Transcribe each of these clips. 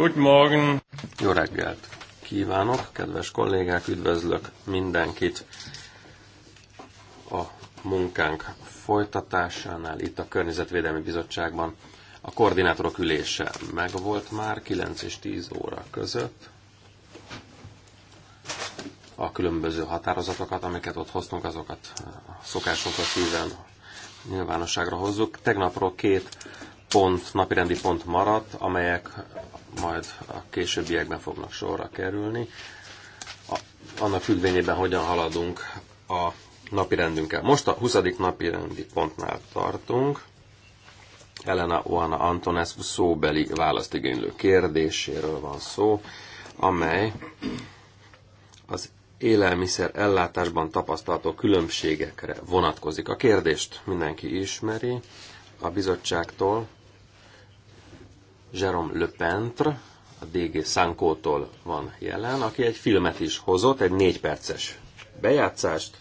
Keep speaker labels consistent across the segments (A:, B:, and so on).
A: Guten Morgen! Jó reggelt kívánok, kedves kollégák, üdvözlök mindenkit a munkánk folytatásánál itt a Környezetvédelmi Bizottságban. A koordinátorok ülése megvolt már 9 és 10 óra között. A különböző határozatokat, amiket ott hoztunk, azokat szokásunkra szíven nyilvánosságra hozzuk. Tegnapról két pont, napirendi pont maradt, amelyek majd a későbbiekben fognak sorra kerülni. A, annak függvényében hogyan haladunk a napi rendünkkel. Most a 20. napi rendi pontnál tartunk. Elena Oana Antonescu szóbeli választigénylő kérdéséről van szó, amely az élelmiszer ellátásban tapasztalható különbségekre vonatkozik. A kérdést mindenki ismeri a bizottságtól Jerome Le Pentre, a DG Sankótól van jelen, aki egy filmet is hozott, egy négy perces bejátszást.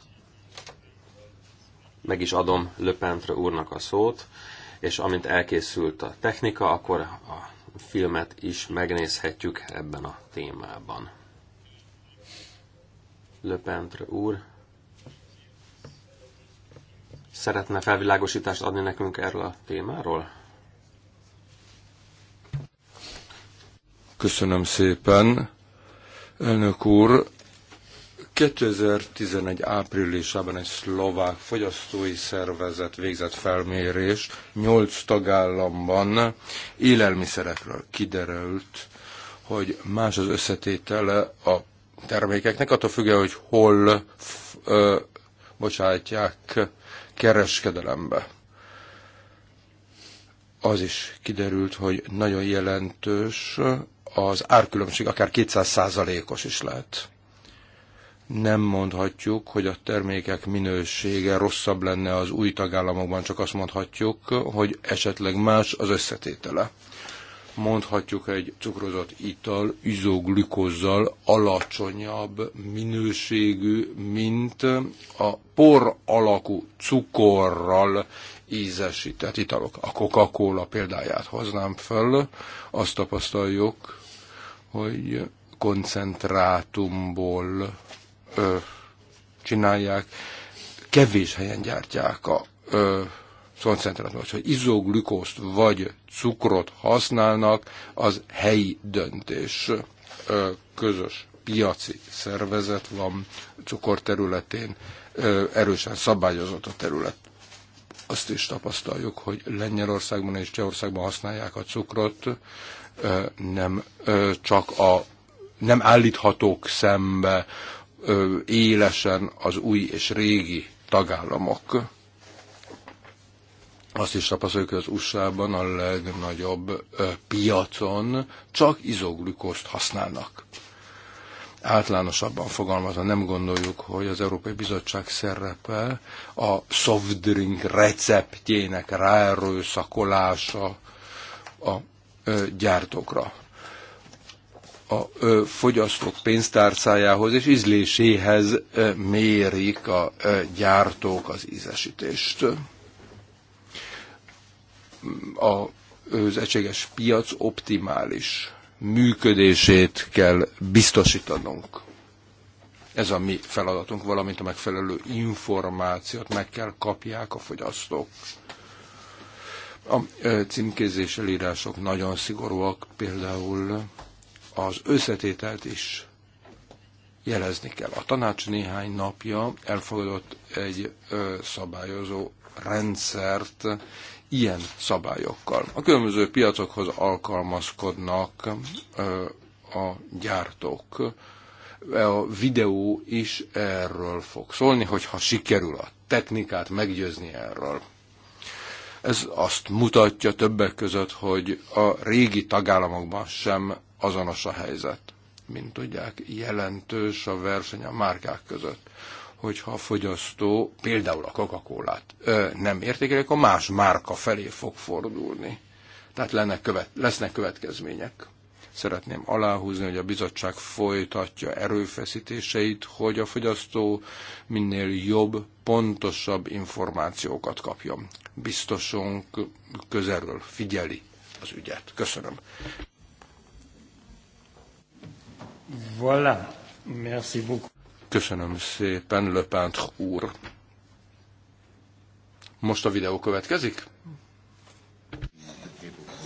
A: Meg is adom Le Pentre úrnak a szót, és amint elkészült a technika, akkor a filmet is megnézhetjük ebben a témában. Le Pentre úr szeretne felvilágosítást adni nekünk erről a témáról?
B: Köszönöm szépen. Elnök úr, 2011 áprilisában egy szlovák fogyasztói szervezet végzett felmérés nyolc tagállamban élelmiszerekről kiderült, hogy más az összetétele a termékeknek, attól függően, hogy hol ö, bocsátják kereskedelembe. Az is kiderült, hogy nagyon jelentős az árkülönbség akár 200%-os is lehet. Nem mondhatjuk, hogy a termékek minősége rosszabb lenne az új tagállamokban, csak azt mondhatjuk, hogy esetleg más az összetétele. Mondhatjuk egy cukrozott ital izoglükozzal alacsonyabb minőségű, mint a por alakú cukorral ízesített italok. A Coca-Cola példáját hoznám föl, azt tapasztaljuk, hogy koncentrátumból ö, csinálják, kevés helyen gyártják a ö, koncentrátumot, hogy izoglükózt vagy cukrot használnak, az helyi döntés. Ö, közös piaci szervezet van cukor területén, ö, erősen szabályozott a terület. Azt is tapasztaljuk, hogy Lengyelországban és Csehországban használják a cukrot, nem csak a nem állíthatók szembe élesen az új és régi tagállamok. Azt is tapasztaljuk, hogy az USA-ban a legnagyobb piacon csak izoglükoszt használnak. Általánosabban fogalmazva nem gondoljuk, hogy az Európai Bizottság szerepe a soft drink receptjének ráerőszakolása a gyártókra, a fogyasztók pénztárcájához és ízléséhez mérik a gyártók az ízesítést. A, az egységes piac optimális működését kell biztosítanunk. Ez a mi feladatunk, valamint a megfelelő információt meg kell kapják a fogyasztók a címkézés elírások nagyon szigorúak, például az összetételt is jelezni kell. A tanács néhány napja elfogadott egy szabályozó rendszert ilyen szabályokkal. A különböző piacokhoz alkalmazkodnak a gyártók. A videó is erről fog szólni, hogyha sikerül a technikát meggyőzni erről. Ez azt mutatja többek között, hogy a régi tagállamokban sem azonos a helyzet. Mint tudják, jelentős a verseny a márkák között. Hogyha a fogyasztó például a coca nem értékeli, akkor más márka felé fog fordulni. Tehát lenne követ, lesznek következmények. Szeretném aláhúzni, hogy a bizottság folytatja erőfeszítéseit, hogy a fogyasztó minél jobb, pontosabb információkat kapjon. Biztosunk közelről figyeli az ügyet. Köszönöm.
A: Voilà. Merci beaucoup.
B: Köszönöm szépen, Löpánt úr. Most a videó következik.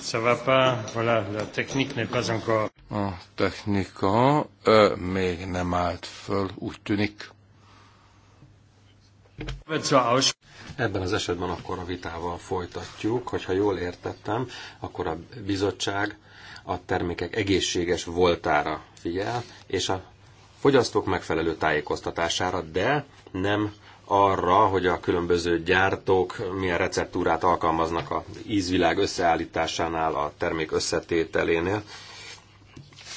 C: Ça va pas, voilà, la technique n'est pas encore...
B: A technika ö, még nem állt föl, úgy tűnik.
A: Ebben az esetben akkor a vitával folytatjuk, hogyha jól értettem, akkor a bizottság a termékek egészséges voltára figyel, és a fogyasztók megfelelő tájékoztatására, de nem arra, hogy a különböző gyártók milyen receptúrát alkalmaznak a ízvilág összeállításánál, a termék összetételénél.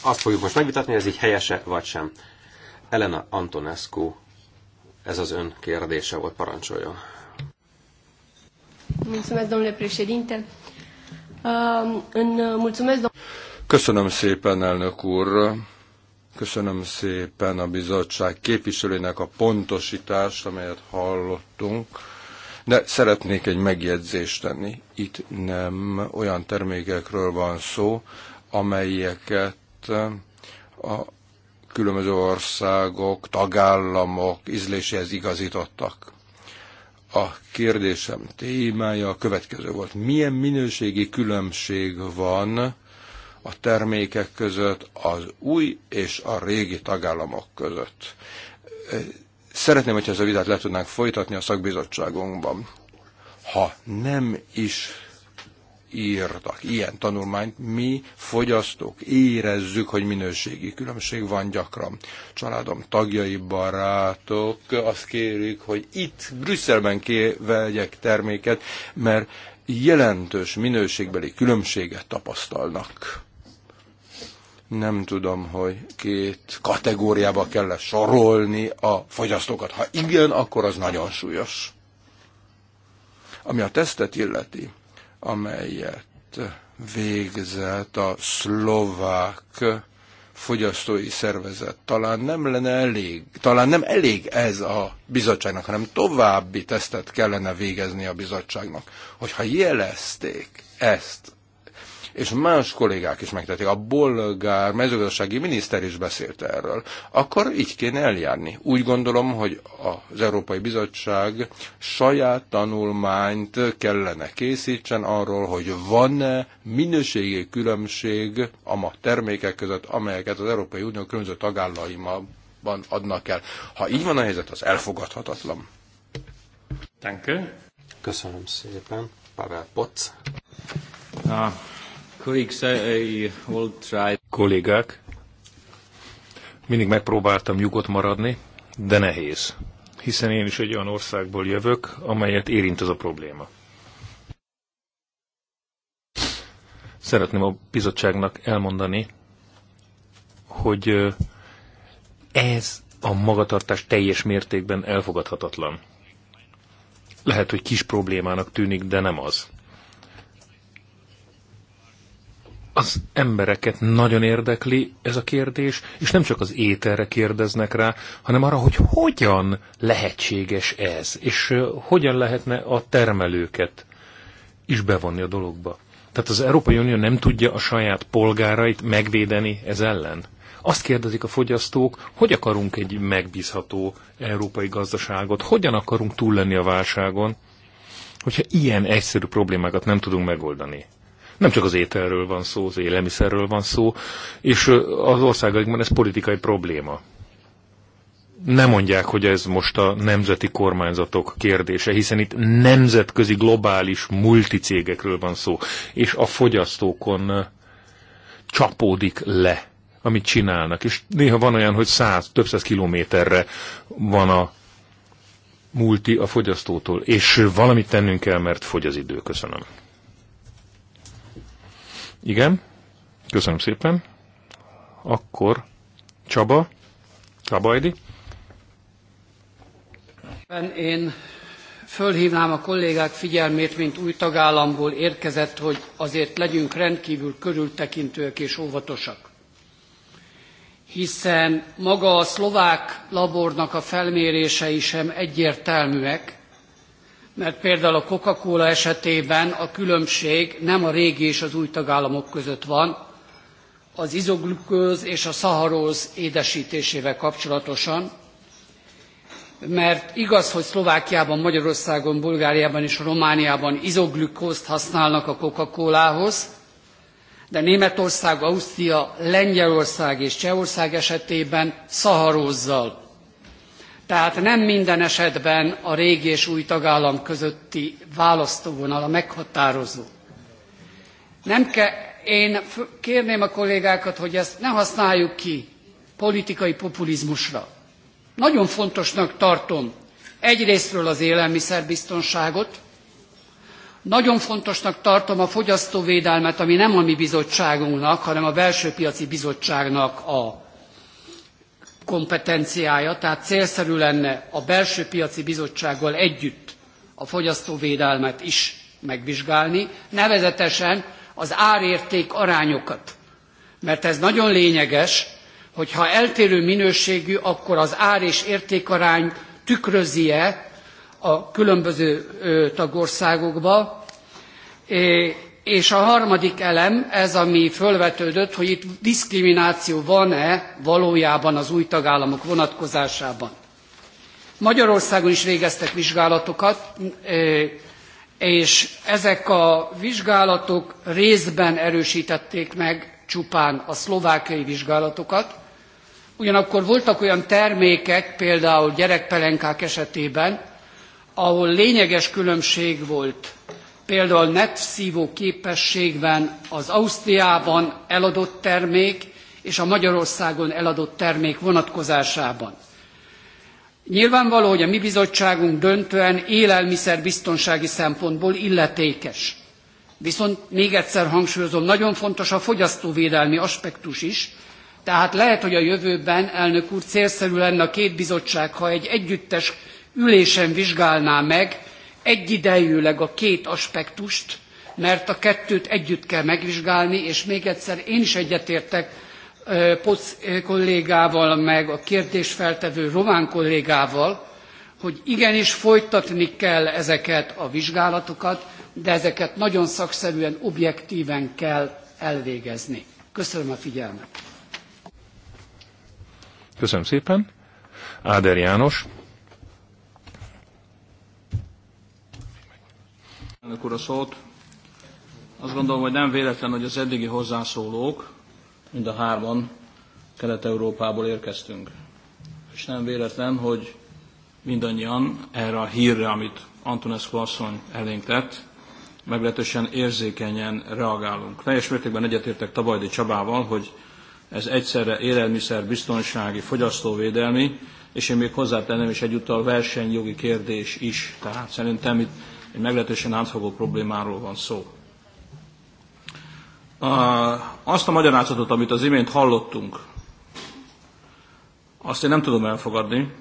A: Azt fogjuk most megvitatni, hogy ez így helyese vagy sem. Elena Antonescu, ez az ön kérdése volt, parancsoljon.
B: Köszönöm szépen, elnök úr. Köszönöm szépen a bizottság képviselőnek a pontosítást, amelyet hallottunk, de szeretnék egy megjegyzést tenni. Itt nem olyan termékekről van szó, amelyeket a különböző országok, tagállamok ízléséhez igazítottak. A kérdésem témája a következő volt. Milyen minőségi különbség van a termékek között, az új és a régi tagállamok között. Szeretném, hogyha ez a vitát le tudnánk folytatni a szakbizottságunkban. Ha nem is írtak ilyen tanulmányt, mi fogyasztók érezzük, hogy minőségi különbség van gyakran. Családom tagjai, barátok azt kérik, hogy itt Brüsszelben vegyek terméket, mert jelentős minőségbeli különbséget tapasztalnak. Nem tudom, hogy két kategóriába kell -e sorolni a fogyasztókat. Ha igen, akkor az nagyon súlyos. Ami a tesztet illeti, amelyet végzett a szlovák fogyasztói szervezet. Talán nem lenne elég, talán nem elég ez a bizottságnak, hanem további tesztet kellene végezni a bizottságnak. Hogyha jelezték ezt és más kollégák is megtették, a bolgár mezőgazdasági miniszter is beszélt erről, akkor így kéne eljárni. Úgy gondolom, hogy az Európai Bizottság saját tanulmányt kellene készítsen arról, hogy van-e minőségi különbség a ma termékek között, amelyeket az Európai Unió különböző tagállaiban adnak el. Ha így van a helyzet, az elfogadhatatlan.
A: Köszönöm szépen. Pavel Poc. Na, colleagues, I will try. Kollégák,
D: mindig megpróbáltam nyugodt maradni, de nehéz, hiszen én is egy olyan országból jövök, amelyet érint ez a probléma. Szeretném a bizottságnak elmondani, hogy ez a magatartás teljes mértékben elfogadhatatlan. Lehet, hogy kis problémának tűnik, de nem az. az embereket nagyon érdekli ez a kérdés, és nem csak az ételre kérdeznek rá, hanem arra, hogy hogyan lehetséges ez, és hogyan lehetne a termelőket is bevonni a dologba. Tehát az Európai Unió nem tudja a saját polgárait megvédeni ez ellen. Azt kérdezik a fogyasztók, hogy akarunk egy megbízható európai gazdaságot, hogyan akarunk túl lenni a válságon, hogyha ilyen egyszerű problémákat nem tudunk megoldani. Nem csak az ételről van szó, az élelmiszerről van szó, és az országaikban ez politikai probléma. Nem mondják, hogy ez most a nemzeti kormányzatok kérdése, hiszen itt nemzetközi globális multicégekről van szó, és a fogyasztókon csapódik le, amit csinálnak. És néha van olyan, hogy száz, több száz kilométerre van a multi a fogyasztótól, és valamit tennünk kell, mert fogy az idő. Köszönöm. Igen, köszönöm szépen. Akkor Csaba, Csabajdi.
E: Én fölhívnám a kollégák figyelmét, mint új tagállamból érkezett, hogy azért legyünk rendkívül körültekintőek és óvatosak. Hiszen maga a szlovák labornak a felmérései sem egyértelműek, mert például a Coca-Cola esetében a különbség nem a régi és az új tagállamok között van, az izoglükóz és a szaharóz édesítésével kapcsolatosan, mert igaz, hogy Szlovákiában, Magyarországon, Bulgáriában és Romániában izoglükózt használnak a Coca-Colához, de Németország, Ausztria, Lengyelország és Csehország esetében szaharózzal tehát nem minden esetben a régi és új tagállam közötti választóvonal a meghatározó. Nem ke, én kérném a kollégákat, hogy ezt ne használjuk ki politikai populizmusra. Nagyon fontosnak tartom egyrésztről az élelmiszerbiztonságot, nagyon fontosnak tartom a fogyasztóvédelmet, ami nem a mi bizottságunknak, hanem a belső piaci bizottságnak a kompetenciája, tehát célszerű lenne a belső piaci bizottsággal együtt a fogyasztóvédelmet is megvizsgálni, nevezetesen az árérték arányokat. Mert ez nagyon lényeges, hogy ha eltérő minőségű, akkor az ár és értékarány tükrözi-e a különböző tagországokba, és a harmadik elem, ez ami fölvetődött, hogy itt diszkrimináció van-e valójában az új tagállamok vonatkozásában. Magyarországon is végeztek vizsgálatokat, és ezek a vizsgálatok részben erősítették meg csupán a szlovákiai vizsgálatokat. Ugyanakkor voltak olyan termékek, például gyerekpelenkák esetében, ahol lényeges különbség volt például netszívó képességben az Ausztriában eladott termék és a Magyarországon eladott termék vonatkozásában. Nyilvánvaló, hogy a mi bizottságunk döntően élelmiszerbiztonsági szempontból illetékes. Viszont még egyszer hangsúlyozom, nagyon fontos a fogyasztóvédelmi aspektus is, tehát lehet, hogy a jövőben, elnök úr, célszerű lenne a két bizottság, ha egy együttes ülésen vizsgálná meg egyidejűleg a két aspektust, mert a kettőt együtt kell megvizsgálni, és még egyszer én is egyetértek Poc kollégával, meg a kérdésfeltevő román kollégával, hogy igenis folytatni kell ezeket a vizsgálatokat, de ezeket nagyon szakszerűen, objektíven kell elvégezni. Köszönöm a figyelmet.
D: Köszönöm szépen. Áder János.
C: Elnök úr a szót. Azt gondolom, hogy nem véletlen, hogy az eddigi hozzászólók, mind a hárman Kelet-Európából érkeztünk. És nem véletlen, hogy mindannyian erre a hírre, amit Antonescu asszony elénk tett, meglehetősen érzékenyen reagálunk. Teljes mértékben egyetértek Tabajdi Csabával, hogy ez egyszerre élelmiszer, biztonsági, fogyasztóvédelmi, és én még hozzátenném is egyúttal versenyjogi kérdés is. Tehát szerintem itt egy meglehetősen átfogó problémáról van szó. Azt a magyarázatot, amit az imént hallottunk, azt én nem tudom elfogadni,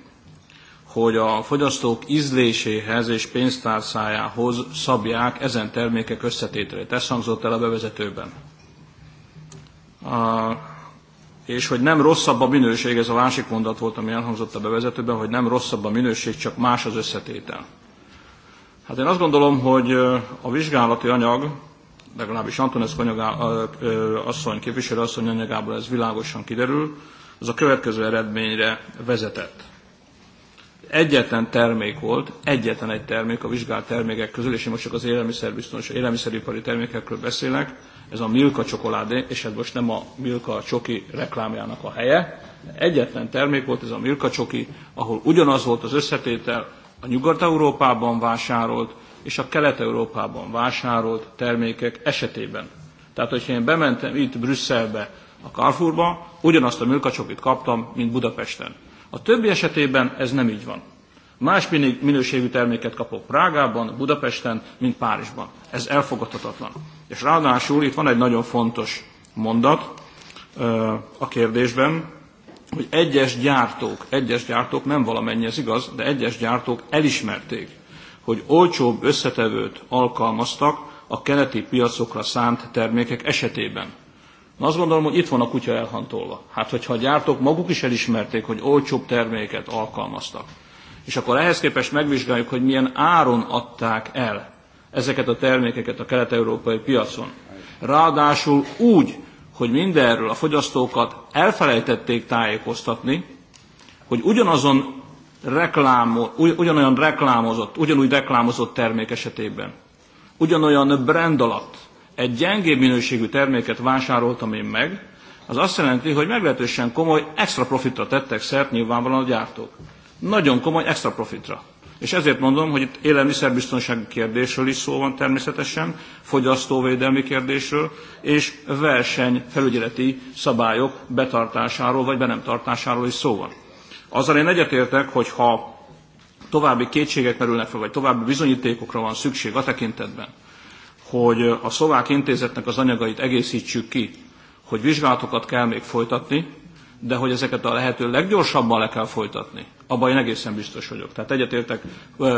C: hogy a fogyasztók ízléséhez és pénztárcájához szabják ezen termékek összetételét. Ez hangzott el a bevezetőben. és hogy nem rosszabb a minőség, ez a másik mondat volt, ami elhangzott a bevezetőben, hogy nem rosszabb a minőség, csak más az összetétel. Hát én azt gondolom, hogy a vizsgálati anyag, legalábbis Antonescu asszony, képviselő asszony anyagából ez világosan kiderül, az a következő eredményre vezetett. Egyetlen termék volt, egyetlen egy termék a vizsgált termékek közül, és én most csak az élelmiszerbiztonság, élelmiszeripari termékekről beszélek, ez a Milka csokoládé, és ez hát most nem a Milka csoki reklámjának a helye, egyetlen termék volt ez a Milka csoki, ahol ugyanaz volt az összetétel, a Nyugat-Európában vásárolt és a Kelet-Európában vásárolt termékek esetében. Tehát, hogyha én bementem itt Brüsszelbe, a Carrefourba, ugyanazt a műkacsokit kaptam, mint Budapesten. A többi esetében ez nem így van. Más minőségű terméket kapok Prágában, Budapesten, mint Párizsban. Ez elfogadhatatlan. És ráadásul itt van egy nagyon fontos mondat a kérdésben, hogy egyes gyártók, egyes gyártók, nem valamennyi ez igaz, de egyes gyártók elismerték, hogy olcsóbb összetevőt alkalmaztak a keleti piacokra szánt termékek esetében. Na azt gondolom, hogy itt van a kutya elhantolva. Hát, hogyha a gyártók maguk is elismerték, hogy olcsóbb terméket alkalmaztak, és akkor ehhez képest megvizsgáljuk, hogy milyen áron adták el ezeket a termékeket a kelet-európai piacon. Ráadásul úgy, hogy mindenről a fogyasztókat elfelejtették tájékoztatni, hogy ugyanazon reklámo, ugyanolyan reklámozott, ugyanúgy reklámozott termék esetében, ugyanolyan brand alatt egy gyengébb minőségű terméket vásároltam én meg, az azt jelenti, hogy meglehetősen komoly extra profitra tettek szert nyilvánvalóan a gyártók. Nagyon komoly extra profitra. És ezért mondom, hogy itt élelmiszerbiztonsági kérdésről is szó van természetesen, fogyasztóvédelmi kérdésről, és versenyfelügyeleti szabályok betartásáról vagy be nem tartásáról is szó van. Azzal én egyetértek, hogy ha további kétségek merülnek fel, vagy további bizonyítékokra van szükség a tekintetben, hogy a szlovák intézetnek az anyagait egészítsük ki, hogy vizsgálatokat kell még folytatni, de hogy ezeket a lehető leggyorsabban le kell folytatni, abban én egészen biztos vagyok. Tehát egyetértek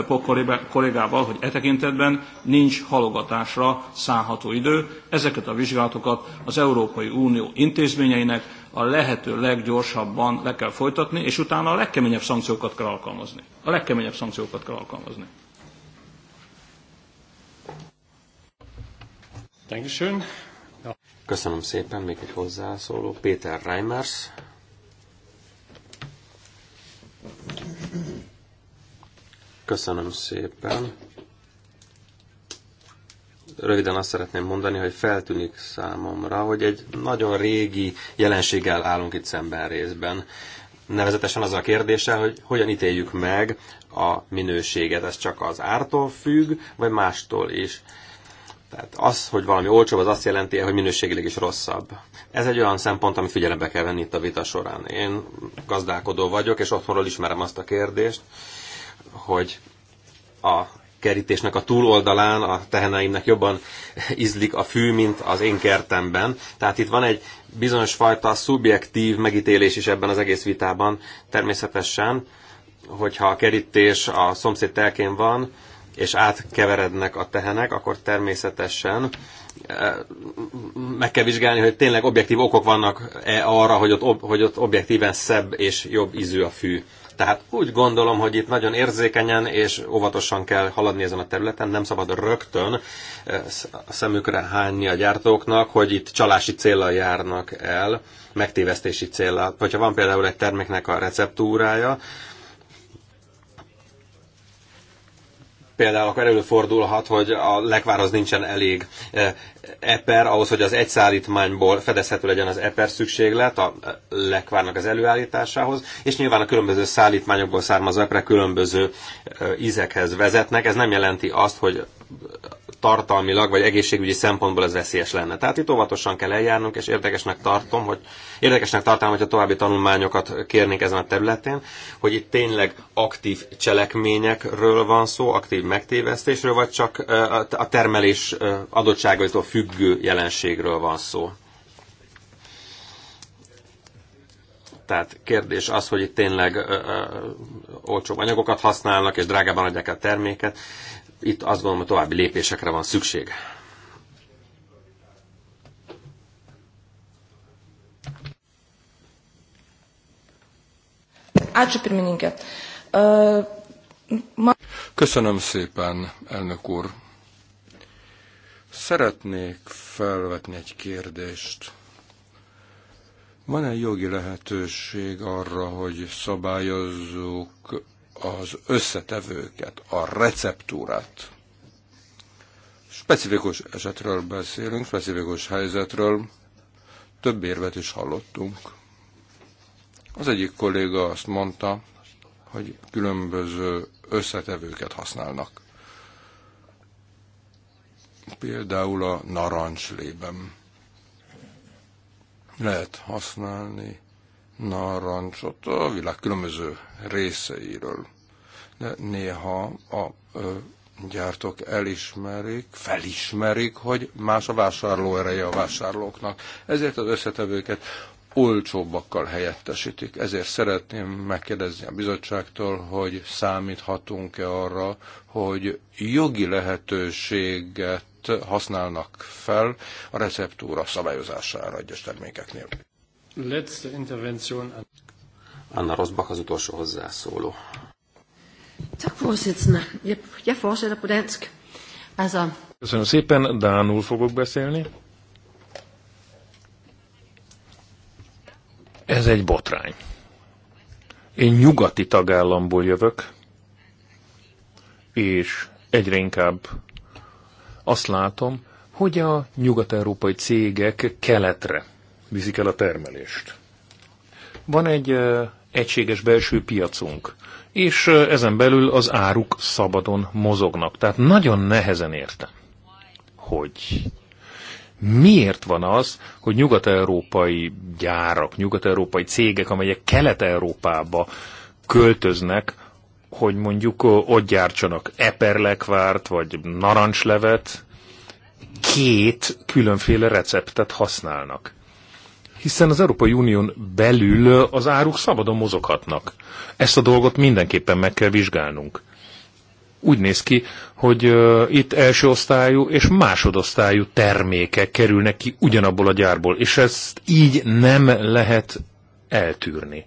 C: Pok kollégával, hogy e tekintetben nincs halogatásra szállható idő. Ezeket a vizsgálatokat az Európai Unió intézményeinek a lehető leggyorsabban le kell folytatni, és utána a legkeményebb szankciókat kell alkalmazni. A legkeményebb szankciókat kell alkalmazni.
A: Köszönöm szépen, még egy hozzászóló. Péter Reimers. Köszönöm szépen. Röviden azt szeretném mondani, hogy feltűnik számomra, hogy egy nagyon régi jelenséggel állunk itt szemben részben. Nevezetesen az a kérdése, hogy hogyan ítéljük meg a minőséget. Ez csak az ártól függ, vagy mástól is. Tehát az, hogy valami olcsóbb, az azt jelenti, hogy minőségileg is rosszabb. Ez egy olyan szempont, amit figyelembe kell venni itt a vita során. Én gazdálkodó vagyok, és otthonról ismerem azt a kérdést, hogy a kerítésnek a túloldalán a teheneimnek jobban ízlik a fű, mint az én kertemben. Tehát itt van egy bizonyos fajta szubjektív megítélés is ebben az egész vitában természetesen, hogyha a kerítés a szomszéd telkén van, és átkeverednek a tehenek, akkor természetesen eh, meg kell vizsgálni, hogy tényleg objektív okok vannak-e arra, hogy ott, hogy ott objektíven szebb és jobb ízű a fű. Tehát úgy gondolom, hogy itt nagyon érzékenyen és óvatosan kell haladni ezen a területen, nem szabad rögtön eh, a szemükre hányni a gyártóknak, hogy itt csalási célra járnak el, megtévesztési célra. Hogyha van például egy terméknek a receptúrája, például akkor előfordulhat, hogy a lekvárhoz nincsen elég e, eper, ahhoz, hogy az egy szállítmányból fedezhető legyen az eper szükséglet a e, lekvárnak az előállításához, és nyilván a különböző szállítmányokból származó eper különböző e, ízekhez vezetnek. Ez nem jelenti azt, hogy tartalmilag vagy egészségügyi szempontból ez veszélyes lenne. Tehát itt óvatosan kell eljárnunk, és érdekesnek tartom, hogy érdekesnek tartom, hogyha további tanulmányokat kérnénk ezen a területén, hogy itt tényleg aktív cselekményekről van szó, aktív megtévesztésről, vagy csak a termelés adottságaitól függő jelenségről van szó. Tehát kérdés az, hogy itt tényleg ö, ö, olcsóbb anyagokat használnak, és drágában adják a terméket, itt azt gondolom, hogy további lépésekre van szükség.
B: Köszönöm szépen, elnök úr. Szeretnék felvetni egy kérdést. Van-e jogi lehetőség arra, hogy szabályozzuk az összetevőket, a receptúrát. Specifikus esetről beszélünk, specifikus helyzetről. Több érvet is hallottunk. Az egyik kolléga azt mondta, hogy különböző összetevőket használnak. Például a narancslében lehet használni narancsot a világ különböző részeiről. De néha a ö, gyártók elismerik, felismerik, hogy más a vásárló ereje a vásárlóknak. Ezért az összetevőket olcsóbbakkal helyettesítik. Ezért szeretném megkérdezni a bizottságtól, hogy számíthatunk-e arra, hogy jogi lehetőséget használnak fel a receptúra
A: szabályozására egyes termékeknél
E: letzte Intervention an.
A: Anna Rosbach az utolsó hozzászóló.
F: Tak, forsitzende. Jeg, jeg fortsætter
D: Köszönöm szépen, Dánul fogok beszélni. Ez egy botrány. Én nyugati tagállamból jövök, és egyre inkább azt látom, hogy a nyugat-európai cégek keletre viszik el a termelést. Van egy egységes belső piacunk, és ezen belül az áruk szabadon mozognak. Tehát nagyon nehezen értem, hogy miért van az, hogy nyugat-európai gyárak, nyugat-európai cégek, amelyek Kelet-Európába költöznek, hogy mondjuk ott gyártsanak eperlekvárt, vagy narancslevet, két különféle receptet használnak hiszen az Európai Unión belül az áruk szabadon mozoghatnak. Ezt a dolgot mindenképpen meg kell vizsgálnunk. Úgy néz ki, hogy uh, itt első osztályú és másodosztályú termékek kerülnek ki ugyanabból a gyárból, és ezt így nem lehet eltűrni.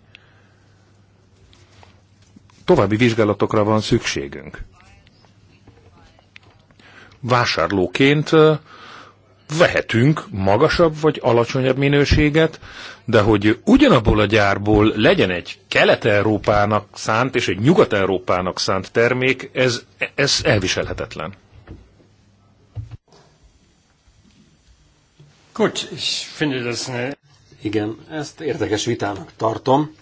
D: További vizsgálatokra van szükségünk. Vásárlóként uh, vehetünk magasabb vagy alacsonyabb minőséget, de hogy ugyanabból a gyárból legyen egy Kelet-Európának szánt és egy Nyugat-Európának szánt termék, ez, ez elviselhetetlen.
A: Gut, ich Igen, ezt érdekes vitának tartom.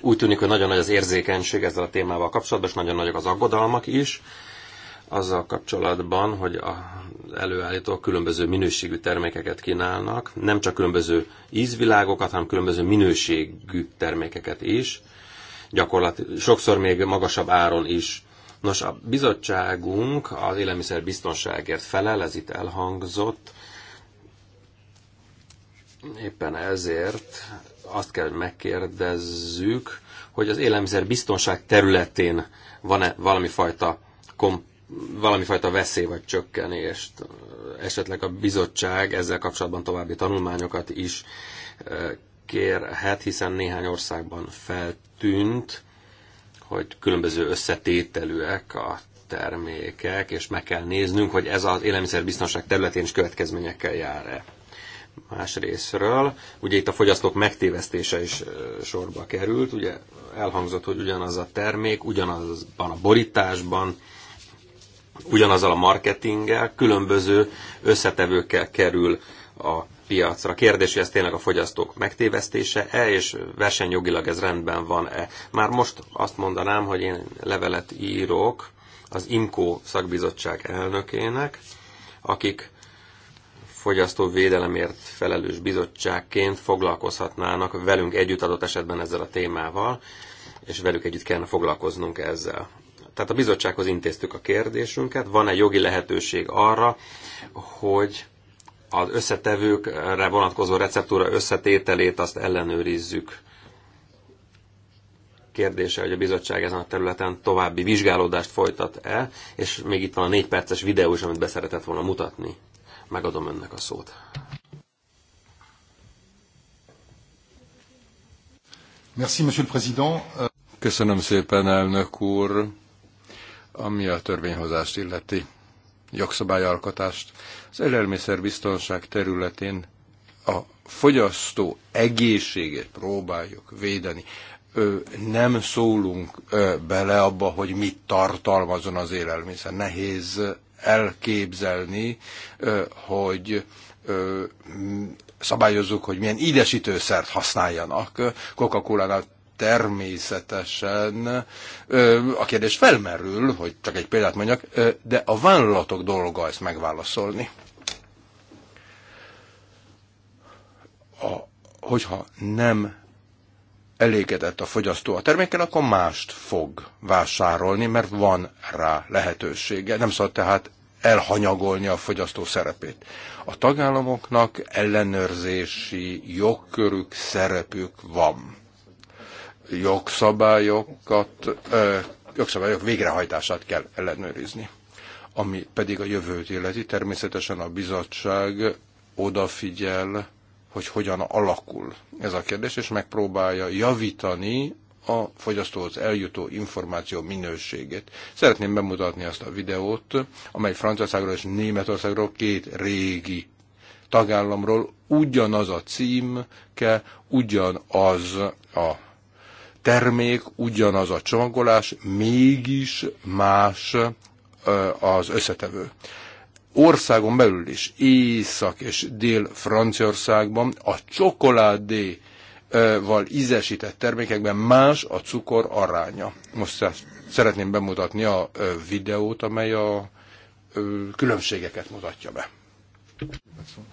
A: Úgy tűnik, hogy nagyon nagy az érzékenység ezzel a témával kapcsolatban, és nagyon nagyok az aggodalmak is azzal kapcsolatban, hogy a előállítók különböző minőségű termékeket kínálnak, nem csak különböző ízvilágokat, hanem különböző minőségű termékeket is, gyakorlati sokszor még magasabb áron is. Nos, a bizottságunk az biztonságért felel, ez itt elhangzott, éppen ezért azt kell, hogy megkérdezzük, hogy az élelmiszer biztonság területén van-e valami fajta komp- valami fajta veszély vagy csökkenést. Esetleg a bizottság ezzel kapcsolatban további tanulmányokat is kérhet, hiszen néhány országban feltűnt, hogy különböző összetételűek a termékek, és meg kell néznünk, hogy ez az élelmiszerbiztonság területén is következményekkel jár-e. Más részről, ugye itt a fogyasztók megtévesztése is sorba került, ugye elhangzott, hogy ugyanaz a termék, ugyanazban a borításban, ugyanazzal a marketinggel, különböző összetevőkkel kerül a piacra. Kérdés, hogy ez tényleg a fogyasztók megtévesztése-e, és versenyjogilag ez rendben van-e. Már most azt mondanám, hogy én levelet írok az IMCO szakbizottság elnökének, akik fogyasztóvédelemért felelős bizottságként foglalkozhatnának velünk együtt adott esetben ezzel a témával, és velük együtt kellene foglalkoznunk ezzel. Tehát a bizottsághoz intéztük a kérdésünket, van-e jogi lehetőség arra, hogy az összetevőkre vonatkozó receptúra összetételét azt ellenőrizzük. Kérdése, hogy a bizottság ezen a területen további vizsgálódást folytat-e, és még itt van a négy perces videó is, amit beszeretett volna mutatni. Megadom önnek a szót.
B: Merci, Monsieur le Président. Köszönöm szépen, elnök úr ami a törvényhozást illeti jogszabályalkotást. Az biztonság területén a fogyasztó egészségét próbáljuk védeni. Ö, nem szólunk ö, bele abba, hogy mit tartalmazon az élelmiszer. Nehéz elképzelni, ö, hogy ö, szabályozzuk, hogy milyen ídesítőszert használjanak. Coca-Cola-nál természetesen a kérdés felmerül, hogy csak egy példát mondjak, de a vállalatok dolga ezt megválaszolni. A, hogyha nem elégedett a fogyasztó a termékkel, akkor mást fog vásárolni, mert van rá lehetősége. Nem szabad tehát elhanyagolni a fogyasztó szerepét. A tagállamoknak ellenőrzési jogkörük szerepük van jogszabályokat, jogszabályok végrehajtását kell ellenőrizni. Ami pedig a jövőt illeti, természetesen a bizottság odafigyel, hogy hogyan alakul ez a kérdés, és megpróbálja javítani a fogyasztóhoz eljutó információ minőségét. Szeretném bemutatni azt a videót, amely Franciaországról és Németországról két régi tagállamról ugyanaz a címke, ugyanaz a termék, ugyanaz a csomagolás, mégis más az összetevő. Országon belül is, Észak és Dél-Franciaországban a csokoládé val ízesített termékekben más a cukor aránya. Most szeretném bemutatni a videót, amely a különbségeket mutatja be. Köszönöm.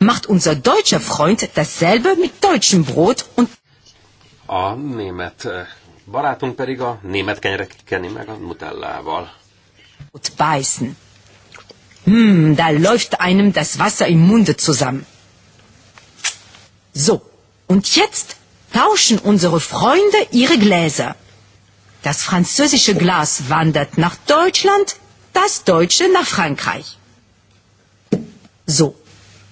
F: macht unser deutscher Freund dasselbe mit deutschem Brot und
A: a német eh, barátunk pedig a német kenyeret keni meg a nutellával.
F: Und beißen. Hm, da läuft einem das Wasser im Munde zusammen. So, und jetzt tauschen unsere Freunde ihre Gläser. Das französische Glas wandert nach Deutschland, das deutsche nach Frankreich. So,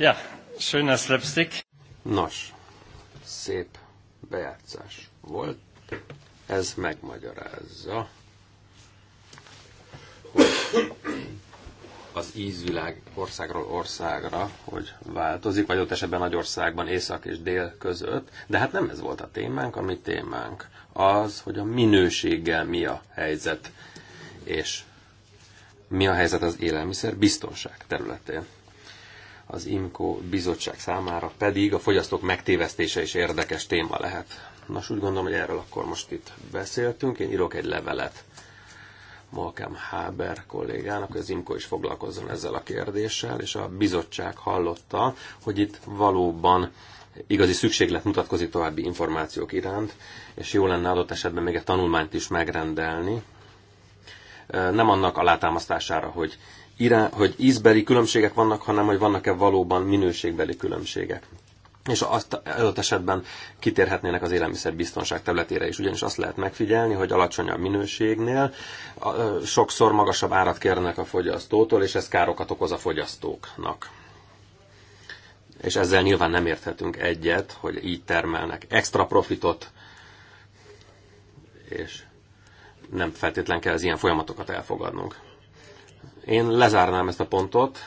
A: Ja, schöner slapstick. Nos, szép bejátszás volt. Ez megmagyarázza, hogy az ízvilág országról országra, hogy változik, vagy ott esetben Nagyországban, országban észak és dél között. De hát nem ez volt a témánk, a mi témánk az, hogy a minőséggel mi a helyzet, és mi a helyzet az élelmiszer biztonság területén. Az IMCO bizottság számára pedig a fogyasztók megtévesztése is érdekes téma lehet. Nos, úgy gondolom, hogy erről akkor most itt beszéltünk. Én írok egy levelet Malcolm Haber kollégának, hogy az IMCO is foglalkozzon ezzel a kérdéssel, és a bizottság hallotta, hogy itt valóban igazi szükséglet mutatkozik további információk iránt, és jó lenne adott esetben még egy tanulmányt is megrendelni, nem annak alátámasztására, hogy irány, hogy ízbeli különbségek vannak, hanem hogy vannak-e valóban minőségbeli különbségek. És azt adott esetben kitérhetnének az élelmiszerbiztonság területére is, ugyanis azt lehet megfigyelni, hogy alacsonyabb minőségnél sokszor magasabb árat kérnek a fogyasztótól, és ez károkat okoz a fogyasztóknak és ezzel nyilván nem érthetünk egyet, hogy így termelnek extra profitot, és nem feltétlen kell az ilyen folyamatokat elfogadnunk. Én lezárnám ezt a pontot,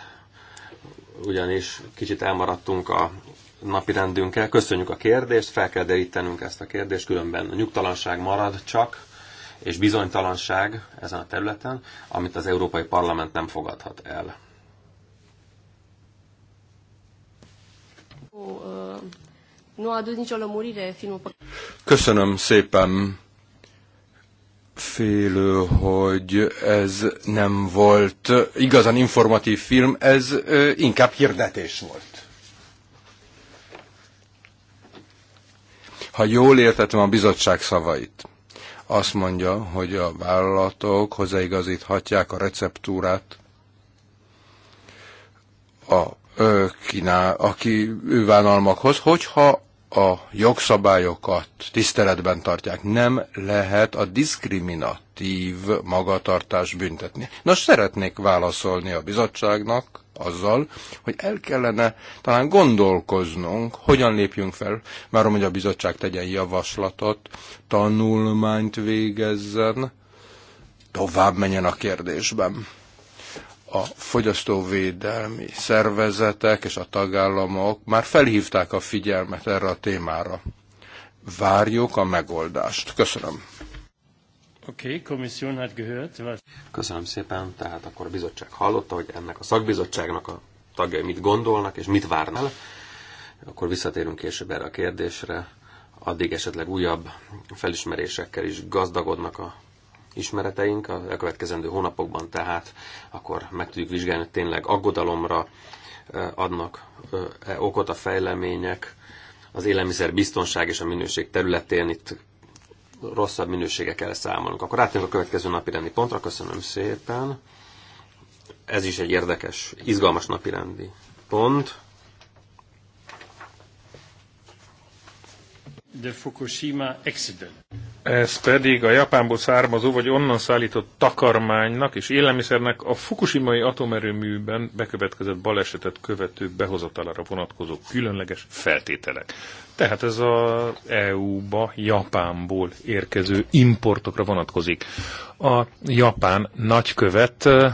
A: ugyanis kicsit elmaradtunk a napi rendünkkel. Köszönjük a kérdést, fel kell derítenünk ezt a kérdést, különben a nyugtalanság marad csak, és bizonytalanság ezen a területen, amit az Európai Parlament nem fogadhat el.
B: Köszönöm szépen félő, hogy ez nem volt igazán informatív film, ez inkább hirdetés volt. Ha jól értettem a bizottság szavait, azt mondja, hogy a vállalatok hozzáigazíthatják a receptúrát a, kínál, a kívánalmakhoz, hogyha a jogszabályokat tiszteletben tartják. Nem lehet a diszkriminatív magatartás büntetni. Nos, szeretnék válaszolni a bizottságnak azzal, hogy el kellene talán gondolkoznunk, hogyan lépjünk fel, már hogy a bizottság tegyen javaslatot, tanulmányt végezzen, tovább menjen a kérdésben a fogyasztóvédelmi szervezetek és a tagállamok már felhívták a figyelmet erre a témára. Várjuk a megoldást. Köszönöm.
A: Oké, okay, hát gehört. Köszönöm szépen, tehát akkor a bizottság hallotta, hogy ennek a szakbizottságnak a tagjai mit gondolnak és mit várnak. Akkor visszatérünk később erre a kérdésre. Addig esetleg újabb felismerésekkel is gazdagodnak a ismereteink a következő hónapokban, tehát akkor meg tudjuk vizsgálni, hogy tényleg aggodalomra adnak -e okot a fejlemények, az élelmiszer biztonság és a minőség területén itt rosszabb minőségekkel számolunk. Akkor átjönk a következő napi rendi pontra, köszönöm szépen. Ez is egy érdekes, izgalmas napi rendi pont.
D: the Fukushima accident. Ez pedig a Japánból származó vagy onnan szállított takarmánynak és élelmiszernek a Fukushimai atomerőműben bekövetkezett balesetet követő behozatalára vonatkozó különleges feltételek. Tehát ez az EU-ba Japánból érkező importokra vonatkozik. A japán nagykövet eh,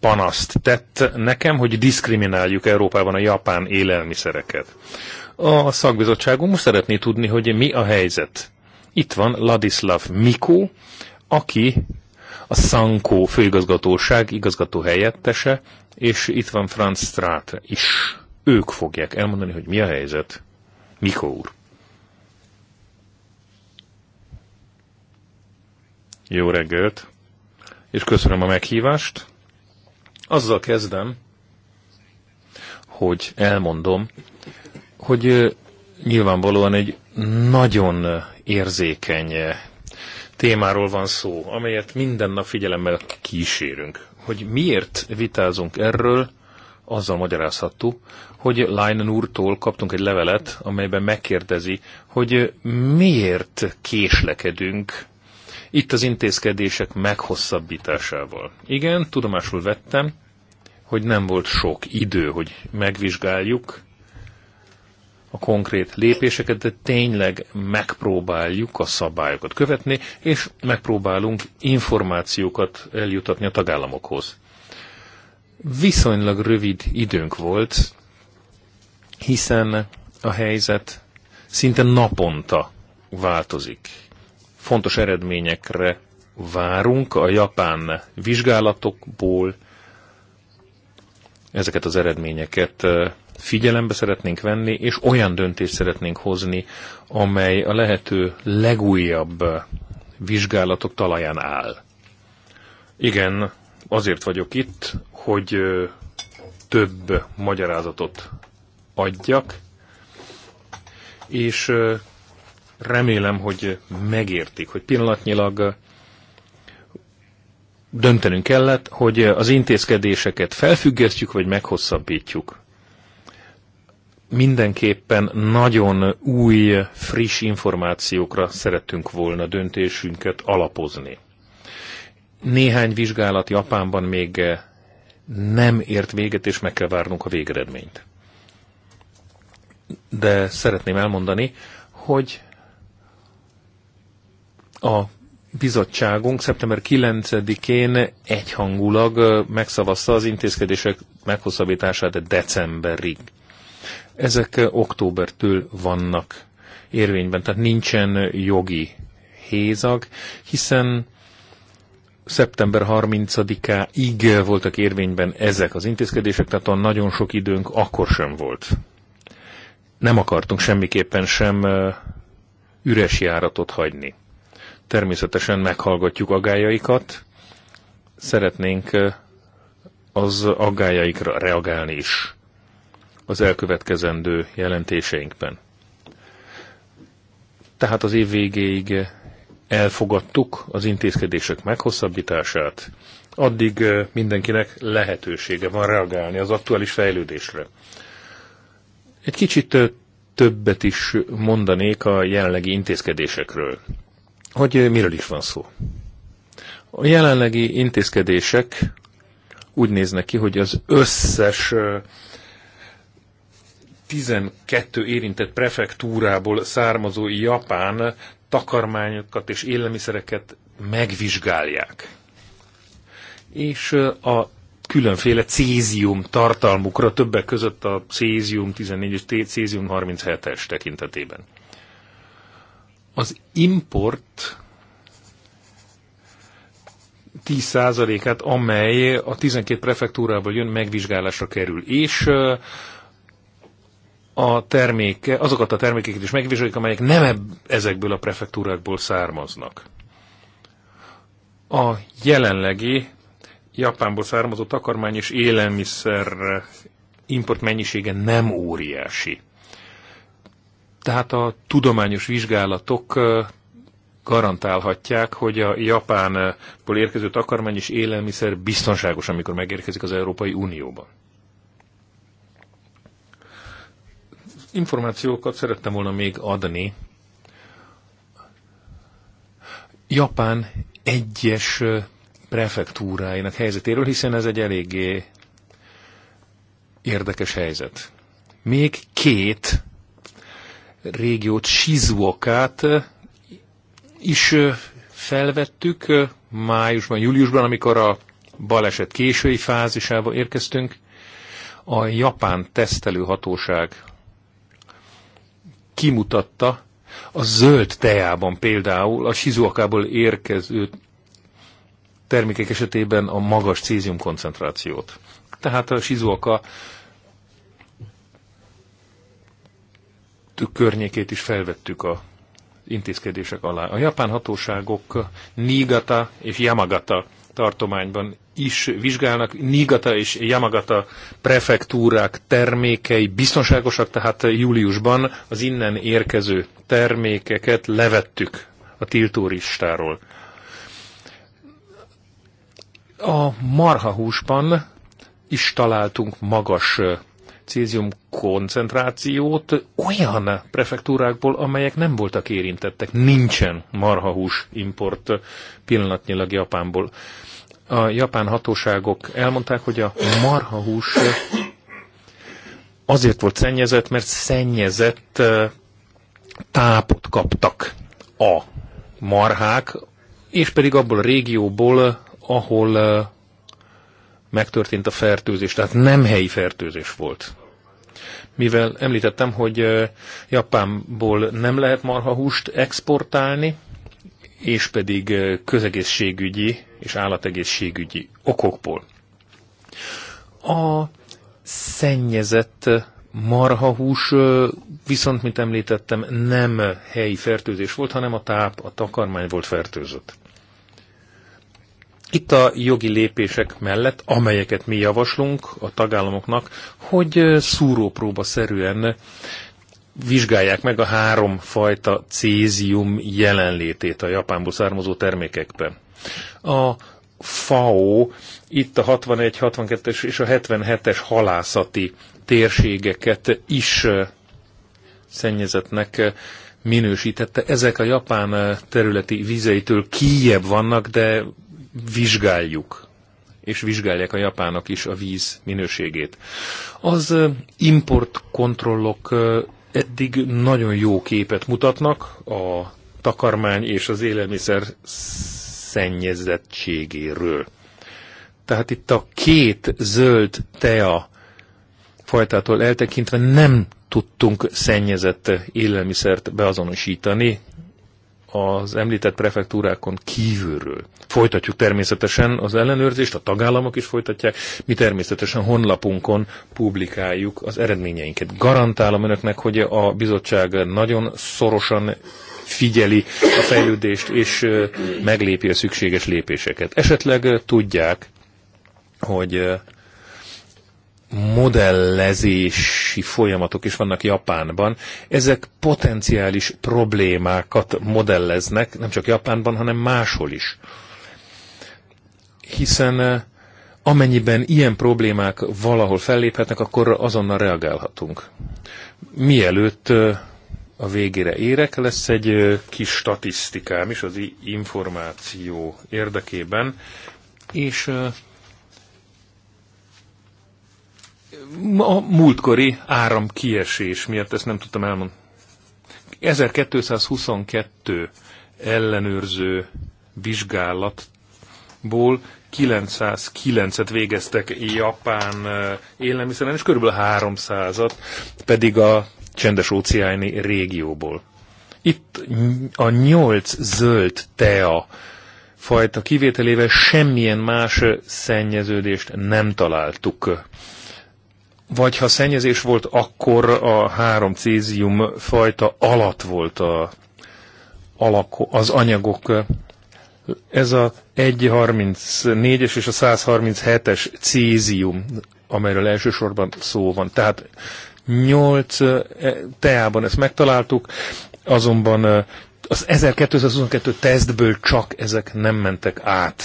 D: panaszt tett nekem, hogy diszkrimináljuk Európában a japán élelmiszereket. A szakbizottságunk most szeretné tudni, hogy mi a helyzet. Itt van Ladislav Mikó, aki a Szankó főigazgatóság igazgató helyettese, és itt van Franz Strát is. Ők fogják elmondani, hogy mi a helyzet. Mikó úr. Jó reggelt, és köszönöm a meghívást. Azzal kezdem, hogy elmondom, hogy nyilvánvalóan egy nagyon érzékeny témáról van szó, amelyet minden nap figyelemmel kísérünk. Hogy miért vitázunk erről, azzal magyarázható, hogy Leinen úrtól kaptunk egy levelet, amelyben megkérdezi, hogy miért késlekedünk itt az intézkedések meghosszabbításával. Igen, tudomásul vettem, hogy nem volt sok idő, hogy megvizsgáljuk a konkrét lépéseket, de tényleg megpróbáljuk a szabályokat követni, és megpróbálunk információkat eljutatni a tagállamokhoz. Viszonylag rövid időnk volt, hiszen a helyzet szinte naponta változik. Fontos eredményekre várunk a japán vizsgálatokból, ezeket az eredményeket figyelembe szeretnénk venni, és olyan döntést szeretnénk hozni, amely a lehető legújabb vizsgálatok talaján áll. Igen, azért vagyok itt, hogy több magyarázatot adjak, és remélem, hogy megértik, hogy pillanatnyilag döntenünk kellett, hogy az intézkedéseket felfüggesztjük, vagy meghosszabbítjuk mindenképpen nagyon új, friss információkra szerettünk volna döntésünket alapozni. Néhány vizsgálat Japánban még eh, nem ért véget, és meg kell várnunk a végeredményt. De szeretném elmondani, hogy a bizottságunk szeptember 9-én egyhangulag eh, megszavazta az intézkedések meghosszabbítását decemberig. Ezek eh, októbertől vannak érvényben, tehát nincsen eh, jogi hézag, hiszen szeptember 30-áig eh, voltak érvényben ezek az intézkedések, tehát a nagyon sok időnk akkor sem volt. Nem akartunk semmiképpen sem üres járatot hagyni. Természetesen meghallgatjuk agájaikat, szeretnénk az aggájaikra reagálni is az elkövetkezendő jelentéseinkben. Tehát az év végéig elfogadtuk az intézkedések meghosszabbítását, addig mindenkinek lehetősége van reagálni az aktuális fejlődésre. Egy kicsit többet is mondanék a jelenlegi intézkedésekről. Hogy miről is van szó? A jelenlegi intézkedések úgy néznek ki, hogy az összes 12 érintett prefektúrából származó japán takarmányokat és élelmiszereket megvizsgálják. És a különféle cézium tartalmukra, többek között a cézium 14 és cézium 37-es tekintetében. Az import 10%-át, amely a 12 prefektúrából jön, megvizsgálásra kerül. És a termék, azokat a termékeket is megvizsgáljuk, amelyek nem eb, ezekből a prefektúrákból származnak. A jelenlegi Japánból származó takarmány és élelmiszer import mennyisége nem óriási. Tehát a tudományos vizsgálatok garantálhatják, hogy a Japánból érkező takarmány és élelmiszer biztonságos, amikor megérkezik az Európai Unióban. információkat szerettem volna még adni. Japán egyes prefektúráinak helyzetéről, hiszen ez egy eléggé érdekes helyzet. Még két régiót, Shizuokát is felvettük májusban, júliusban, amikor a baleset késői fázisába érkeztünk. A japán tesztelő hatóság kimutatta, a zöld teában például a sizuakából érkező termékek esetében a magas cézium koncentrációt. Tehát a sizuaka környékét is felvettük a intézkedések alá. A japán hatóságok Niigata és Yamagata tartományban is vizsgálnak. nígata és Yamagata prefektúrák termékei biztonságosak, tehát júliusban az innen érkező termékeket levettük a tiltóristáról. A marhahúsban is találtunk magas cézium koncentrációt olyan prefektúrákból, amelyek nem voltak érintettek. Nincsen marhahús import pillanatnyilag Japánból a japán hatóságok elmondták, hogy a marhahús azért volt szennyezett, mert szennyezett tápot kaptak a marhák, és pedig abból a régióból, ahol megtörtént a fertőzés, tehát nem helyi fertőzés volt. Mivel említettem, hogy Japánból nem lehet marhahúst exportálni, és pedig közegészségügyi és állategészségügyi okokból. A szennyezett marhahús viszont, mint említettem, nem helyi fertőzés volt, hanem a táp, a takarmány volt fertőzött. Itt a jogi lépések mellett, amelyeket mi javaslunk a tagállamoknak, hogy szúrópróba szerűen vizsgálják meg a három fajta cézium jelenlétét a Japánból származó termékekben. A FAO itt a 61-62-es és a 77-es halászati térségeket is szennyezetnek minősítette. Ezek a japán területi vizeitől kíjebb vannak, de vizsgáljuk és vizsgálják a japánok is a víz minőségét. Az importkontrollok eddig nagyon jó képet mutatnak a takarmány és az élelmiszer szennyezettségéről. Tehát itt a két zöld tea fajtától eltekintve nem tudtunk szennyezett élelmiszert beazonosítani az említett prefektúrákon kívülről. Folytatjuk természetesen az ellenőrzést, a tagállamok is folytatják, mi természetesen honlapunkon publikáljuk az eredményeinket. Garantálom önöknek, hogy a bizottság nagyon szorosan figyeli a fejlődést, és meglépi a szükséges lépéseket. Esetleg tudják, hogy modellezési folyamatok is vannak Japánban. Ezek potenciális problémákat modelleznek, nem csak Japánban, hanem máshol is. Hiszen eh, amennyiben ilyen problémák valahol felléphetnek, akkor azonnal reagálhatunk. Mielőtt eh, a végére érek, lesz egy eh, kis statisztikám is az információ érdekében, és a múltkori áramkiesés miatt ezt nem tudtam elmondani. 1222 ellenőrző vizsgálatból 909-et végeztek Japán élelmiszeren, és körülbelül 300-at pedig a csendes óceáni régióból. Itt a nyolc zöld tea fajta kivételével semmilyen más szennyeződést nem találtuk vagy ha szennyezés volt, akkor a három cézium fajta alatt volt a, alako, az anyagok. Ez a 134-es és a 137-es cézium, amelyről elsősorban szó van. Tehát 8 eh, teában ezt megtaláltuk, azonban eh, az 1222 tesztből csak ezek nem mentek át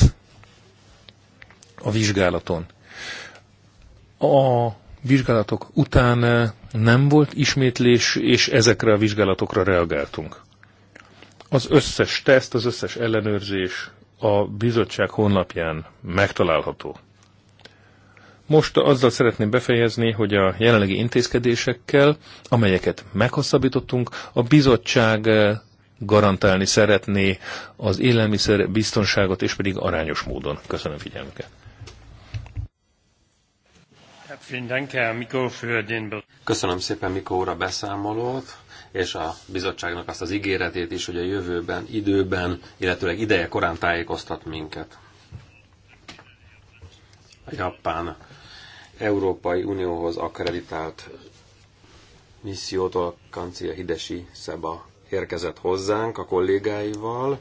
D: a vizsgálaton. A vizsgálatok után eh, nem volt ismétlés, és ezekre a vizsgálatokra reagáltunk. Az összes teszt, az összes ellenőrzés a bizottság honlapján megtalálható. Most azzal szeretném befejezni, hogy a jelenlegi intézkedésekkel, amelyeket meghosszabbítottunk, a bizottság eh, garantálni szeretné az élelmiszer biztonságot, és pedig arányos módon. Köszönöm figyelmüket!
A: Köszönöm szépen Mikó úr a beszámolót, és a bizottságnak azt az ígéretét is, hogy a jövőben, időben, illetőleg ideje korán tájékoztat minket. A Japán Európai Unióhoz akkreditált missziótól Kancia Hidesi Szeba érkezett hozzánk a kollégáival,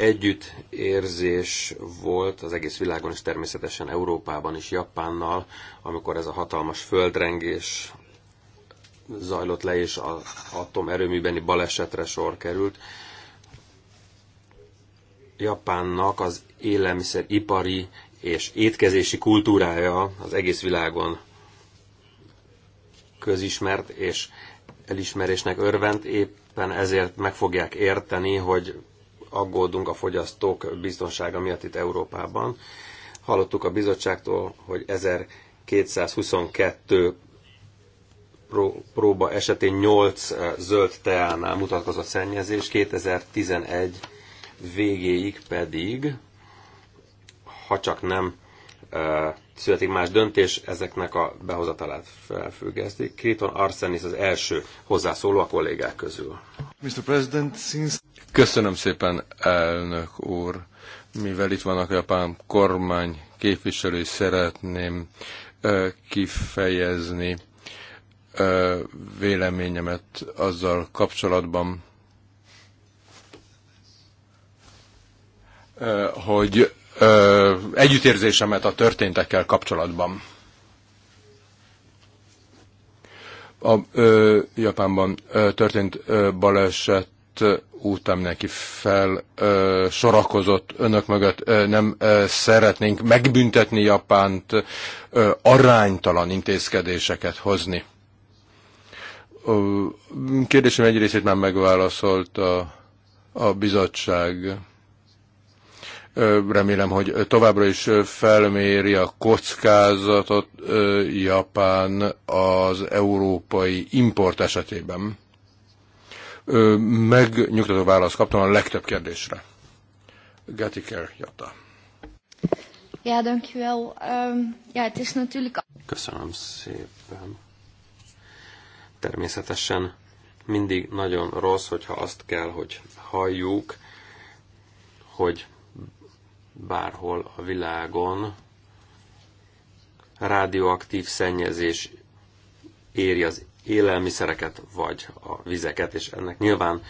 A: együttérzés volt az egész világon, és természetesen Európában is, Japánnal, amikor ez a hatalmas földrengés zajlott le, és az atomerőműbeni balesetre sor került. Japánnak az élelmiszeripari és étkezési kultúrája az egész világon közismert, és elismerésnek örvend, éppen ezért meg fogják érteni, hogy aggódunk a fogyasztók biztonsága miatt itt Európában. Hallottuk a bizottságtól, hogy 1222 próba esetén 8 zöld teánál mutatkozott szennyezés, 2011 végéig pedig, ha csak nem születik más döntés, ezeknek a behozatalát felfüggesztik. Kriton Arsenis az első hozzászóló a kollégák közül.
B: Mr. President, since... Köszönöm szépen, elnök úr. Mivel itt vannak a japán kormány képviselői, szeretném ö, kifejezni ö, véleményemet azzal kapcsolatban, hogy ö, együttérzésemet a történtekkel kapcsolatban. A ö, Japánban ö, történt ö, baleset után neki fel ö, sorakozott önök mögött. Ö, nem ö, szeretnénk megbüntetni Japánt, ö, aránytalan intézkedéseket hozni. Ö, kérdésem egy részét már megválaszolt a, a bizottság Remélem, hogy továbbra is felméri a kockázatot Japán az európai import esetében. Megnyugtató választ kaptam a legtöbb kérdésre. Gatiker Jata.
F: Ja, dankjewel. Ehm, ja, het is natuurlijk...
A: Köszönöm szépen. Természetesen mindig nagyon rossz, hogyha azt kell, hogy halljuk, hogy bárhol a világon rádióaktív szennyezés éri az élelmiszereket vagy a vizeket, és ennek nyilván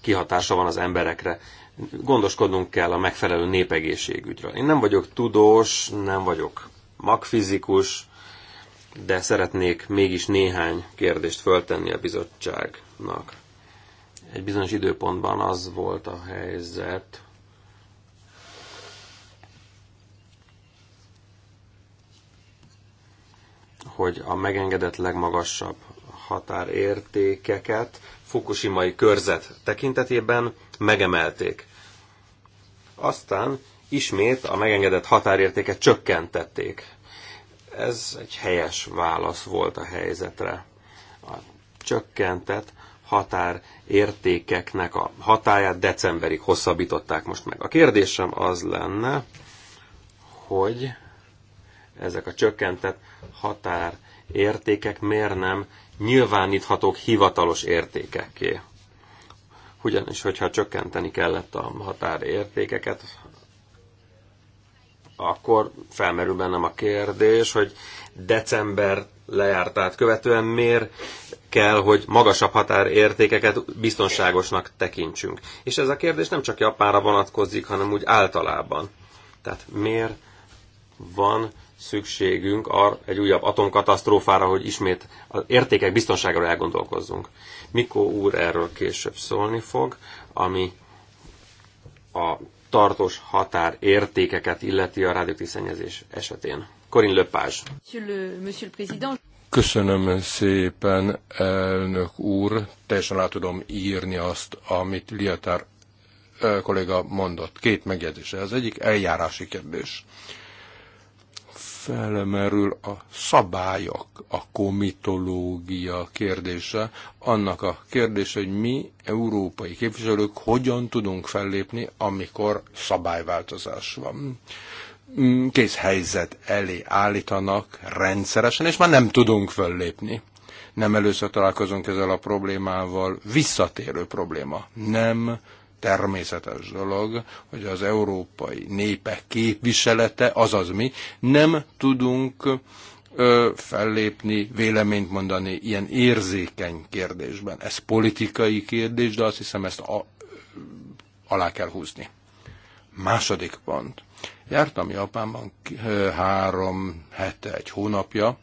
A: kihatása van az emberekre. Gondoskodnunk kell a megfelelő népegészségügyről. Én nem vagyok tudós, nem vagyok magfizikus, de szeretnék mégis néhány kérdést föltenni a bizottságnak. Egy bizonyos időpontban az volt a helyzet, hogy a megengedett legmagasabb határértékeket Fukushimai körzet tekintetében megemelték. Aztán ismét a megengedett határértéket csökkentették. Ez egy helyes válasz volt a helyzetre. A csökkentett határértékeknek a hatáját decemberig hosszabbították most meg. A kérdésem az lenne, hogy ezek a csökkentett határ értékek miért nem nyilváníthatók hivatalos értékekké. Ugyanis, hogyha csökkenteni kellett a határ értékeket, akkor felmerül bennem a kérdés, hogy december lejártát követően miért kell, hogy magasabb határértékeket biztonságosnak tekintsünk. És ez a kérdés nem csak Japánra vonatkozik, hanem úgy általában. Tehát miért van szükségünk arra egy újabb atomkatasztrófára, hogy ismét az értékek biztonságára elgondolkozzunk. Mikó úr erről később szólni fog, ami a tartós határ értékeket illeti a rádióaktív szennyezés esetén. Corinne Lepage.
B: Köszönöm szépen, elnök úr. Teljesen át tudom írni azt, amit Liatár kolléga mondott. Két megjegyzése. Az egyik eljárási kérdés felmerül a szabályok, a komitológia kérdése, annak a kérdése, hogy mi, európai képviselők, hogyan tudunk fellépni, amikor szabályváltozás van. Mm, Kész helyzet elé állítanak rendszeresen, és már nem tudunk fellépni. Nem először találkozunk ezzel a problémával, visszatérő probléma. Nem természetes dolog, hogy az európai népek képviselete, azaz mi, nem tudunk ö, fellépni, véleményt mondani ilyen érzékeny kérdésben. Ez politikai kérdés, de azt hiszem ezt a, ö, alá kell húzni. Második pont. Jártam Japánban ö, három hete, egy hónapja,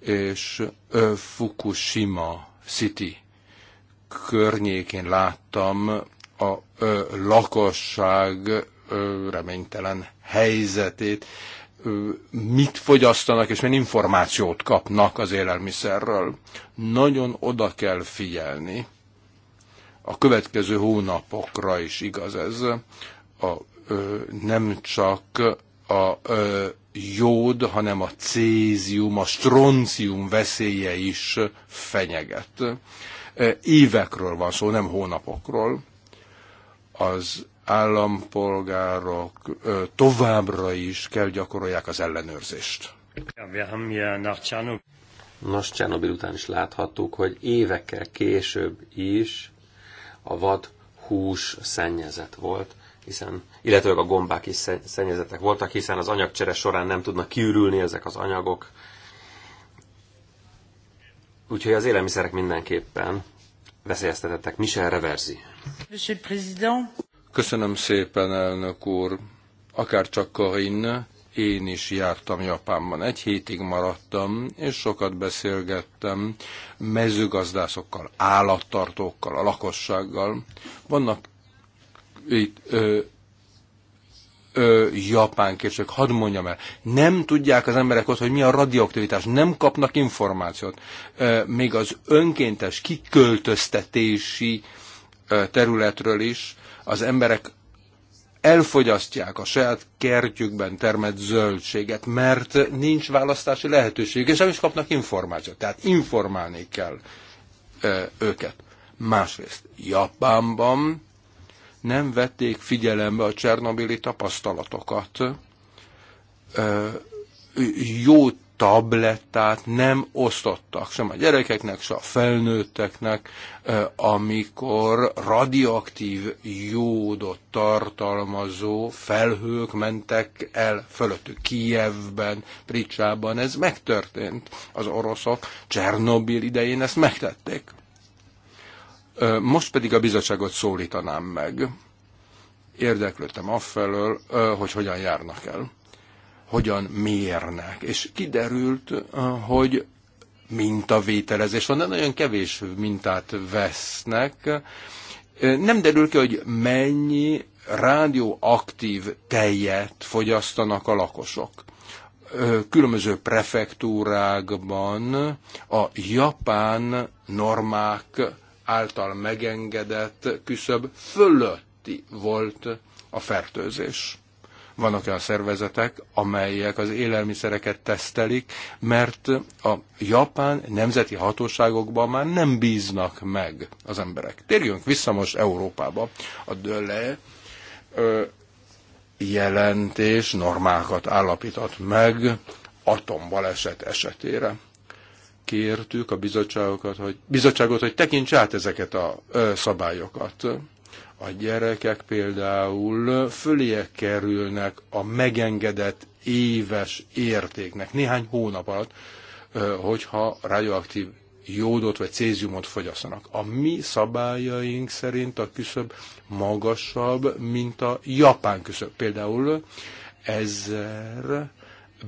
B: és ö, Fukushima City környékén láttam a lakosság reménytelen helyzetét, mit fogyasztanak és milyen információt kapnak az élelmiszerről. Nagyon oda kell figyelni. A következő hónapokra is igaz ez. A, nem csak a jód, hanem a cézium, a stroncium veszélye is fenyeget. Évekről van szó, nem hónapokról az állampolgárok
A: továbbra is kell gyakorolják az ellenőrzést. Nos, Csernobil után is láthattuk, hogy évekkel később is a vad hús szennyezett volt, hiszen, illetve a gombák is szennyezettek voltak, hiszen az anyagcsere során nem tudnak kiürülni ezek az anyagok. Úgyhogy az élelmiszerek mindenképpen veszélyeztetettek. Michel Reverzi. Köszönöm szépen, elnök úr. Akár
B: csak Karin, én is jártam Japánban. Egy hétig maradtam, és sokat beszélgettem mezőgazdászokkal, állattartókkal, a lakossággal. Vannak itt ö, ö, japán képsek, hadd mondjam el, nem tudják az emberek ott, hogy mi a radioaktivitás, nem kapnak információt. Ö, még az önkéntes kiköltöztetési ö, területről is az emberek elfogyasztják a saját kertjükben termett zöldséget, mert nincs választási lehetőség, és nem is kapnak információt. Tehát informálni kell őket. Másrészt Japánban nem vették figyelembe a csernobili tapasztalatokat. Jó tablettát nem osztottak sem a gyerekeknek, sem a felnőtteknek, amikor radioaktív jódot tartalmazó felhők mentek el fölöttük. Kijevben, Pricsában ez megtörtént. Az oroszok Csernobil idején ezt megtették. Most pedig a bizottságot szólítanám meg. Érdeklődtem affelől, hogy hogyan járnak el hogyan mérnek. És kiderült, eh, hogy mintavételezés van, de nagyon kevés mintát vesznek. Eh, nem derül ki, hogy mennyi rádióaktív tejet fogyasztanak a lakosok. Eh, különböző prefektúrákban a japán normák által megengedett küszöb fölötti volt a fertőzés. Vannak olyan szervezetek, amelyek az élelmiszereket tesztelik, mert a japán nemzeti hatóságokban már nem bíznak meg az emberek. Térjünk vissza most Európába. A Dölle jelentés normákat állapított meg atombaleset esetére. Kértük a bizottságokat, hogy, bizottságot, hogy tekints át ezeket a ö, szabályokat. A gyerekek például fölé kerülnek a megengedett éves értéknek néhány hónap alatt, hogyha radioaktív jódot vagy céziumot fogyasztanak. A mi szabályaink szerint a küszöb magasabb, mint a japán küszöb. Például ezer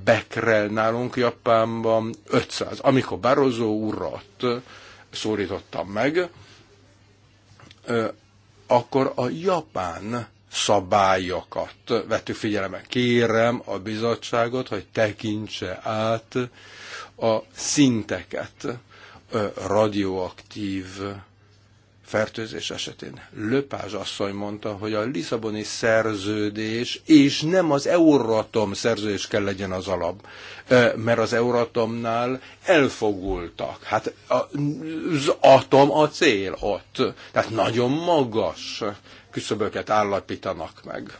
B: bekrel nálunk Japánban 500. Amikor Barozó urat szólítottam meg, akkor a japán szabályokat vettük figyelembe. Kérem a bizottságot, hogy tekintse át a szinteket radioaktív fertőzés esetén. Löpázs asszony mondta, hogy a Lisszaboni szerződés és nem az Euratom szerződés kell legyen az alap, mert az Euratomnál elfogultak. Hát az atom a cél ott. Tehát nagyon magas küszöböket állapítanak meg.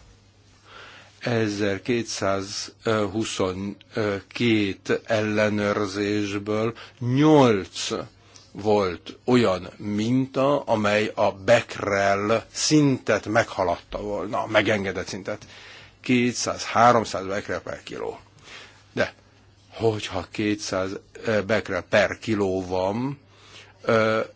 B: 1222 ellenőrzésből 8 volt olyan minta, amely a Becquerel szintet meghaladta volna, megengedett szintet. 200-300 Becquerel per kiló. De hogyha 200 Becquerel per kiló van,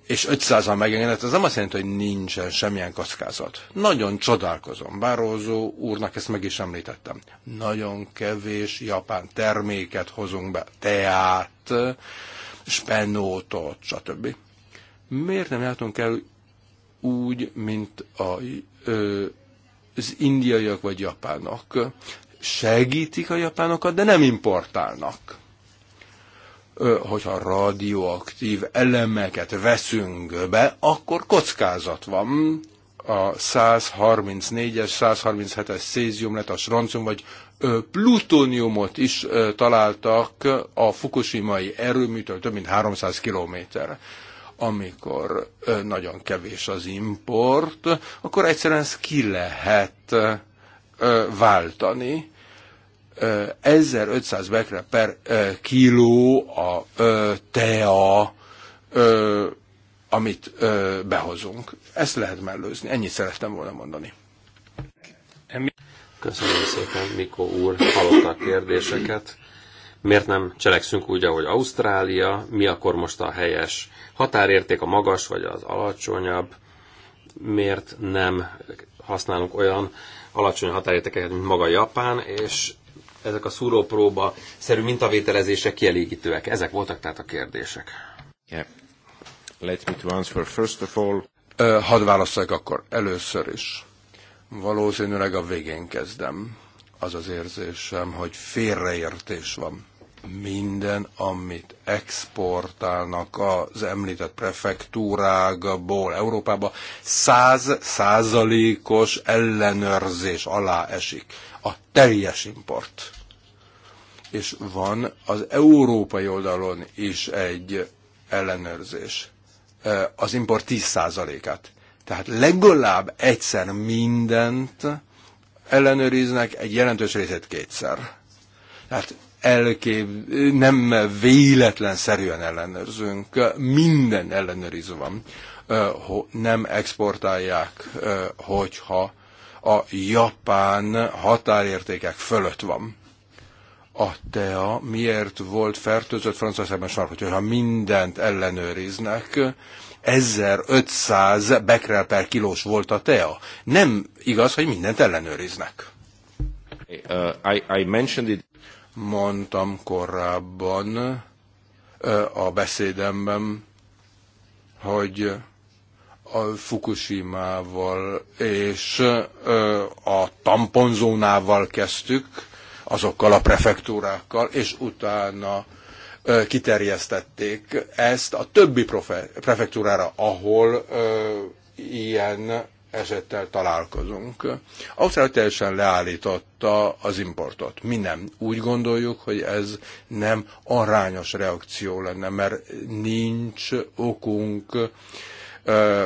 B: és 500 a megengedett, az nem azt jelenti, hogy nincsen semmilyen kockázat. Nagyon csodálkozom. Bározó úrnak ezt meg is említettem. Nagyon kevés japán terméket hozunk be. Teát, spenótot, stb. Miért nem látunk el úgy, mint a, ö, az indiaiak vagy japánok? Segítik a japánokat, de nem importálnak hogyha radioaktív elemeket veszünk be, akkor kockázat van. A 134-es, 137-es szézium, letas roncum vagy plutóniumot is találtak a fukushimai erőműtől több mint 300 kilométerre. Amikor nagyon kevés az import, akkor egyszerűen ezt ki lehet váltani. 1500 bekre per kiló a tea, amit behozunk. Ezt lehet mellőzni. Ennyit szerettem volna mondani.
A: Köszönöm szépen, Mikó úr, hallotta a kérdéseket. Miért nem cselekszünk úgy, ahogy Ausztrália? Mi akkor most a helyes határérték, a magas vagy az alacsonyabb? Miért nem használunk olyan alacsony határértékeket, mint maga Japán, és ezek a szúrópróba szerű mintavételezések kielégítőek. Ezek voltak tehát a kérdések.
B: Yeah. Let me to answer first of all. Hadd válaszoljak akkor először is Valószínűleg a végén kezdem. Az az érzésem, hogy félreértés van. Minden, amit exportálnak az említett prefektúrákból Európába, száz százalékos ellenőrzés alá esik. A teljes import. És van az európai oldalon is egy ellenőrzés az import 10%-át tehát legalább egyszer mindent ellenőriznek, egy jelentős részét kétszer. Tehát elkép, nem véletlenszerűen ellenőrzünk, minden ellenőriző van. Nem exportálják, hogyha a japán határértékek fölött van. A tea miért volt fertőzött Franciaországban sarkot, hogyha mindent ellenőriznek, 1500 bekrel per kilós volt a tea. Nem igaz, hogy mindent ellenőriznek. Uh, I, I mentioned it. Mondtam korábban uh, a beszédemben, hogy a Fukushima-val és uh, a tamponzónával kezdtük, azokkal a prefektúrákkal, és utána kiterjesztették ezt a többi prefektúrára, ahol ilyen esettel találkozunk. Ausztrália teljesen leállította az importot. Mi nem. Úgy gondoljuk, hogy ez nem arányos reakció lenne, mert nincs okunk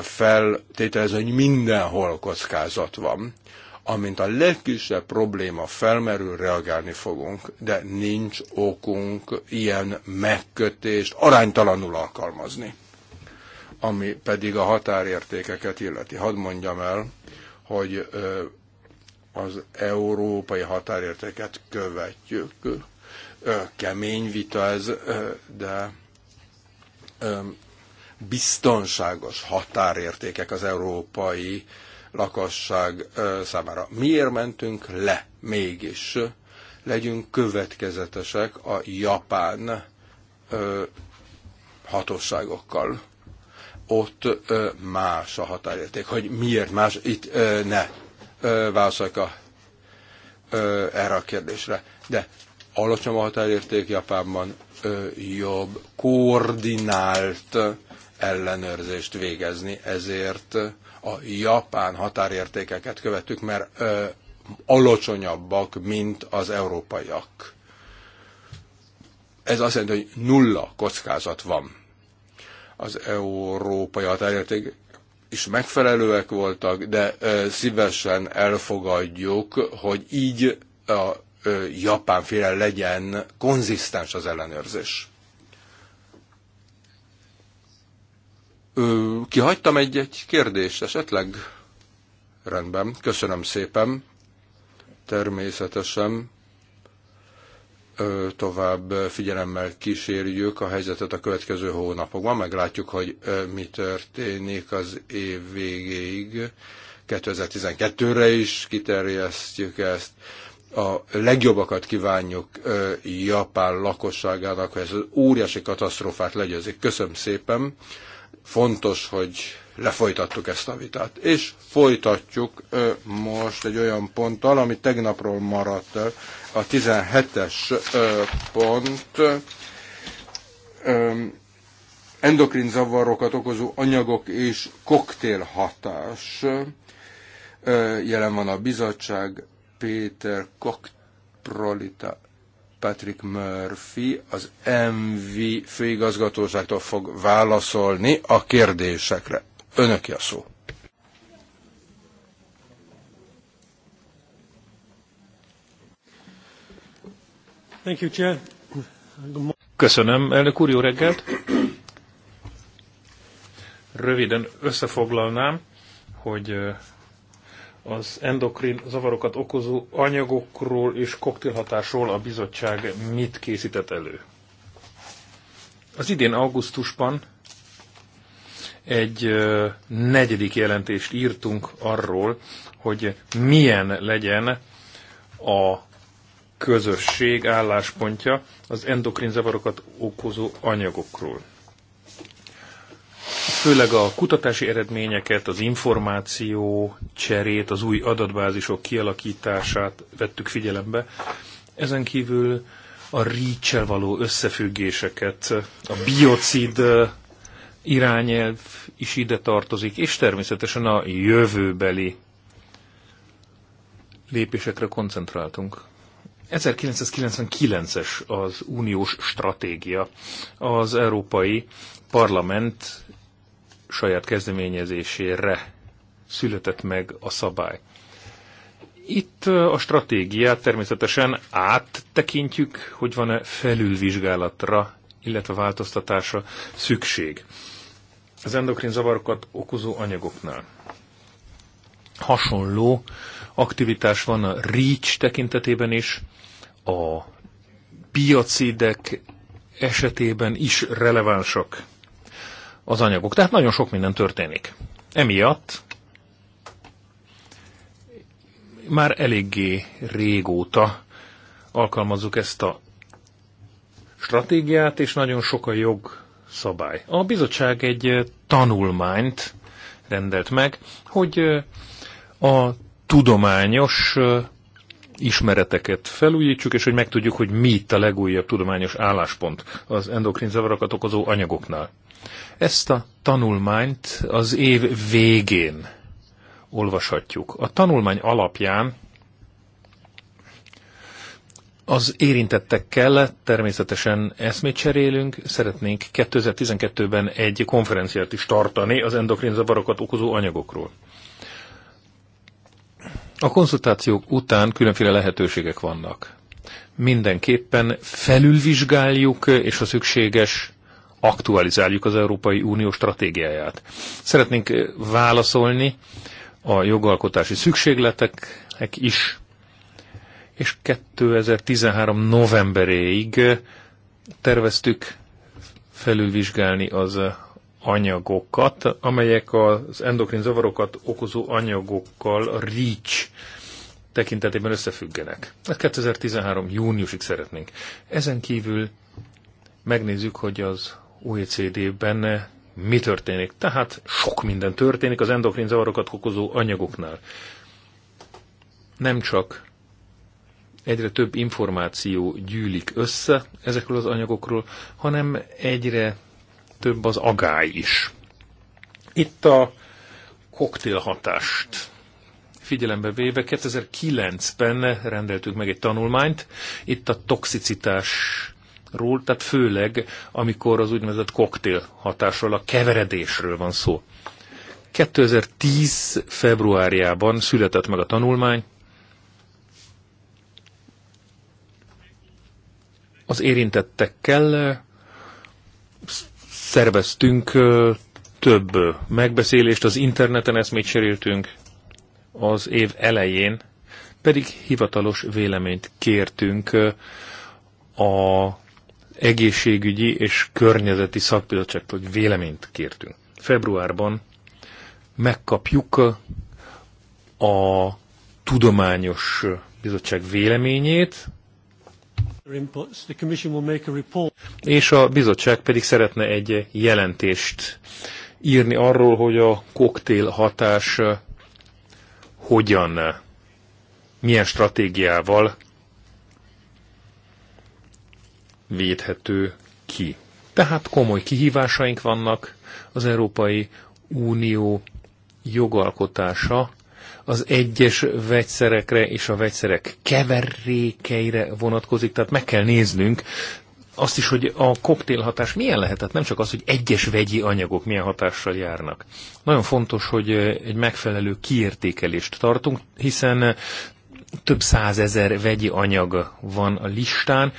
B: feltételezni, hogy mindenhol kockázat van amint a legkisebb probléma felmerül, reagálni fogunk, de nincs okunk ilyen megkötést aránytalanul alkalmazni. Ami pedig a határértékeket illeti. Hadd mondjam el, hogy az európai határértéket követjük. Kemény vita ez, de biztonságos határértékek az európai lakosság számára. Miért mentünk le mégis? Legyünk következetesek a japán hatóságokkal. Ott más a határérték, hogy miért más, itt ne válaszolják a, erre a kérdésre. De alacsony a határérték Japánban, jobb, koordinált ellenőrzést végezni, ezért a japán határértékeket követtük, mert ö, alacsonyabbak, mint az európaiak. Ez azt jelenti, hogy nulla kockázat van. Az európai határérték is megfelelőek voltak, de ö, szívesen elfogadjuk, hogy így a japán japánféle legyen konzisztens az ellenőrzés. Ö, kihagytam egy-egy kérdést esetleg? Rendben, köszönöm szépen. Természetesen tovább figyelemmel kísérjük a helyzetet a következő hónapokban. Meglátjuk, hogy mi történik az év végéig. 2012-re is kiterjesztjük ezt. A legjobbakat kívánjuk Japán lakosságának, hogy ez az óriási katasztrófát legyőzik. Köszönöm szépen Fontos, hogy lefolytattuk ezt a vitát. És folytatjuk most egy olyan ponttal, ami tegnapról maradt, a 17-es pont endokrin zavarokat okozó anyagok és koktélhatás. Jelen van a bizottság, Péter Koktrolita Patrick Murphy az MV főigazgatóságtól fog válaszolni a kérdésekre. Önöki a szó.
E: Thank you, Chair.
D: Köszönöm, elnök úr, jó reggelt! Röviden összefoglalnám, hogy az endokrin zavarokat okozó anyagokról és koktélhatásról a bizottság mit készített elő. Az idén augusztusban egy negyedik jelentést írtunk arról, hogy milyen legyen a közösség álláspontja az endokrin zavarokat okozó anyagokról főleg a kutatási eredményeket, az információ cserét, az új adatbázisok kialakítását vettük figyelembe. Ezen kívül a reach való összefüggéseket, a biocid irányelv is ide tartozik, és természetesen a jövőbeli lépésekre koncentráltunk. 1999-es az uniós stratégia. Az Európai Parlament saját kezdeményezésére született meg a szabály. Itt a stratégiát természetesen áttekintjük, hogy van-e felülvizsgálatra, illetve változtatása szükség az endokrin zavarokat okozó anyagoknál. Hasonló aktivitás van a REACH tekintetében is, a biocidek esetében is relevánsak az anyagok. Tehát nagyon sok minden történik. Emiatt már eléggé régóta alkalmazzuk ezt a stratégiát, és nagyon sok a jogszabály. A bizottság egy tanulmányt rendelt meg, hogy a tudományos ismereteket felújítsuk, és hogy megtudjuk, hogy mi itt a legújabb tudományos álláspont az endokrin zavarokat okozó anyagoknál. Ezt a tanulmányt az év végén olvashatjuk. A tanulmány alapján az érintettekkel természetesen eszmét cserélünk. Szeretnénk 2012-ben egy konferenciát is tartani az endokrin zavarokat okozó anyagokról. A konzultációk után különféle lehetőségek vannak. Mindenképpen felülvizsgáljuk, és ha szükséges, aktualizáljuk az Európai Unió stratégiáját. Szeretnénk eh, válaszolni a jogalkotási szükségleteknek is, és 2013 novemberéig eh, terveztük felülvizsgálni az eh, anyagokat, amelyek az endokrin zavarokat okozó anyagokkal a REACH tekintetében összefüggenek. Hát Ezt 2013 júniusig szeretnénk. Ezen kívül megnézzük, hogy az OECD-ben mi történik. Tehát sok minden történik az endokrin zavarokat okozó anyagoknál. Nem csak egyre több információ gyűlik össze ezekről az anyagokról, hanem egyre több az agály is. Itt a koktélhatást figyelembe véve 2009-ben rendeltük meg egy tanulmányt, itt a toxicitás ról, tehát főleg, amikor az úgynevezett koktél hatásról, a keveredésről van szó. 2010. februárjában született meg a tanulmány. Az érintettekkel szerveztünk több megbeszélést, az interneten eszmét cseréltünk az év elején, pedig hivatalos véleményt kértünk a egészségügyi és környezeti szakbizottságtól véleményt kértünk. Februárban megkapjuk a tudományos bizottság véleményét, és a bizottság pedig szeretne egy jelentést írni arról, hogy a koktél hatás hogyan, milyen stratégiával védhető ki. Tehát komoly kihívásaink vannak az Európai Unió jogalkotása az egyes vegyszerekre és a vegyszerek keverékeire vonatkozik, tehát meg kell néznünk azt is, hogy a koktélhatás milyen lehet, tehát nem csak az, hogy egyes vegyi anyagok milyen hatással járnak. Nagyon fontos, hogy egy megfelelő kiértékelést tartunk, hiszen több százezer vegyi anyag van a listán,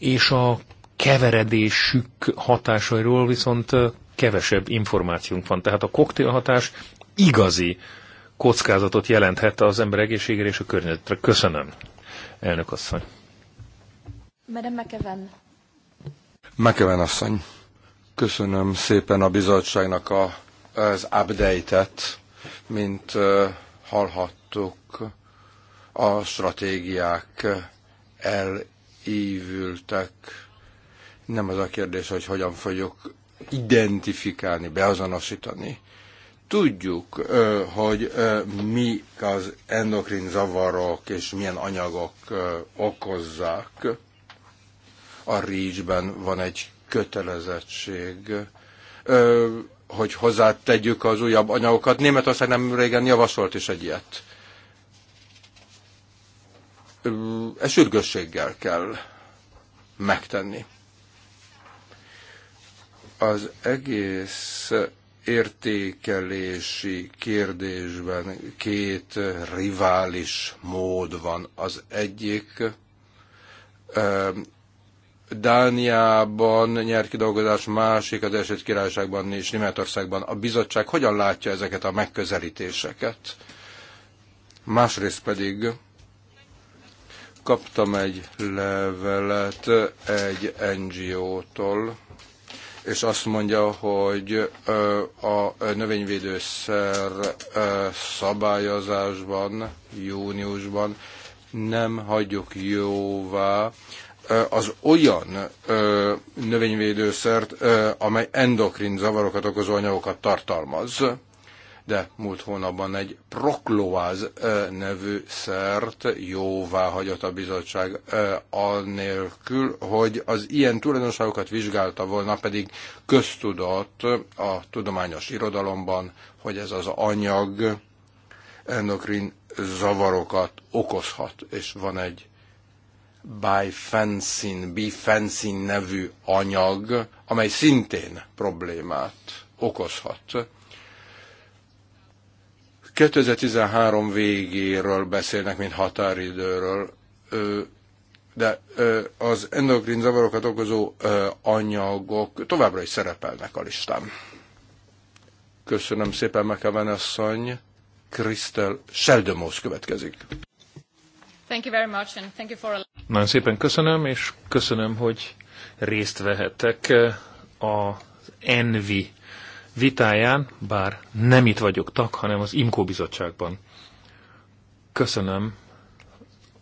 D: és a keveredésük hatásairól viszont kevesebb információnk van. Tehát a koktélhatás igazi kockázatot jelenthet az ember egészségére és a környezetre. Köszönöm, elnök asszony.
F: Madame McEwen.
B: McEwen asszony. Köszönöm szépen a bizottságnak a, az update mint hallhattuk, a stratégiák el évültek. Nem az a kérdés, hogy hogyan fogjuk identifikálni, beazonosítani. Tudjuk, hogy mi az endokrin zavarok és milyen anyagok okozzák. A rícsben van egy kötelezettség, hogy hozzátegyük az újabb anyagokat. Németország nem régen javasolt is egy ilyet ezt sürgősséggel kell megtenni. Az egész értékelési kérdésben két rivális mód van. Az egyik Dániában nyert kidolgozás, másik az Eset Királyságban és Németországban. A bizottság hogyan látja ezeket a megközelítéseket? Másrészt pedig Kaptam egy levelet egy NGO-tól, és azt mondja, hogy a növényvédőszer szabályozásban, júniusban nem hagyjuk jóvá az olyan növényvédőszert, amely endokrin zavarokat okozó anyagokat tartalmaz de múlt hónapban egy Prokloáz nevű szert jóvá hagyott a bizottság annélkül, hogy az ilyen tulajdonságokat vizsgálta volna, pedig köztudott a tudományos irodalomban, hogy ez az anyag endokrin zavarokat okozhat, és van egy bifensin, bifensin nevű anyag, amely szintén problémát okozhat 2013 végéről beszélnek, mint határidőről, de az endokrin zavarokat okozó anyagok továbbra is szerepelnek a listán. Köszönöm szépen, Mekeven asszony. Krisztel Seldemós következik.
F: Thank you very much, and thank you for...
D: Nagyon szépen köszönöm, és köszönöm, hogy részt vehettek az Envi vitáján, bár nem itt vagyok tag, hanem az IMKO bizottságban. Köszönöm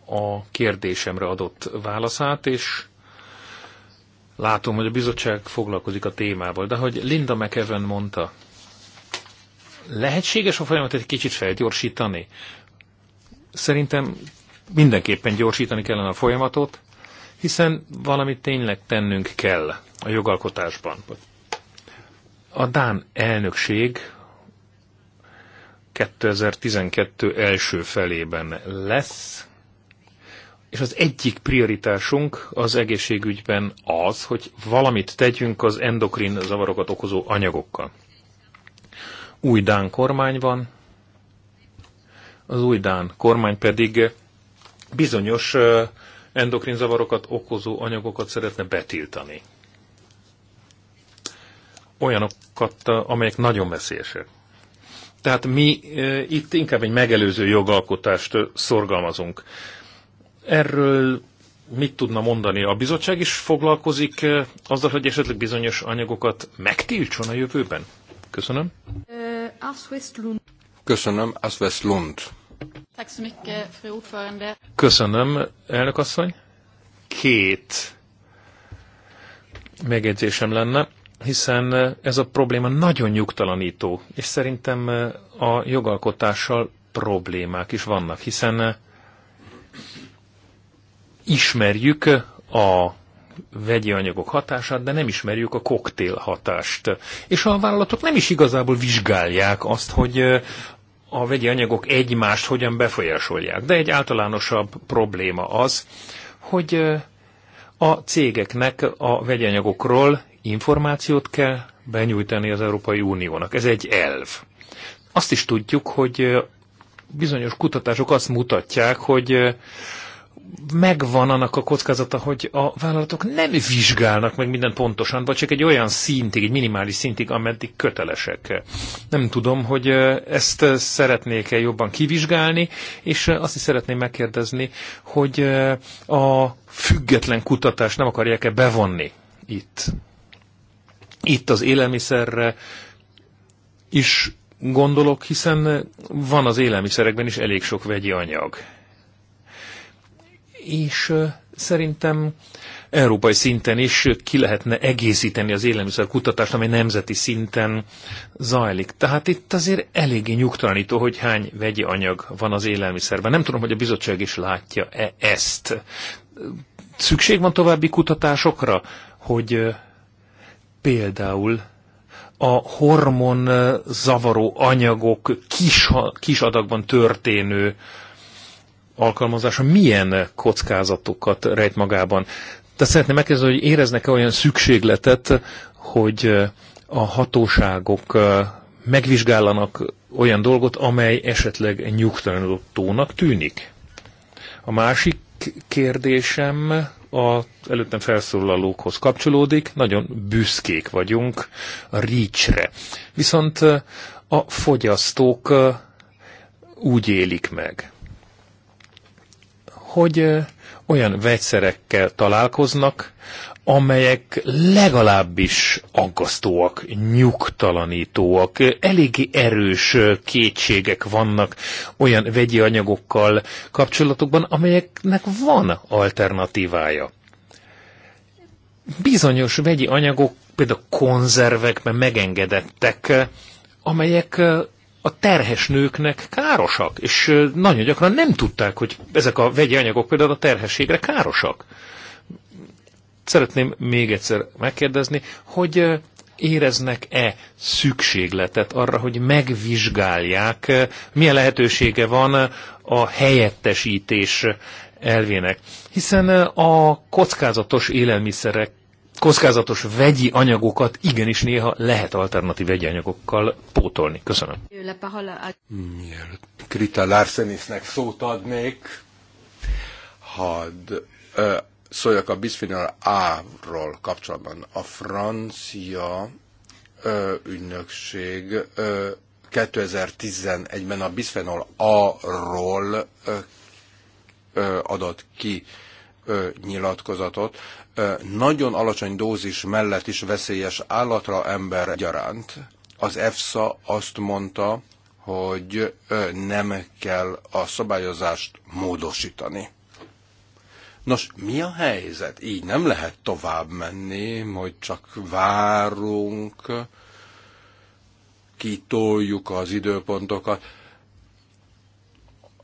D: a kérdésemre adott válaszát, és látom, hogy a bizottság foglalkozik a témával, de hogy Linda McEwen mondta, lehetséges a folyamatot egy kicsit felgyorsítani? Szerintem mindenképpen gyorsítani kellene a folyamatot, hiszen valamit tényleg tennünk kell a jogalkotásban, vagy a Dán elnökség 2012 első felében lesz, és az egyik prioritásunk az egészségügyben az, hogy valamit tegyünk az endokrin zavarokat okozó anyagokkal. Új Dán kormány van, az új Dán kormány pedig bizonyos endokrin zavarokat okozó anyagokat szeretne betiltani olyanokat, eh, amelyek nagyon veszélyesek. Tehát mi eh, itt inkább egy megelőző jogalkotást eh, szorgalmazunk. Erről mit tudna mondani? A bizottság is foglalkozik azzal, hogy esetleg bizonyos anyagokat megtiltson a jövőben? Köszönöm. Köszönöm, Asvest Lund. Köszönöm, elnök asszony. Két megjegyzésem lenne hiszen eh, ez a probléma nagyon nyugtalanító, és szerintem eh, a jogalkotással problémák is vannak, hiszen eh, ismerjük a vegyi anyagok hatását, de nem ismerjük a koktél hatást. És a vállalatok nem is igazából vizsgálják azt, hogy a vegyi anyagok egymást hogyan befolyásolják. De egy általánosabb probléma az, hogy a cégeknek a vegyi anyagokról információt kell benyújtani az Európai Uniónak. Ez egy elv. Azt is tudjuk, hogy bizonyos kutatások azt mutatják, hogy megvan annak a kockázata, hogy a vállalatok nem vizsgálnak meg minden pontosan, vagy csak egy olyan szintig, egy minimális szintig, ameddig kötelesek. Nem tudom, hogy ezt szeretnék-e jobban kivizsgálni, és azt is szeretném megkérdezni, hogy a független kutatást nem akarják-e bevonni itt itt az élelmiszerre is gondolok, hiszen van az élelmiszerekben is elég sok vegyi anyag. És szerintem európai szinten is ki lehetne egészíteni az élelmiszer kutatást, amely nemzeti szinten zajlik. Tehát itt azért eléggé nyugtalanító, hogy hány vegyi anyag van az élelmiszerben. Nem tudom, hogy a bizottság is látja -e ezt. Szükség van további kutatásokra, hogy Például a hormon eh, zavaró anyagok kis, kis adagban történő alkalmazása milyen kockázatokat rejt magában. Tehát szeretném megkérdezni, hogy éreznek-e olyan szükségletet, hogy eh, a hatóságok eh, megvizsgálanak olyan dolgot, amely esetleg nyugtalanodottónak tűnik. A másik kérdésem a előttem felszólalókhoz kapcsolódik. Nagyon büszkék vagyunk a reach Viszont eh, a fogyasztók eh, úgy élik meg, hogy eh, olyan vegyszerekkel találkoznak, amelyek legalábbis aggasztóak, nyugtalanítóak, eléggé erős kétségek vannak olyan vegyi anyagokkal kapcsolatokban, amelyeknek van alternatívája. Bizonyos vegyi anyagok, például konzervekben megengedettek, amelyek a terhes nőknek károsak, és nagyon gyakran nem tudták, hogy ezek a vegyi anyagok például a terhességre károsak. Szeretném még egyszer megkérdezni, hogy éreznek-e szükségletet arra, hogy megvizsgálják, milyen lehetősége van a helyettesítés elvének. Hiszen a kockázatos élelmiszerek, kockázatos vegyi anyagokat igenis néha lehet alternatív vegyi anyagokkal pótolni. Köszönöm.
B: Mielőtt Krita Larsenisnek szót adnék, hadd szóljak a bisphenol A-ról kapcsolatban. A francia ö, ügynökség ö, 2011-ben a bisphenol A-ról ö, ö, adott ki ö, nyilatkozatot. Ö, nagyon alacsony dózis mellett is veszélyes állatra ember gyaránt. Az EFSA azt mondta, hogy ö, nem kell a szabályozást módosítani Nos, mi a helyzet? Így nem lehet tovább menni, hogy csak várunk, kitoljuk az időpontokat.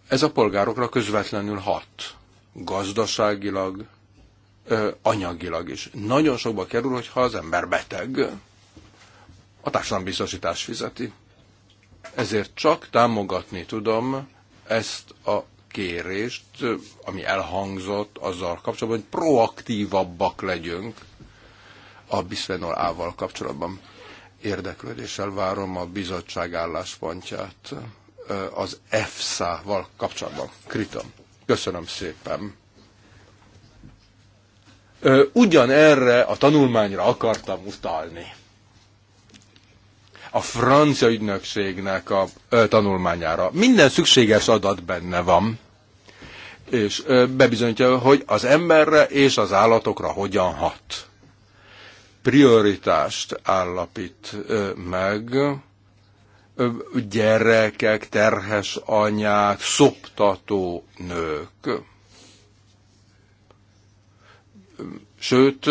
B: Ez a polgárokra közvetlenül hat. Gazdaságilag, anyagilag is. Nagyon sokba kerül, hogyha az ember beteg, a társadalombiztosítás fizeti. Ezért csak támogatni tudom ezt a kérést, ami elhangzott azzal kapcsolatban, hogy proaktívabbak legyünk a bisphenol A-val kapcsolatban. Érdeklődéssel várom a bizottság álláspontját az EFSA-val kapcsolatban. Kritom. Köszönöm szépen. Ugyanerre a tanulmányra akartam utalni a francia ügynökségnek a tanulmányára. Minden szükséges adat benne van, és bebizonyítja, hogy az emberre és az állatokra hogyan hat. Prioritást állapít meg gyerekek, terhes anyák, szoptató nők sőt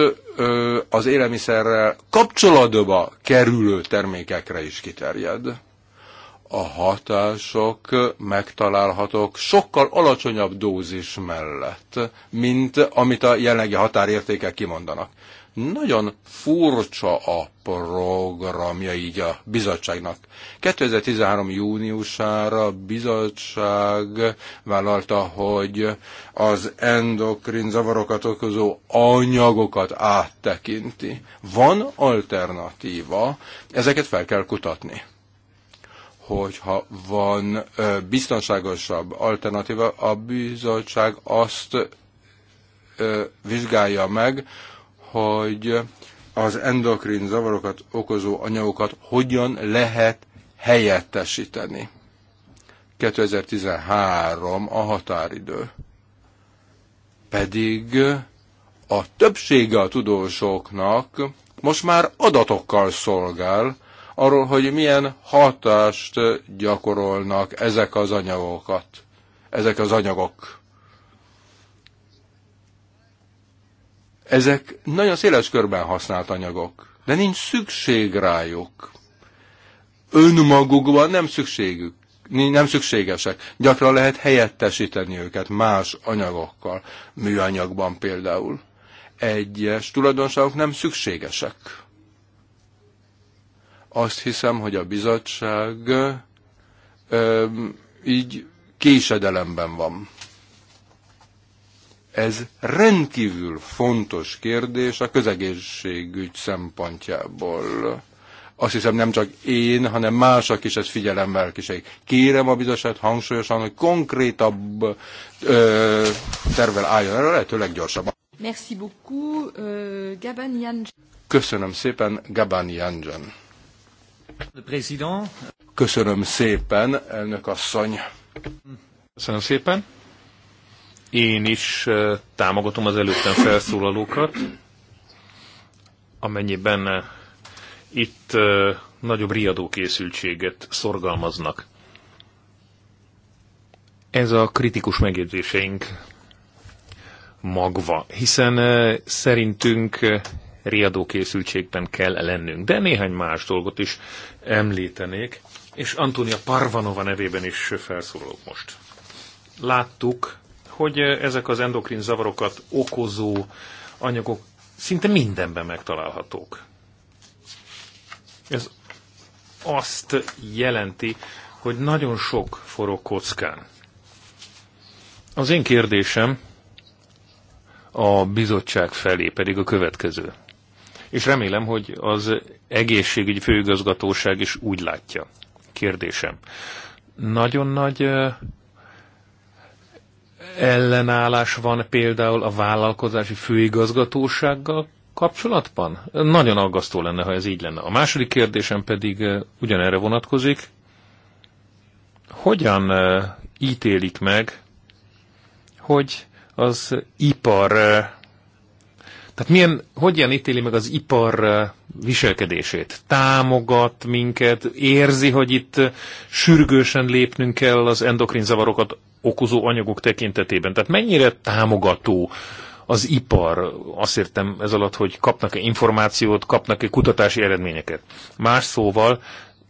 B: az élelmiszerrel kapcsolatba kerülő termékekre is kiterjed. A hatások megtalálhatók sokkal alacsonyabb dózis mellett, mint amit a jelenlegi határértékek kimondanak. Nagyon furcsa a programja így a bizottságnak. 2013. júniusára a bizottság vállalta, hogy az endokrin zavarokat okozó anyagokat áttekinti. Van alternatíva, ezeket fel kell kutatni hogyha van biztonságosabb alternatíva, a bizottság azt vizsgálja meg, hogy az endokrin zavarokat okozó anyagokat hogyan lehet helyettesíteni. 2013 a határidő. Pedig a többsége a tudósoknak most már adatokkal szolgál arról, hogy milyen hatást gyakorolnak ezek az anyagokat, ezek az anyagok. Ezek nagyon széles körben használt anyagok, de nincs szükség rájuk. Önmagukban nem szükségük nem szükségesek. Gyakran lehet helyettesíteni őket más anyagokkal, műanyagban például. Egyes tulajdonságok nem szükségesek. Azt hiszem, hogy a bizottság ö, így késedelemben van. Ez rendkívül fontos kérdés a közegészségügy szempontjából. Azt hiszem nem csak én, hanem mások is ezt figyelemmel kísérik. Kérem a bizottságot hangsúlyosan, hogy konkrétabb ö, tervel álljon erre, lehetőleg gyorsabban.
F: Merci beaucoup, uh, Gaban
B: Köszönöm szépen, Gaban Janjan. Köszönöm szépen, elnök asszony. Köszönöm szépen. Én is
D: támogatom az előttem felszólalókat, amennyiben itt nagyobb riadókészültséget szorgalmaznak. Ez a kritikus megjegyzéseink magva, hiszen szerintünk riadókészültségben kell lennünk. De néhány más dolgot is említenék, és Antonia Parvanova nevében is felszólalok most. Láttuk hogy eh, ezek az endokrin zavarokat okozó anyagok szinte mindenben megtalálhatók. Ez azt jelenti, hogy nagyon sok forog kockán. Az én kérdésem a bizottság felé pedig a következő. És remélem, hogy az egészségügyi főigazgatóság is úgy látja. Kérdésem. Nagyon nagy eh, ellenállás van például a vállalkozási főigazgatósággal kapcsolatban? Nagyon aggasztó lenne, ha ez így lenne. A második kérdésem pedig eh, ugyanerre vonatkozik. Hogyan eh, ítélik meg, hogy az ipar, eh, tehát milyen, hogyan ítéli meg az ipar viselkedését? Támogat minket, érzi, hogy itt sürgősen lépnünk kell az endokrin zavarokat okozó anyagok tekintetében? Tehát mennyire támogató az ipar, azt értem ez alatt, hogy kapnak-e információt, kapnak-e kutatási eredményeket. Más szóval,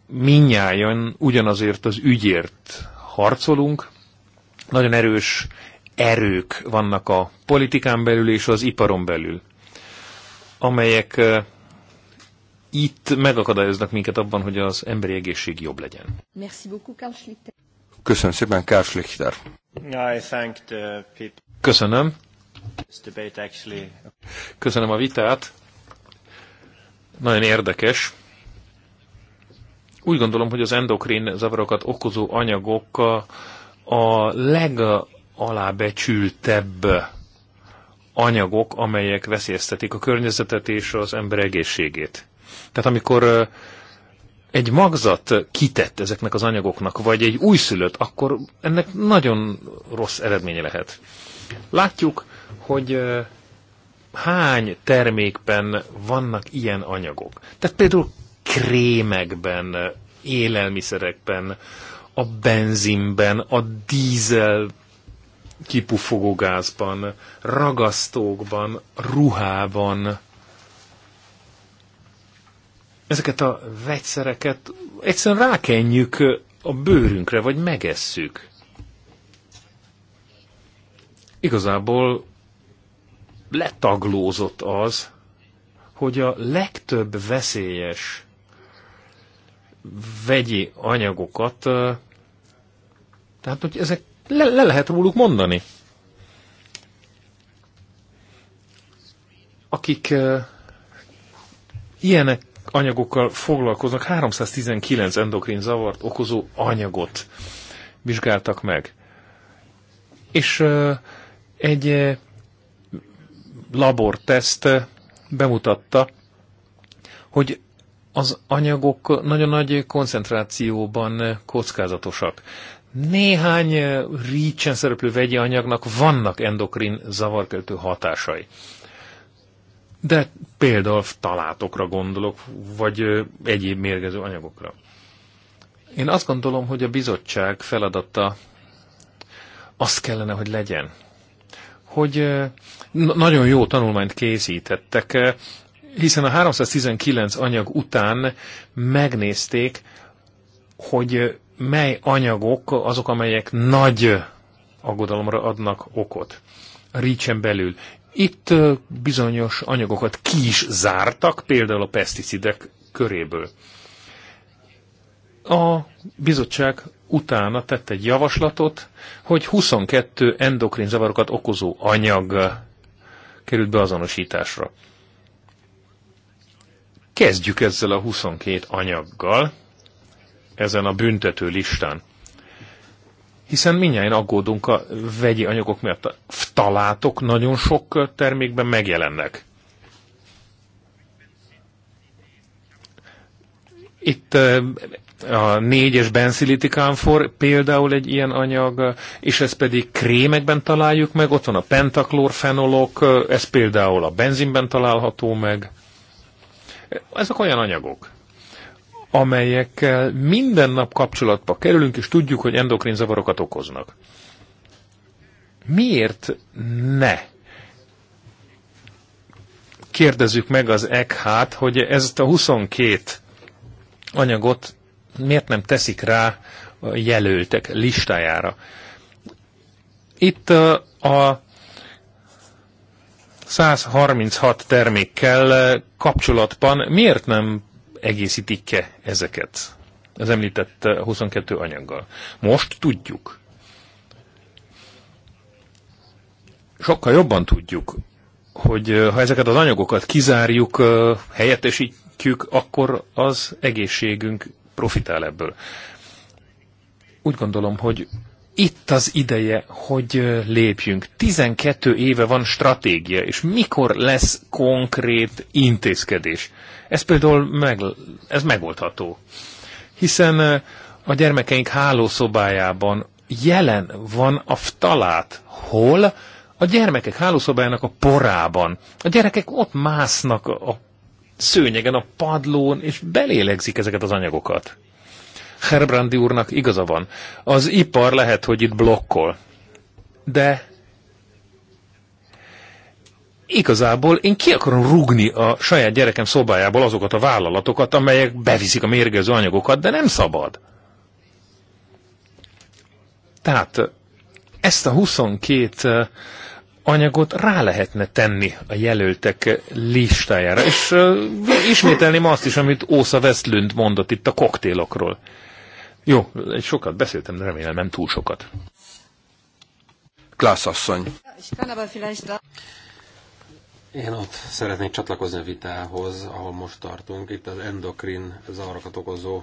D: minnyáján ugyanazért az ügyért harcolunk, nagyon erős erők vannak a politikán belül és az iparon belül, amelyek itt megakadályoznak minket abban, hogy az emberi egészség jobb legyen.
F: Merci beaucoup,
B: Köszönöm szépen, Karl Schlichter.
D: Köszönöm. Köszönöm a vitát. Nagyon érdekes. Úgy gondolom, hogy az endokrin zavarokat okozó anyagok a legalábecsültebb anyagok, amelyek veszélyeztetik a környezetet és az ember egészségét. Tehát amikor egy magzat kitett ezeknek az anyagoknak, vagy egy újszülött, akkor ennek nagyon rossz eredménye lehet. Látjuk, hogy hány termékben vannak ilyen anyagok. Tehát például krémekben, élelmiszerekben, a benzinben, a dízel kipufogógázban, ragasztókban, ruhában, ezeket a vegyszereket egyszerűen rákenjük a bőrünkre, vagy megesszük. Igazából letaglózott az, hogy a legtöbb veszélyes vegyi anyagokat, tehát hogy ezek le, le lehet róluk mondani. Akik ilyenek anyagokkal foglalkoznak, 319 endokrin zavart okozó anyagot vizsgáltak meg. És egy laborteszt bemutatta, hogy az anyagok nagyon nagy koncentrációban kockázatosak. Néhány rícsen szereplő vegyi anyagnak vannak endokrin zavarkeltő hatásai de például talátokra gondolok, vagy egyéb mérgező anyagokra. Én azt gondolom, hogy a bizottság feladata az kellene, hogy legyen, hogy nagyon jó tanulmányt készítettek, hiszen a 319 anyag után megnézték, hogy mely anyagok azok, amelyek nagy aggodalomra adnak okot. Rícsen belül itt bizonyos anyagokat ki is zártak, például a peszticidek köréből. A bizottság utána tett egy javaslatot, hogy 22 endokrin zavarokat okozó anyag került beazonosításra. Kezdjük ezzel a 22 anyaggal ezen a büntető listán. Hiszen minnyáján aggódunk a vegyi anyagok miatt. A ftalátok nagyon sok termékben megjelennek. Itt eh, a négyes for például egy ilyen anyag, és ezt pedig krémekben találjuk meg, ott van a pentaklorfenolok, eh, ez például a benzinben található meg. Ezek olyan anyagok amelyekkel minden nap kapcsolatba kerülünk, és tudjuk, hogy endokrin zavarokat okoznak. Miért ne kérdezzük meg az ECH-t, hogy ezt a 22 anyagot miért nem teszik rá a jelöltek listájára. Itt a 136 termékkel kapcsolatban miért nem egészítik-e ezeket az említett 22 eh, anyaggal. Most tudjuk. Sokkal jobban tudjuk, hogy eh, ha ezeket az anyagokat kizárjuk, eh, helyettesítjük, akkor az egészségünk profitál ebből. Úgy gondolom, hogy itt az ideje, hogy lépjünk. 12 éve van stratégia, és mikor lesz konkrét intézkedés? Ez például meg, ez megoldható. Hiszen a gyermekeink hálószobájában jelen van a ftalát. Hol? A gyermekek hálószobájának a porában. A gyerekek ott másznak a szőnyegen, a padlón, és belélegzik ezeket az anyagokat. Herbrandi úrnak igaza van. Az ipar lehet, hogy itt blokkol. De igazából én ki akarom rugni a saját gyerekem szobájából azokat a vállalatokat, amelyek beviszik a mérgező anyagokat, de nem szabad. Tehát ezt a 22 eh, anyagot rá lehetne tenni a jelöltek listájára, és eh, ismételném azt is, amit Ósza Westlund mondott itt a koktélokról. Jó, egy sokat beszéltem, de remélem
B: nem túl sokat. Klász asszony.
A: Én ott szeretnék csatlakozni a vitához, ahol most tartunk. Itt az endokrin zavarokat okozó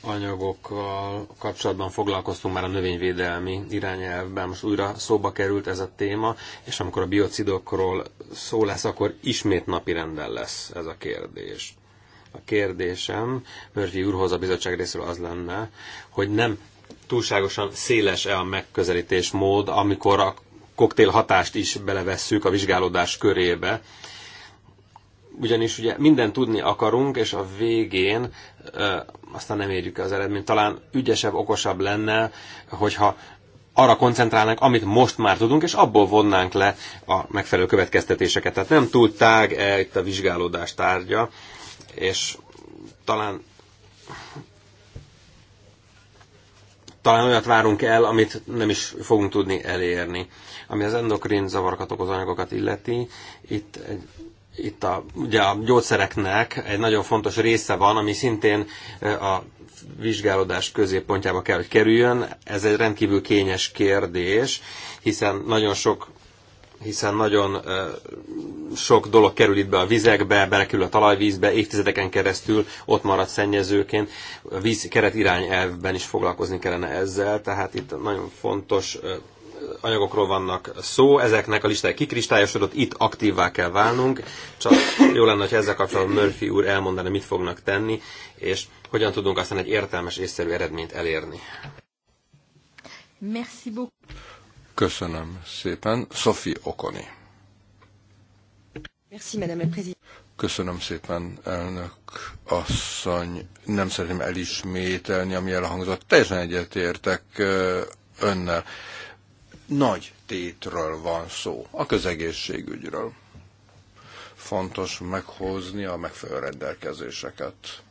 A: anyagokkal kapcsolatban foglalkoztunk már a növényvédelmi irányelvben, most újra szóba került ez a téma, és amikor a biocidokról szó lesz, akkor ismét napirenden lesz ez a kérdés. A kérdésem Murphy úrhoz a bizottság részéről az lenne, hogy nem túlságosan széles-e a megközelítés mód, amikor a koktél hatást is belevesszük a vizsgálódás körébe, ugyanis ugye mindent tudni akarunk, és a végén ö, aztán nem érjük az eredményt. Talán ügyesebb, okosabb lenne, hogyha arra koncentrálnánk, amit most már tudunk, és abból vonnánk le a megfelelő következtetéseket. Tehát nem túl tág -e itt a vizsgálódás tárgya, és talán talán olyat várunk el, amit nem is fogunk tudni elérni. Ami az endokrin zavarokat okozó anyagokat illeti, itt egy itt a, ugye a gyógyszereknek egy nagyon fontos része van, ami szintén a vizsgálódás középpontjába kell, hogy kerüljön. Ez egy rendkívül kényes kérdés, hiszen nagyon sok hiszen nagyon sok dolog kerül itt be a vizekbe, belekül a talajvízbe, évtizedeken keresztül ott marad szennyezőként. A víz keret irányelvben is foglalkozni kellene ezzel, tehát itt nagyon fontos anyagokról vannak szó, ezeknek a listája kikristályosodott, itt aktívvá kell válnunk, csak jó lenne, hogy ezzel kapcsolatban Murphy úr elmondaná, mit fognak tenni, és hogyan tudunk aztán egy értelmes, észszerű eredményt elérni.
F: Merci beaucoup.
B: Köszönöm szépen. Sophie Okoni.
F: Merci, Madame la Présidente.
B: Köszönöm szépen, elnök asszony. Nem szeretném elismételni, ami elhangzott. Teljesen egyetértek önnel. Nagy tétről van szó, a közegészségügyről. Fontos meghozni a megfelelő rendelkezéseket.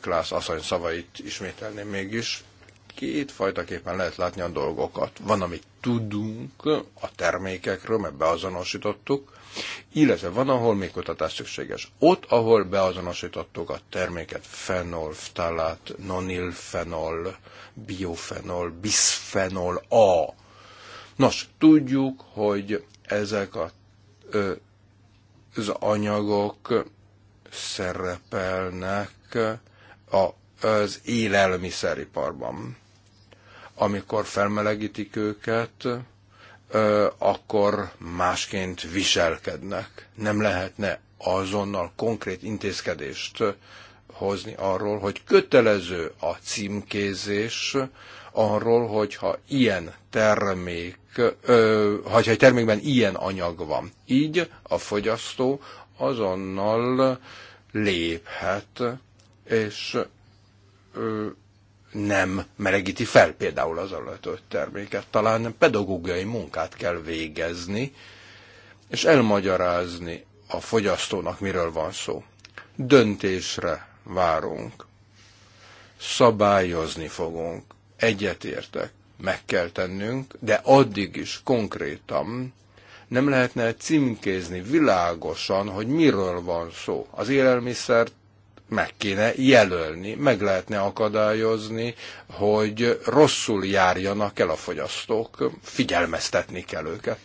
B: Klász asszony szavait ismételném mégis kétfajtaképpen lehet látni a dolgokat. Van, amit tudunk a termékekről, mert beazonosítottuk, illetve van, ahol még kutatás szükséges. Ott, ahol beazonosítottuk a terméket, fenol, ftalát, nonilfenol, biofenol, bisfenol A. Nos, tudjuk, hogy ezek a, az anyagok szerepelnek a az élelmiszeriparban. Amikor felmelegítik őket, akkor másként viselkednek. Nem lehetne azonnal konkrét intézkedést hozni arról, hogy kötelező a címkézés arról, hogyha ilyen termék, ö, hogyha egy termékben ilyen anyag van. Így a fogyasztó azonnal léphet, és nem melegíti fel például az alatt terméket. Talán pedagógiai munkát kell végezni, és elmagyarázni a fogyasztónak, miről van szó. Döntésre várunk. Szabályozni fogunk. Egyetértek. Meg kell tennünk, de addig is konkrétan nem lehetne címkézni világosan, hogy miről van szó. Az élelmiszert meg kéne jelölni, meg lehetne akadályozni, hogy rosszul járjanak el a fogyasztók, figyelmeztetni kell őket.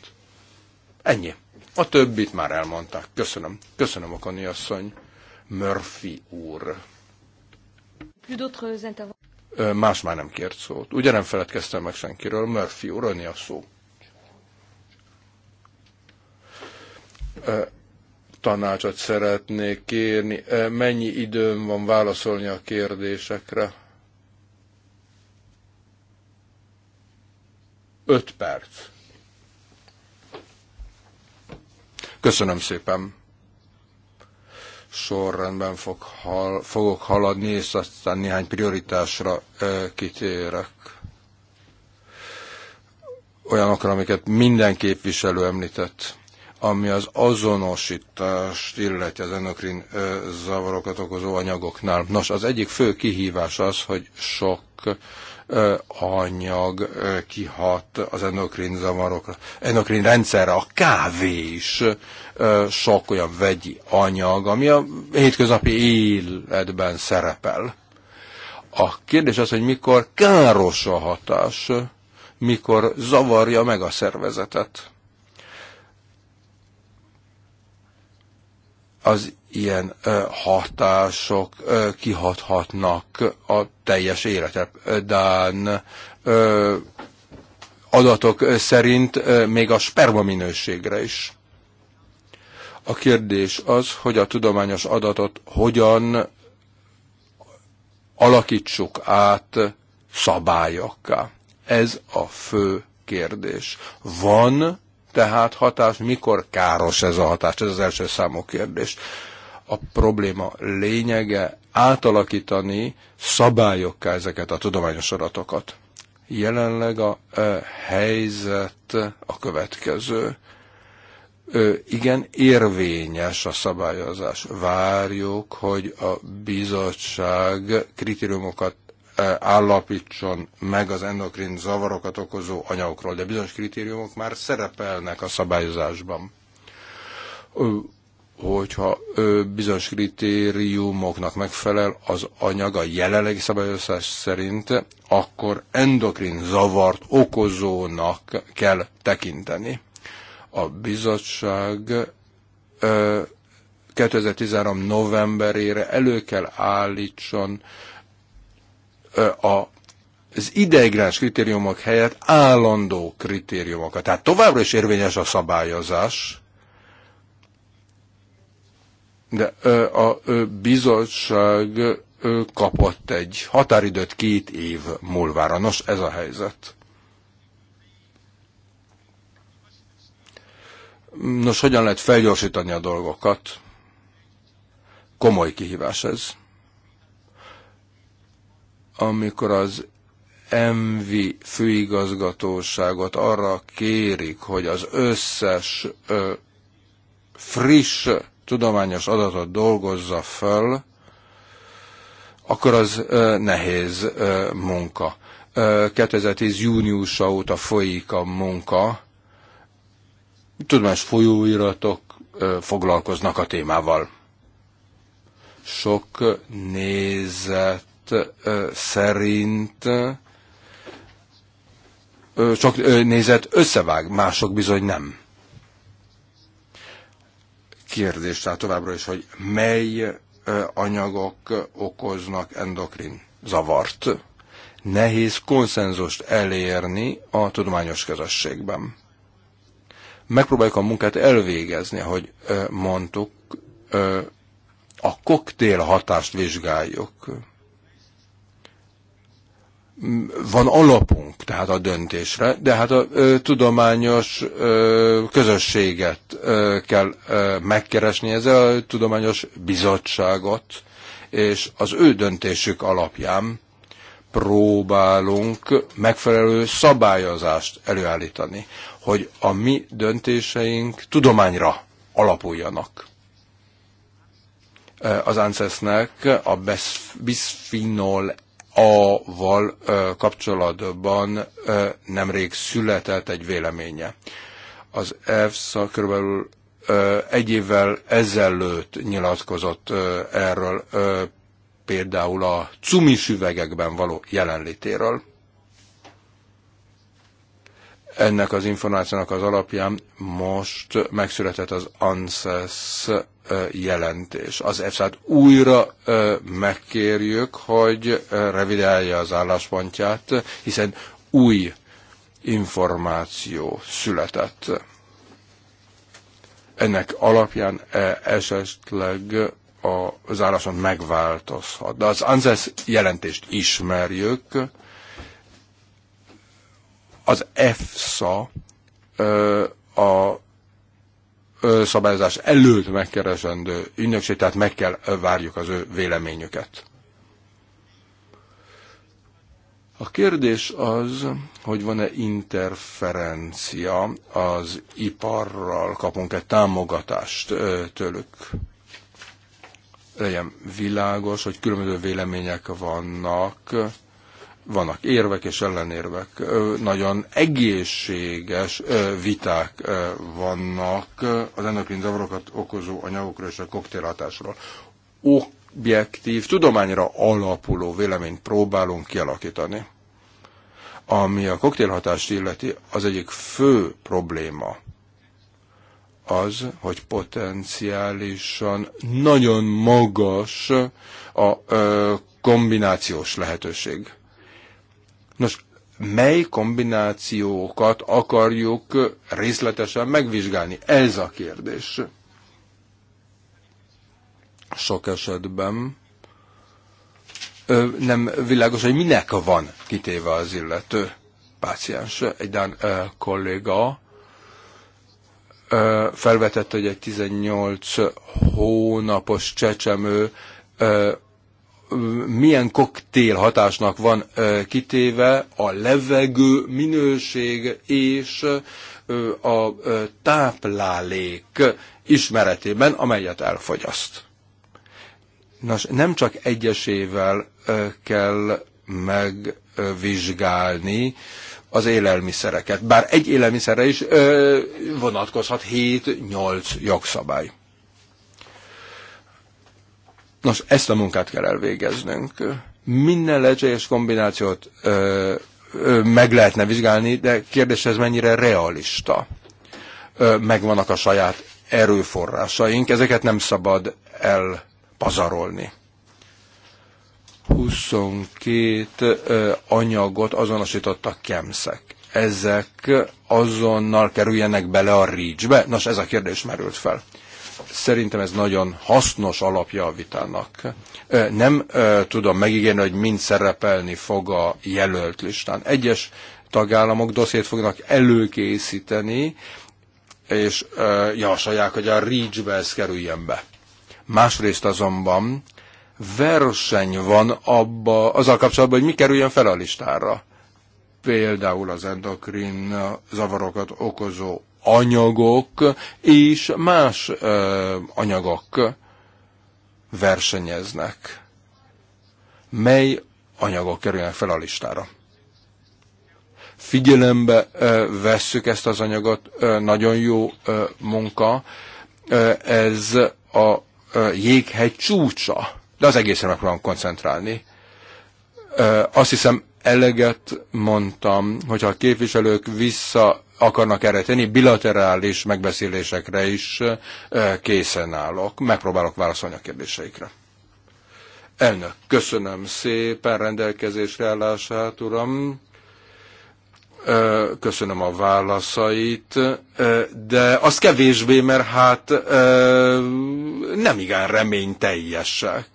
B: Ennyi. A többit már elmondták. Köszönöm. Köszönöm, a asszony. Murphy úr. Más már nem kért szót. Ugye nem feledkeztem meg senkiről. Murphy úr, a szó tanácsot szeretnék kérni. E, mennyi időm van válaszolni a kérdésekre? Öt perc. Köszönöm szépen. Sorrendben fog hal, fogok haladni, és aztán néhány prioritásra ö, e, kitérek. Olyanokra, amiket minden képviselő említett ami az azonosítást illeti az endokrin zavarokat okozó anyagoknál. Nos, az egyik fő kihívás az, hogy sok anyag kihat az endokrin zavarokra, endokrin rendszerre, a kávé is sok olyan vegyi anyag, ami a hétköznapi életben szerepel. A kérdés az, hogy mikor káros a hatás, mikor zavarja meg a szervezetet. az ilyen hatások kihathatnak a teljes életre. Dán adatok szerint még a sperma minőségre is. A kérdés az, hogy a tudományos adatot hogyan alakítsuk át szabályokká. Ez a fő kérdés. Van tehát hatás, mikor káros ez a hatás? Ez az első számú kérdés. A probléma lényege átalakítani szabályokká ezeket a tudományos adatokat. Jelenleg a ö, helyzet a következő. Ö, igen, érvényes a szabályozás. Várjuk, hogy a bizottság kritériumokat állapítson meg az endokrin zavarokat okozó anyagokról, de bizonyos kritériumok már szerepelnek a szabályozásban. Hogyha bizonyos kritériumoknak megfelel az anyag a jelenlegi szabályozás szerint, akkor endokrin zavart okozónak kell tekinteni. A bizottság 2013. novemberére elő kell állítson a az ideiglenes kritériumok helyett állandó kritériumokat. Tehát továbbra is érvényes a szabályozás, de a bizottság kapott egy határidőt két év múlvára. Nos, ez a helyzet. Nos, hogyan lehet felgyorsítani a dolgokat? Komoly kihívás ez amikor az MV főigazgatóságot arra kérik, hogy az összes ö, friss tudományos adatot dolgozza föl, akkor az ö, nehéz ö, munka. Ö, 2010. júniusa óta folyik a munka, tudományos folyóiratok ö, foglalkoznak a témával. Sok nézet szerint csak nézet összevág, mások bizony nem. Kérdés tehát továbbra is, hogy mely anyagok okoznak endokrin zavart. Nehéz konszenzust elérni a tudományos közösségben. Megpróbáljuk a munkát elvégezni, ahogy mondtuk, a koktél hatást vizsgáljuk van alapunk tehát a döntésre, de hát a ö, tudományos ö, közösséget ö, kell ö, megkeresni, ez a tudományos bizottságot, és az ő döntésük alapján próbálunk megfelelő szabályozást előállítani, hogy a mi döntéseink tudományra alapuljanak. Az ANSES-nek a bisphenol a-val kapcsolatban nemrég született egy véleménye. Az EFSA kb. egy évvel ezelőtt nyilatkozott erről például a cumis üvegekben való jelenlétéről. Ennek az információnak az alapján most megszületett az ANSES jelentés. Az efszát t újra megkérjük, hogy revidálja az álláspontját, hiszen új információ született. Ennek alapján e, esetleg az álláson megváltozhat. De az ANSES jelentést ismerjük. Az EFSA a szabályozás előtt megkeresendő ügynökség, tehát meg kell várjuk az ő véleményüket. A kérdés az, hogy van-e interferencia, az iparral kapunk-e támogatást tőlük. Legyen világos, hogy különböző vélemények vannak vannak érvek és ellenérvek, nagyon egészséges viták vannak az endokrin zavarokat okozó anyagokról és a koktélhatásról. Objektív, tudományra alapuló véleményt próbálunk kialakítani. Ami a koktélhatást illeti, az egyik fő probléma az, hogy potenciálisan nagyon magas a ö, kombinációs lehetőség. Nos, mely kombinációkat akarjuk részletesen megvizsgálni? Ez a kérdés. Sok esetben nem világos, hogy minek van kitéve az illető páciens. Egy dán kolléga felvetett, hogy egy 18 hónapos csecsemő milyen koktél hatásnak van kitéve a levegő minőség és a táplálék ismeretében, amelyet elfogyaszt. Nos, nem csak egyesével kell megvizsgálni az élelmiszereket, bár egy élelmiszerre is vonatkozhat 7-8 jogszabály. Nos, ezt a munkát kell elvégeznünk. Minden lehetséges kombinációt ö, ö, meg lehetne vizsgálni, de kérdés ez mennyire realista. Ö, megvannak a saját erőforrásaink, ezeket nem szabad elpazarolni. 22 ö, anyagot azonosítottak kemszek. Ezek azonnal kerüljenek bele a rícsbe? Nos, ez a kérdés merült fel Szerintem ez nagyon hasznos alapja a vitának. Nem tudom megígérni, hogy mind szerepelni fog a jelölt listán. Egyes tagállamok doszét fognak előkészíteni, és javasolják, hogy a REACH-be ez kerüljön be. Másrészt azonban verseny van abba, azzal kapcsolatban, hogy mi kerüljön fel a listára. Például az endokrin zavarokat okozó anyagok és más anyagok versenyeznek. Mely anyagok kerülnek fel a listára? Figyelembe vesszük ezt az anyagot, nagyon jó munka, ez a jéghegy csúcsa, de az egészen megpróbálom koncentrálni. Azt hiszem, eleget mondtam, hogyha a képviselők vissza akarnak erre tenni, bilaterális megbeszélésekre is készen állok. Megpróbálok válaszolni a kérdéseikre. Elnök, köszönöm szépen rendelkezésre állását, uram. Köszönöm a válaszait, de az kevésbé, mert hát nem igen reményteljesek.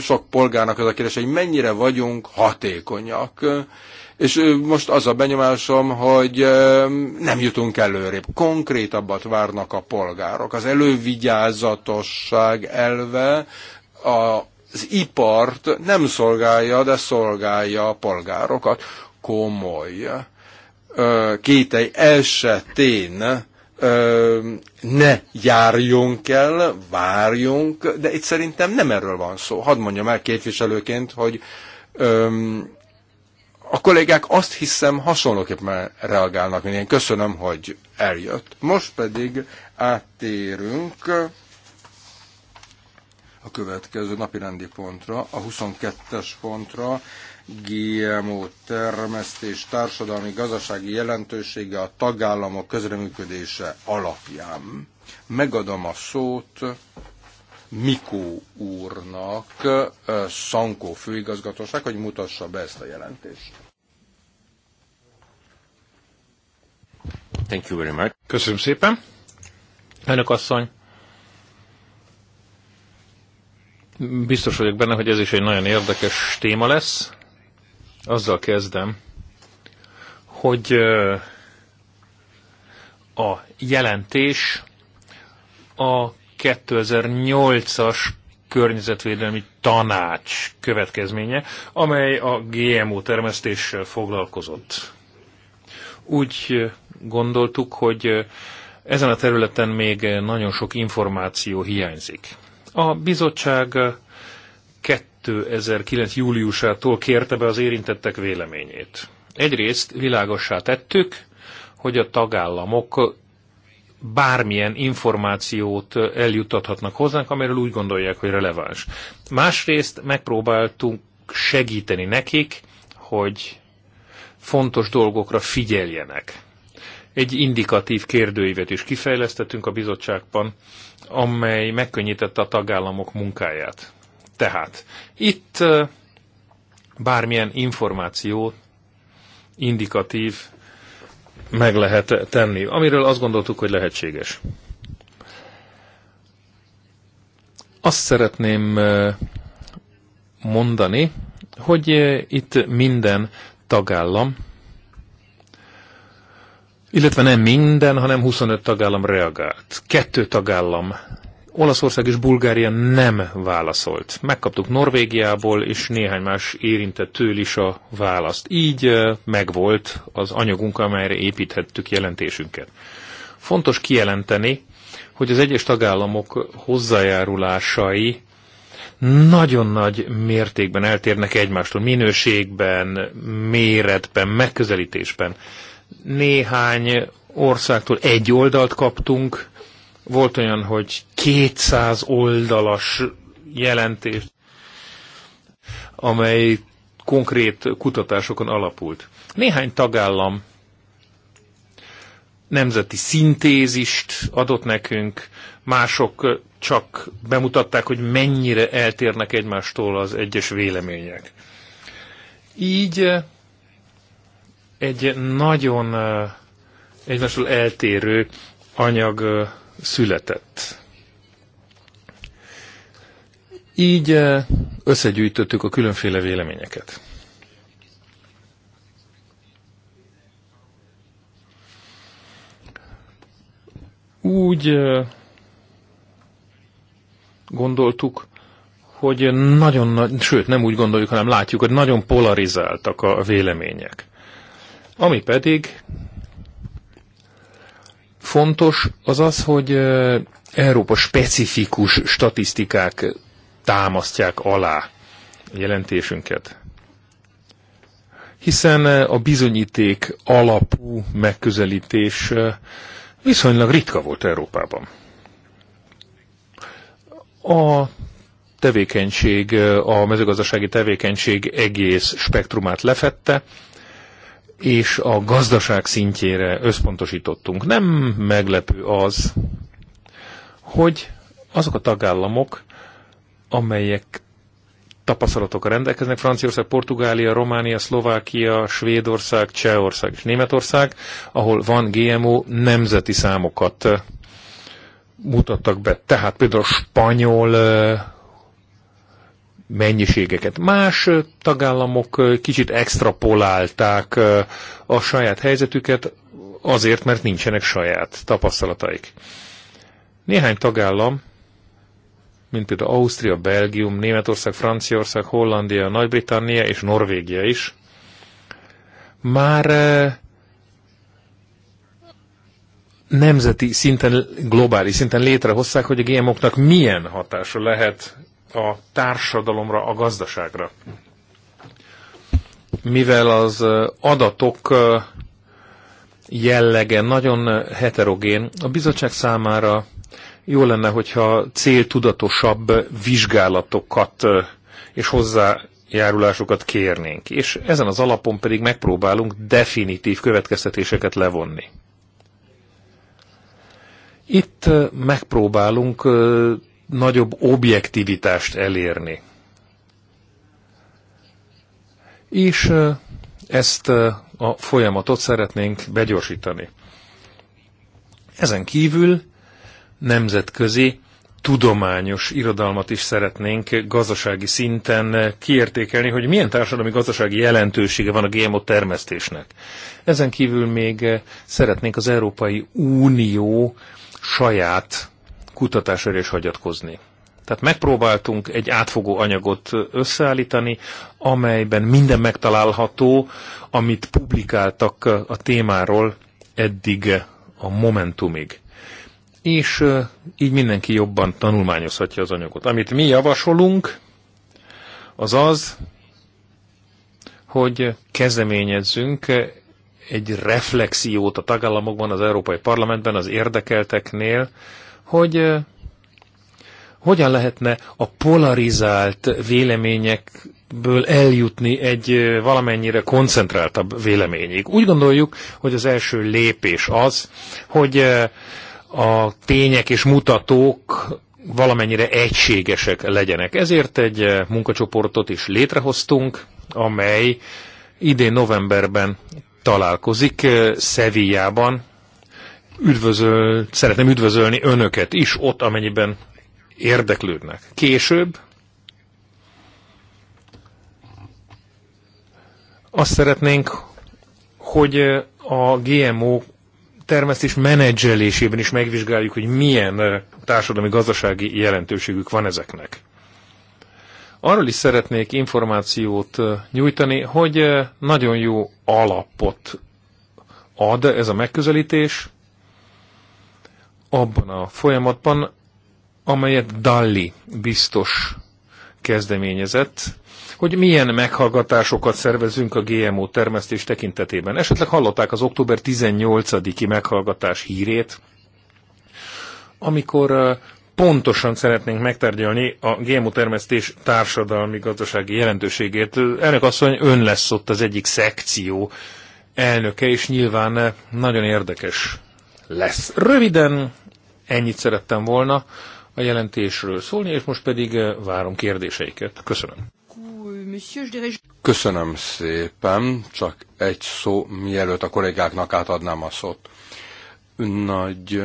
B: Sok polgárnak az a kérdés, hogy mennyire vagyunk hatékonyak és most az a benyomásom, hogy nem jutunk előrébb. Konkrétabbat várnak a polgárok. Az elővigyázatosság elve az ipart nem szolgálja, de szolgálja a polgárokat. Komoly kétely esetén ne járjunk el, várjunk, de itt szerintem nem erről van szó. Hadd mondjam el képviselőként, hogy a kollégák azt hiszem hasonlóképpen reagálnak, mint én köszönöm, hogy eljött. Most pedig áttérünk a következő napi rendi pontra, a 22-es pontra, GMO termesztés társadalmi gazdasági jelentősége a tagállamok közreműködése alapján. Megadom a szót Mikó úrnak, Szankó főigazgatóság, hogy mutassa be ezt a jelentést.
D: Thank you very much. Köszönöm szépen. Önök asszony. Biztos vagyok benne, hogy ez is egy nagyon érdekes téma lesz. Azzal kezdem, hogy a jelentés a 2008-as környezetvédelmi tanács következménye, amely a GMO termesztéssel foglalkozott. Úgy gondoltuk, hogy ezen a területen még nagyon sok információ hiányzik. A bizottság 2009. júliusától kérte be az érintettek véleményét. Egyrészt világossá tettük, hogy a tagállamok bármilyen információt eljuttathatnak hozzánk, amiről úgy gondolják, hogy releváns. Másrészt megpróbáltunk segíteni nekik, hogy fontos dolgokra figyeljenek egy indikatív kérdőívet is kifejlesztettünk a bizottságban, amely megkönnyítette a tagállamok munkáját. Tehát itt bármilyen információ indikatív meg lehet tenni, amiről azt gondoltuk, hogy lehetséges. Azt szeretném mondani, hogy itt minden tagállam illetve nem minden, hanem 25 tagállam reagált. Kettő tagállam, Olaszország és Bulgária nem válaszolt. Megkaptuk Norvégiából és néhány más től is a választ. Így megvolt az anyagunk, amelyre építhettük jelentésünket. Fontos kijelenteni, hogy az egyes tagállamok hozzájárulásai nagyon nagy mértékben eltérnek egymástól, minőségben, méretben, megközelítésben néhány országtól egy oldalt kaptunk, volt olyan, hogy 200 oldalas jelentést, amely konkrét kutatásokon alapult. Néhány tagállam nemzeti szintézist adott nekünk, mások csak bemutatták, hogy mennyire eltérnek egymástól az egyes vélemények. Így egy nagyon egymásról eltérő anyag született. Így összegyűjtöttük a különféle véleményeket. Úgy gondoltuk, hogy nagyon sőt nem úgy gondoljuk, hanem látjuk, hogy nagyon polarizáltak a vélemények. Ami pedig fontos, az az, hogy Európa specifikus statisztikák támasztják alá a jelentésünket. Hiszen a bizonyíték alapú megközelítés viszonylag ritka volt Európában. A tevékenység, a mezőgazdasági tevékenység egész spektrumát lefette, és a gazdaság szintjére összpontosítottunk. Nem meglepő az, hogy azok a tagállamok, amelyek tapasztalatokkal rendelkeznek, Franciaország, Portugália, Románia, Szlovákia, Svédország, Csehország és Németország, ahol van GMO, nemzeti számokat mutattak be. Tehát például a spanyol eh, mennyiségeket. Más tagállamok kicsit extrapolálták a saját helyzetüket azért, mert nincsenek saját tapasztalataik. Néhány tagállam, mint például Ausztria, Belgium, Németország, Franciaország, Hollandia, Nagy-Britannia és Norvégia is, már nemzeti szinten, globális szinten létrehozták, hogy a GMO-knak milyen hatása lehet a társadalomra, a gazdaságra. Mivel az adatok jellege nagyon heterogén, a bizottság számára jó lenne, hogyha céltudatosabb vizsgálatokat és hozzájárulásokat kérnénk, és ezen az alapon pedig megpróbálunk definitív következtetéseket levonni. Itt megpróbálunk nagyobb objektivitást elérni. És ezt a folyamatot szeretnénk begyorsítani. Ezen kívül nemzetközi tudományos irodalmat is szeretnénk gazdasági szinten kiértékelni, hogy milyen társadalmi gazdasági jelentősége van a GMO termesztésnek. Ezen kívül még szeretnénk az Európai Unió saját kutatásra is hagyatkozni. Tehát megpróbáltunk egy átfogó anyagot összeállítani, amelyben minden megtalálható, amit publikáltak a témáról eddig a Momentumig. És így mindenki jobban tanulmányozhatja az anyagot. Amit mi javasolunk, az az, hogy kezdeményezzünk egy reflexiót a tagállamokban, az Európai Parlamentben, az érdekelteknél, hogy hogyan lehetne a polarizált véleményekből eljutni egy valamennyire koncentráltabb véleményig. Úgy gondoljuk, hogy az első lépés az, hogy a tények és mutatók valamennyire egységesek legyenek. Ezért egy munkacsoportot is létrehoztunk, amely idén novemberben találkozik Szevijában, üdvözöl, szeretném üdvözölni önöket is ott, amennyiben érdeklődnek. Később azt szeretnénk, hogy a GMO termesztés menedzselésében is megvizsgáljuk, hogy milyen eh, társadalmi-gazdasági jelentőségük van ezeknek. Arról is szeretnék információt eh, nyújtani, hogy eh, nagyon jó alapot ad ez a megközelítés abban a folyamatban, amelyet Dalli biztos kezdeményezett, hogy milyen meghallgatásokat szervezünk a GMO termesztés tekintetében. Esetleg hallották az október 18-i meghallgatás hírét, amikor pontosan szeretnénk megtárgyalni a GMO termesztés társadalmi gazdasági jelentőségét. Elnök asszony, ön lesz ott az egyik szekció elnöke, és nyilván nagyon érdekes lesz. Röviden Ennyit szerettem volna a jelentésről szólni, és most pedig eh, várom kérdéseiket.
B: Köszönöm. Köszönöm szépen, csak egy szó, mielőtt a kollégáknak átadnám a szót. Nagy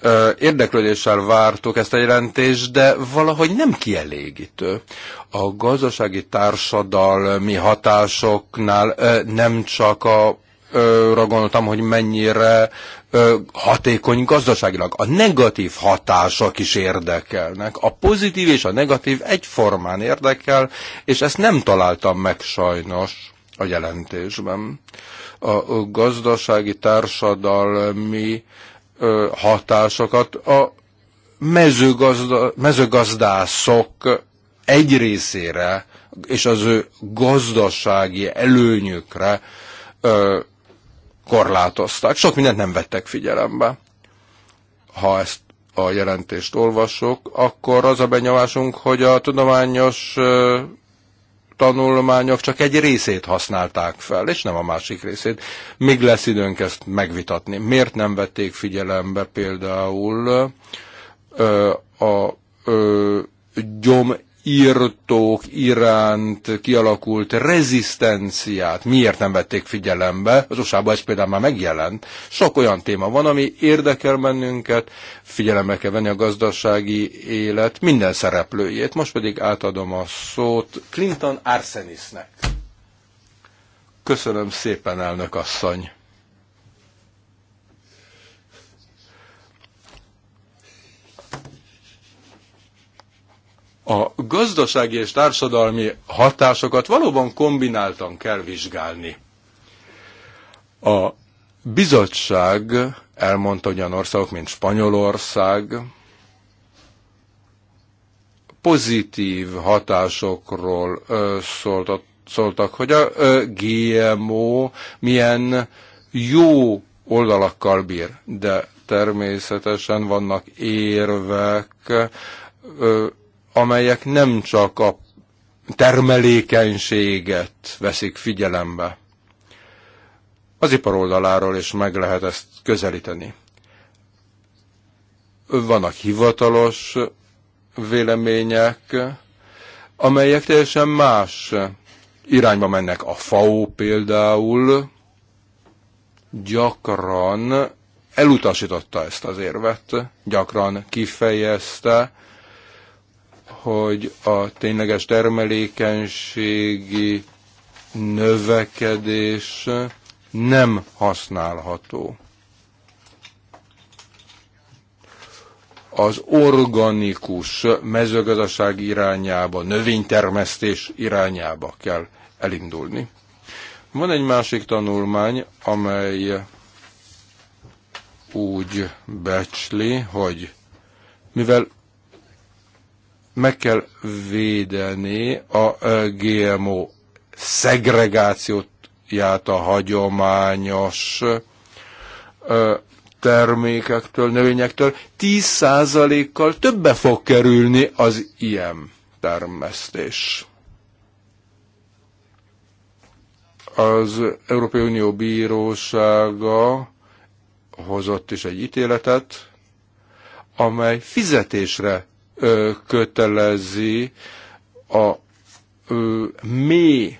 B: eh, érdeklődéssel vártuk ezt a jelentést, de valahogy nem kielégítő. A gazdasági társadalmi hatásoknál eh, nem csak a arra gondoltam, hogy mennyire hatékony gazdaságilag. A negatív hatások is érdekelnek. A pozitív és a negatív egyformán érdekel, és ezt nem találtam meg sajnos a jelentésben. A gazdasági társadalmi hatásokat a mezőgazda, mezőgazdászok egy részére és az ő gazdasági előnyükre korlátozták, sok mindent nem vettek figyelembe. Ha ezt a jelentést olvasok, akkor az a benyomásunk, hogy a tudományos tanulmányok csak egy részét használták fel, és nem a másik részét. Még lesz időnk ezt megvitatni. Miért nem vették figyelembe például a gyom írtók iránt kialakult rezisztenciát miért nem vették figyelembe, az usa ez például már megjelent. Sok olyan téma van, ami érdekel bennünket, figyelembe kell venni a gazdasági élet minden szereplőjét. Most pedig átadom a szót Clinton Arsenisnek. Köszönöm szépen, elnök asszony! a gazdasági és társadalmi hatásokat valóban kombináltan kell vizsgálni. A bizottság elmondta olyan országok, mint Spanyolország, pozitív hatásokról szóltat, szóltak, hogy a GMO milyen jó oldalakkal bír, de természetesen vannak érvek, amelyek nem csak a termelékenységet veszik figyelembe. Az ipar oldaláról is meg lehet ezt közelíteni. Vannak hivatalos vélemények, amelyek teljesen más irányba mennek. A FAO például gyakran elutasította ezt az érvet, gyakran kifejezte, hogy a tényleges termelékenységi növekedés nem használható. Az organikus mezőgazdaság irányába, növénytermesztés irányába kell elindulni. Van egy másik tanulmány, amely úgy becsli, hogy mivel meg kell védeni a GMO szegregációját a hagyományos termékektől, növényektől 10%-kal többe fog kerülni az ilyen termesztés. Az Európai Unió bírósága hozott is egy ítéletet, amely fizetésre kötelezi a mély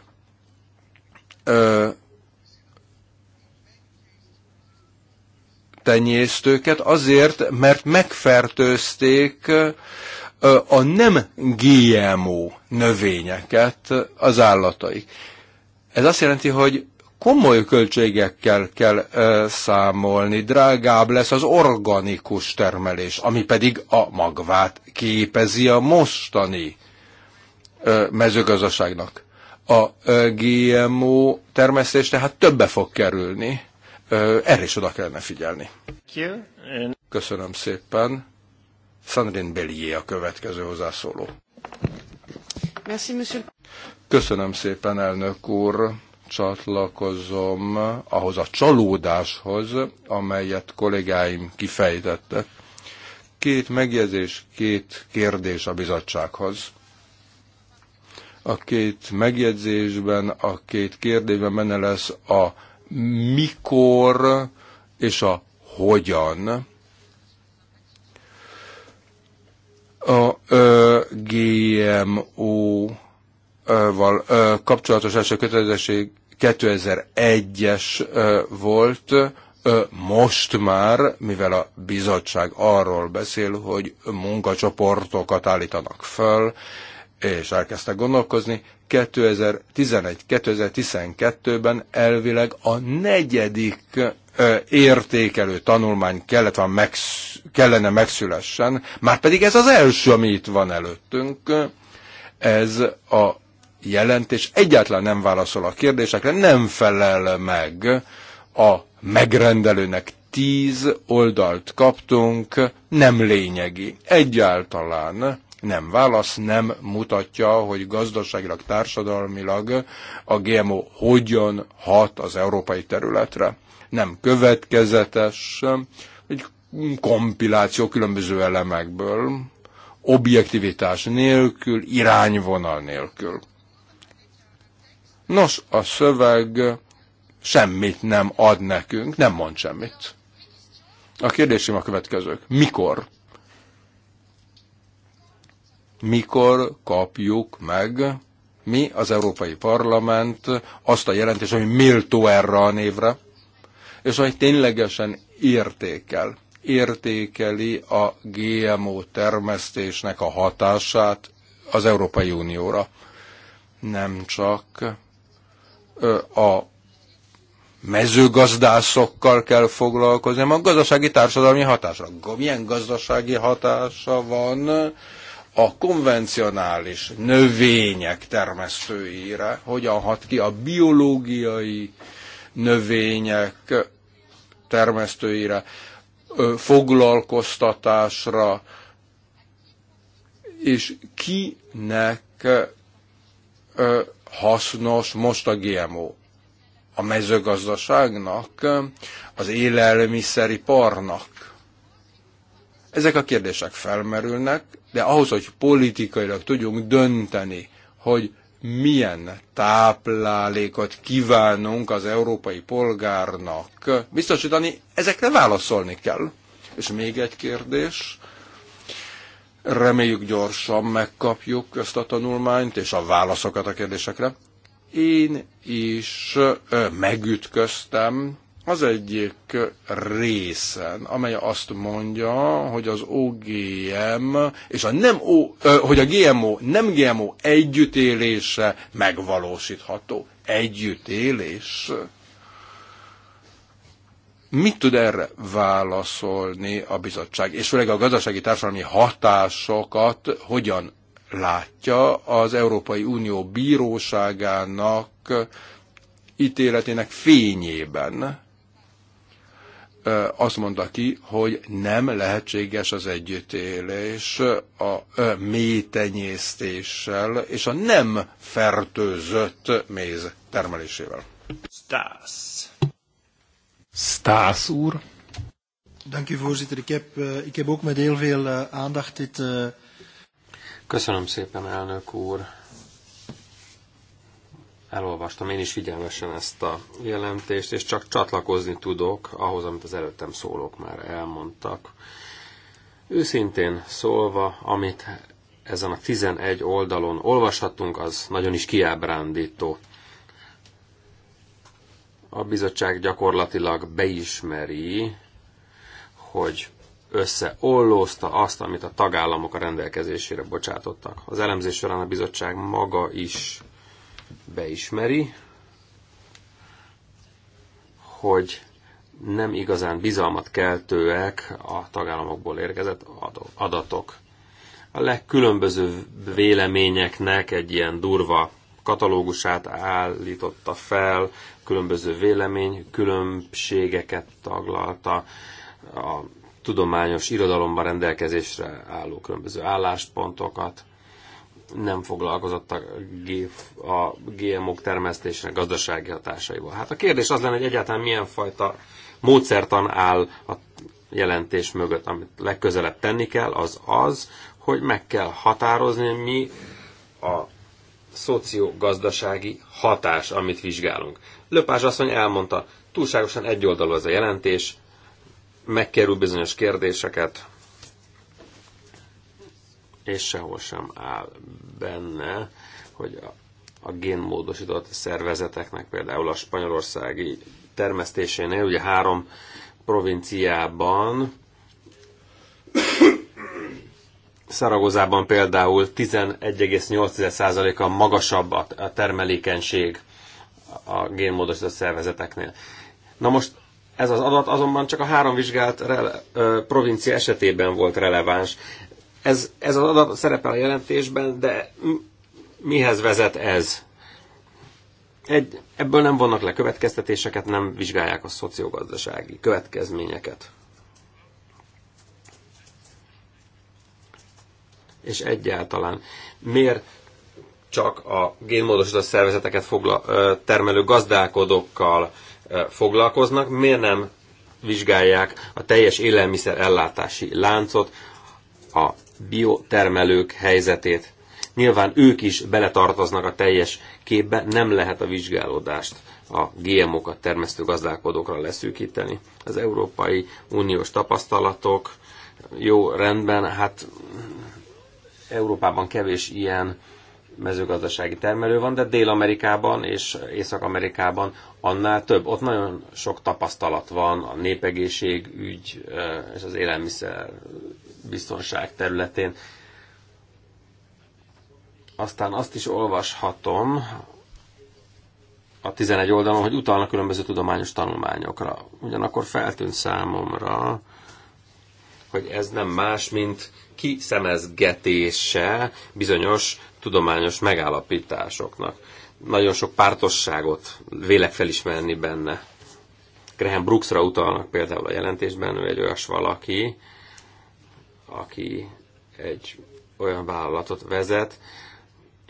B: tenyésztőket azért, mert megfertőzték a nem GMO növényeket az állataik. Ez azt jelenti, hogy komoly költségekkel kell ö, számolni, drágább lesz az organikus termelés, ami pedig a magvát képezi a mostani ö, mezőgazdaságnak. A ö, GMO termesztés tehát többe fog kerülni, ö, erre is oda kellene figyelni. Köszönöm szépen. Sandrin Bellier a következő hozzászóló. Köszönöm szépen, elnök úr csatlakozom ahhoz a csalódáshoz, amelyet kollégáim kifejtettek. Két megjegyzés, két kérdés a bizottsághoz. A két megjegyzésben, a két kérdésben benne lesz a mikor és a hogyan. A ö, GMO val kapcsolatos első kötelezettség 2001-es volt, most már, mivel a bizottság arról beszél, hogy munkacsoportokat állítanak föl, és elkezdtek gondolkozni, 2011-2012-ben elvileg a negyedik értékelő tanulmány kellett van megsz, kellene megszülessen, már pedig ez az első, ami itt van előttünk, ez a jelentés egyáltalán nem válaszol a kérdésekre, nem felel meg a megrendelőnek. Tíz oldalt kaptunk, nem lényegi. Egyáltalán nem válasz, nem mutatja, hogy gazdaságilag, társadalmilag a GMO hogyan hat az európai területre. Nem következetes, egy kompiláció különböző elemekből, objektivitás nélkül, irányvonal nélkül. Nos, a szöveg semmit nem ad nekünk, nem mond semmit. A kérdésem a következők. Mikor? Mikor kapjuk meg mi, az Európai Parlament, azt a jelentést, ami méltó erre a névre, és hogy ténylegesen értékel, értékeli a GMO termesztésnek a hatását az Európai Unióra. Nem csak a mezőgazdászokkal kell foglalkozni, a gazdasági társadalmi hatásra. Milyen gazdasági hatása van a konvencionális növények termesztőire? Hogyan hat ki a biológiai növények termesztőire, foglalkoztatásra, és kinek hasznos most a GMO. A mezőgazdaságnak, az élelmiszeriparnak. Ezek a kérdések felmerülnek, de ahhoz, hogy politikailag tudjunk dönteni, hogy milyen táplálékot kívánunk az európai polgárnak biztosítani, ezekre válaszolni kell. És még egy kérdés, Reméljük gyorsan megkapjuk ezt a tanulmányt és a válaszokat a kérdésekre. Én is megütköztem az egyik részen, amely azt mondja, hogy az OGM és a nem o, hogy a GMO, nem GMO együttélése megvalósítható. Együttélés Mit tud erre válaszolni a bizottság, és főleg a gazdasági társadalmi hatásokat hogyan látja az Európai Unió bíróságának ítéletének fényében? azt mondta ki, hogy nem lehetséges az együttélés a métenyésztéssel és a nem fertőzött méz termelésével. Stász.
A: Stász
D: úr. Dank u voorzitter. Ik heb, uh, ik heb ook met heel
B: veel uh, aandacht dit... Uh...
A: Köszönöm szépen, elnök úr. Elolvastam én is figyelmesen ezt a jelentést, és csak csatlakozni tudok ahhoz, amit az előttem szólók már elmondtak. Őszintén szólva, amit ezen a 11 oldalon olvashatunk, az nagyon is kiábrándító. A bizottság gyakorlatilag beismeri, hogy összeollózta azt, amit a tagállamok a rendelkezésére bocsátottak. Az elemzés során a bizottság maga is beismeri, hogy nem igazán bizalmat keltőek a tagállamokból érkezett adatok. A legkülönbözőbb véleményeknek egy ilyen durva katalógusát állította fel, különböző vélemény, különbségeket taglalta, a tudományos irodalomban rendelkezésre álló különböző álláspontokat, nem foglalkozott a, a GMO-k termesztésének gazdasági hatásaival. Hát a kérdés az lenne, hogy egyáltalán milyen fajta módszertan áll a jelentés mögött, amit legközelebb tenni kell, az az, hogy meg kell határozni, mi a szociogazdasági hatás, amit vizsgálunk. Löpás asszony elmondta, túlságosan egyoldalú ez a jelentés, megkerül bizonyos kérdéseket, és sehol sem áll benne, hogy a, a génmódosított szervezeteknek, például a spanyolországi termesztésénél, ugye három provinciában Szaragozában például 11,8%-a magasabb a termelékenység a génmódosított szervezeteknél. Na most ez az adat azonban csak a három vizsgált rele, provincia esetében volt releváns. Ez, ez az adat szerepel a jelentésben, de mihez vezet ez? Egy, ebből nem vannak le következtetéseket, nem vizsgálják a szociogazdasági következményeket. és egyáltalán miért csak a génmódosított szervezeteket fogla, termelő gazdálkodókkal foglalkoznak, miért nem vizsgálják a teljes élelmiszer ellátási láncot, a biotermelők helyzetét. Nyilván ők is beletartoznak a teljes képbe, nem lehet a vizsgálódást a GMO-kat termesztő gazdálkodókra leszűkíteni. Az Európai Uniós tapasztalatok jó rendben, hát Európában kevés ilyen mezőgazdasági termelő van, de Dél-Amerikában és Észak-Amerikában annál több. Ott nagyon sok tapasztalat van a népegészségügy és az élelmiszer biztonság területén. Aztán azt is olvashatom a 11 oldalon, hogy utalnak különböző tudományos tanulmányokra. Ugyanakkor feltűnt számomra, hogy ez nem más, mint kiszemezgetése bizonyos tudományos megállapításoknak. Nagyon sok pártosságot vélek felismerni benne. Graham Brooksra utalnak például a jelentésben, ő egy olyas valaki, aki egy olyan vállalatot vezet,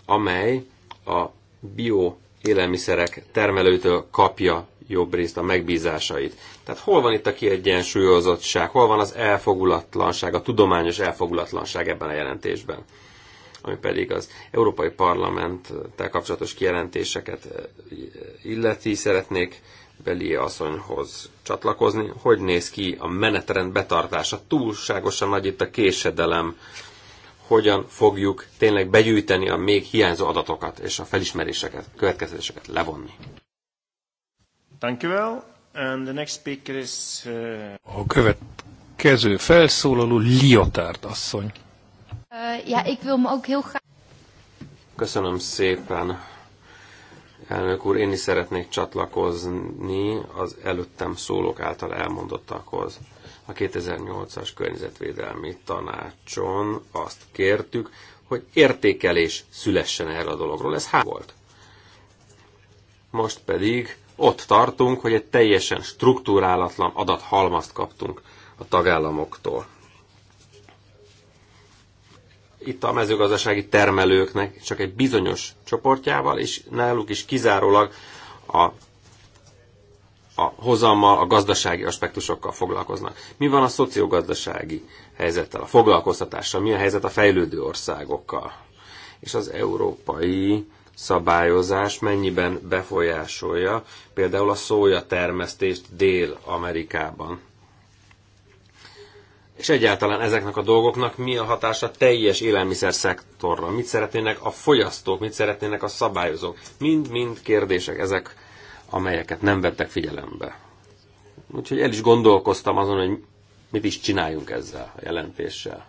A: amely a bio élelmiszerek termelőtől kapja jobb részt a megbízásait. Tehát hol van itt a kiegyensúlyozottság, hol van az elfogulatlanság, a tudományos elfogulatlanság ebben a jelentésben? ami pedig az Európai Parlamenttel kapcsolatos kijelentéseket eh, illeti, szeretnék Beli asszonyhoz csatlakozni. Hogy néz ki a menetrend betartása? Túlságosan nagy itt a késedelem. Hogyan fogjuk tényleg begyűjteni a még hiányzó adatokat és a felismeréseket, következéseket levonni?
D: Uh, a
A: következő
D: felszólaló Liotard asszony. Eh, ja, ik wil me ook heel graag...
A: Köszönöm szépen. Elnök úr, én is szeretnék csatlakozni az előttem szólók által elmondottakhoz. A 2008-as környezetvédelmi tanácson azt kértük, hogy értékelés szülessen erre a dologról. Ez hát volt. Most pedig ott tartunk, hogy egy teljesen struktúrálatlan adathalmazt kaptunk a tagállamoktól. Itt a mezőgazdasági termelőknek csak egy bizonyos csoportjával, és náluk is kizárólag a a hozammal, a gazdasági aspektusokkal foglalkoznak. Mi van a szociogazdasági helyzettel, a foglalkoztatással, mi a helyzet a fejlődő országokkal? És az európai szabályozás mennyiben befolyásolja például a szója termesztést Dél-Amerikában. És egyáltalán ezeknek a dolgoknak mi a hatása teljes élelmiszer szektorra? Mit szeretnének a fogyasztók, mit szeretnének a szabályozók? Mind-mind kérdések ezek, amelyeket nem vettek figyelembe. Úgyhogy el is gondolkoztam azon, hogy mit is csináljunk ezzel a jelentéssel.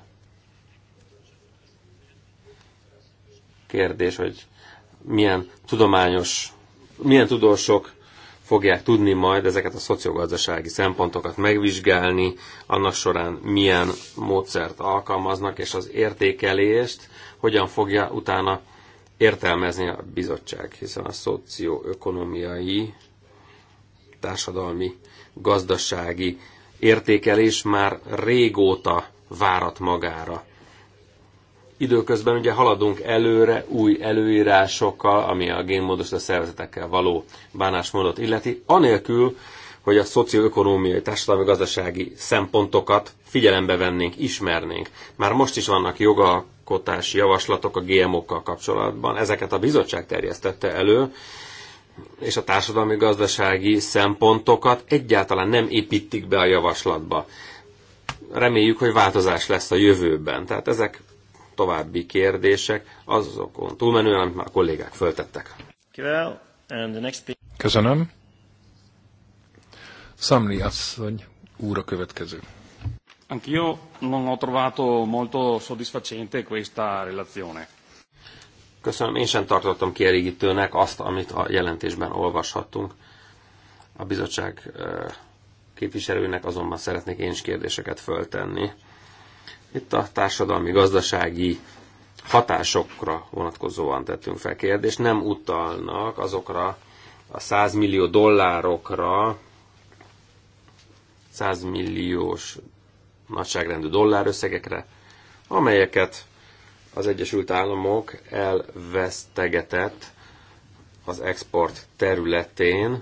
A: Kérdés, hogy milyen tudományos, milyen tudósok fogják tudni majd ezeket a szociogazdasági szempontokat megvizsgálni, annak során milyen módszert alkalmaznak, és az értékelést hogyan fogja utána értelmezni a bizottság, hiszen a szocioökonomiai, társadalmi, gazdasági értékelés már régóta várat magára. Időközben ugye haladunk előre új előírásokkal, ami a génmódosított szervezetekkel való bánásmódot illeti, anélkül, hogy a szocioökonómiai, társadalmi, gazdasági szempontokat figyelembe vennénk, ismernénk. Már most is vannak jogalkotási javaslatok a GMO-kkal kapcsolatban, ezeket a bizottság terjesztette elő, és a társadalmi gazdasági szempontokat egyáltalán nem építik be a javaslatba. Reméljük, hogy változás lesz a jövőben. Tehát ezek további kérdések azokon túlmenően, amit már a kollégák föltettek.
D: Köszönöm. Samli asszony úr a következő.
C: Anch'io non ho trovato molto soddisfacente questa relazione.
A: Köszönöm, én sem tartottam kielégítőnek azt, amit a jelentésben olvashattunk. A bizottság képviselőnek azonban szeretnék én is kérdéseket föltenni. Itt a társadalmi-gazdasági hatásokra vonatkozóan tettünk fel kérdést, nem utalnak azokra a 100 millió dollárokra, 100 milliós nagyságrendű dollár összegekre, amelyeket az Egyesült Államok elvesztegetett az export területén,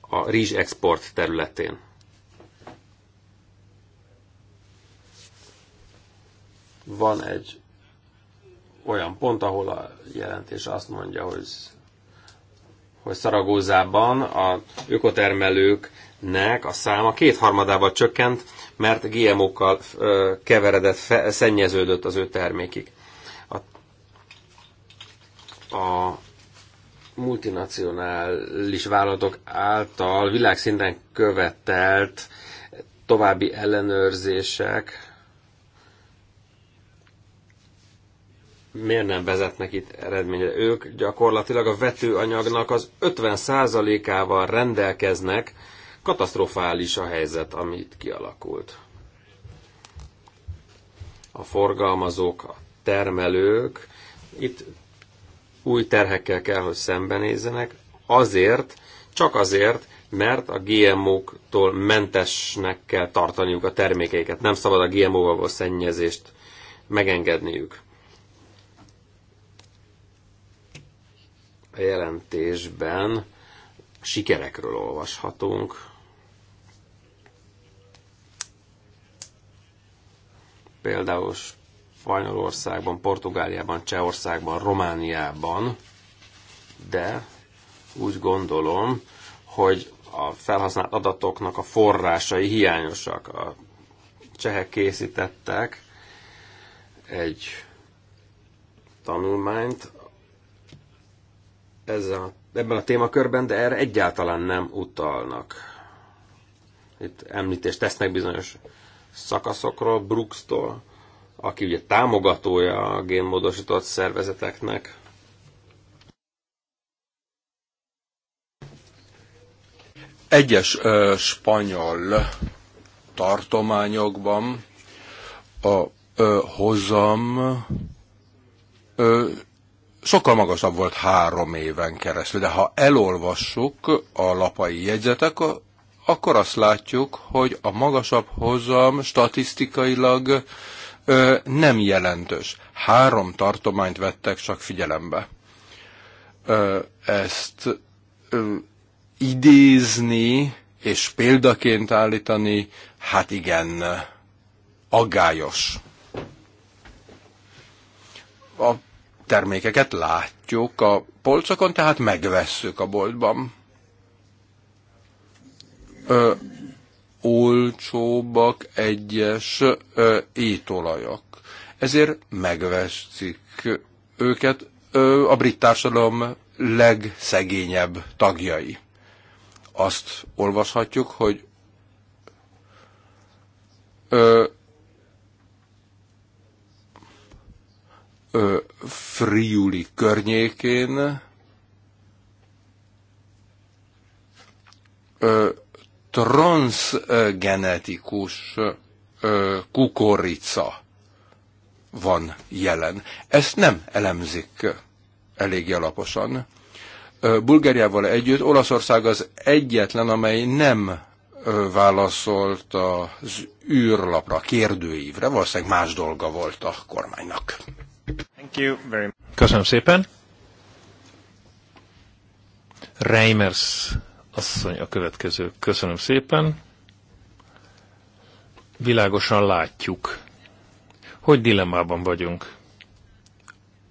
A: a rizs export területén. Van egy olyan pont, ahol a jelentés azt mondja, hogy, hogy Szaragózában a ökotermelőknek a száma kétharmadába csökkent, mert GMO-kkal keveredett, fe, szennyeződött az ő termékik. A, a multinacionális vállalatok által világszinten követelt további ellenőrzések miért nem vezetnek itt eredményre? Ők gyakorlatilag a vetőanyagnak az 50%-ával rendelkeznek, katasztrofális a helyzet, amit kialakult. A forgalmazók, a termelők itt új terhekkel kell, hogy szembenézzenek, azért, csak azért, mert a GMO-któl mentesnek kell tartaniuk a termékeiket. Nem szabad a GMO-val való szennyezést megengedniük. A jelentésben sikerekről olvashatunk. Például Spanyolországban, Portugáliában, Csehországban, Romániában, de úgy gondolom, hogy a felhasznált adatoknak a forrásai hiányosak. A csehek készítettek egy tanulmányt, ezzel a, ebben a témakörben, de erre egyáltalán nem utalnak. Itt említést tesznek bizonyos szakaszokról, Brooks-tól, aki ugye támogatója a génmódosított szervezeteknek.
B: Egyes ö, spanyol tartományokban a ö, hozam ö, sokkal magasabb volt három éven keresztül, de ha elolvassuk a lapai jegyzetek, akkor azt látjuk, hogy a magasabb hozam statisztikailag ö, nem jelentős. Három tartományt vettek csak figyelembe. Ö, ezt ö, idézni és példaként állítani, hát igen, aggályos. A termékeket látjuk a polcokon, tehát megvesszük a boltban. Ö, olcsóbbak egyes ö, étolajak. Ezért megveszik őket ö, a brit társadalom legszegényebb tagjai. Azt olvashatjuk, hogy ö, Friuli környékén transgenetikus kukorica van jelen. Ezt nem elemzik elég alaposan. Bulgáriával együtt Olaszország az egyetlen, amely nem válaszolt az űrlapra, kérdőívre, valószínűleg más dolga volt a kormánynak. Thank you very much.
D: Köszönöm szépen. Reimers asszony a következő. Köszönöm szépen. Világosan látjuk, hogy dilemmában vagyunk.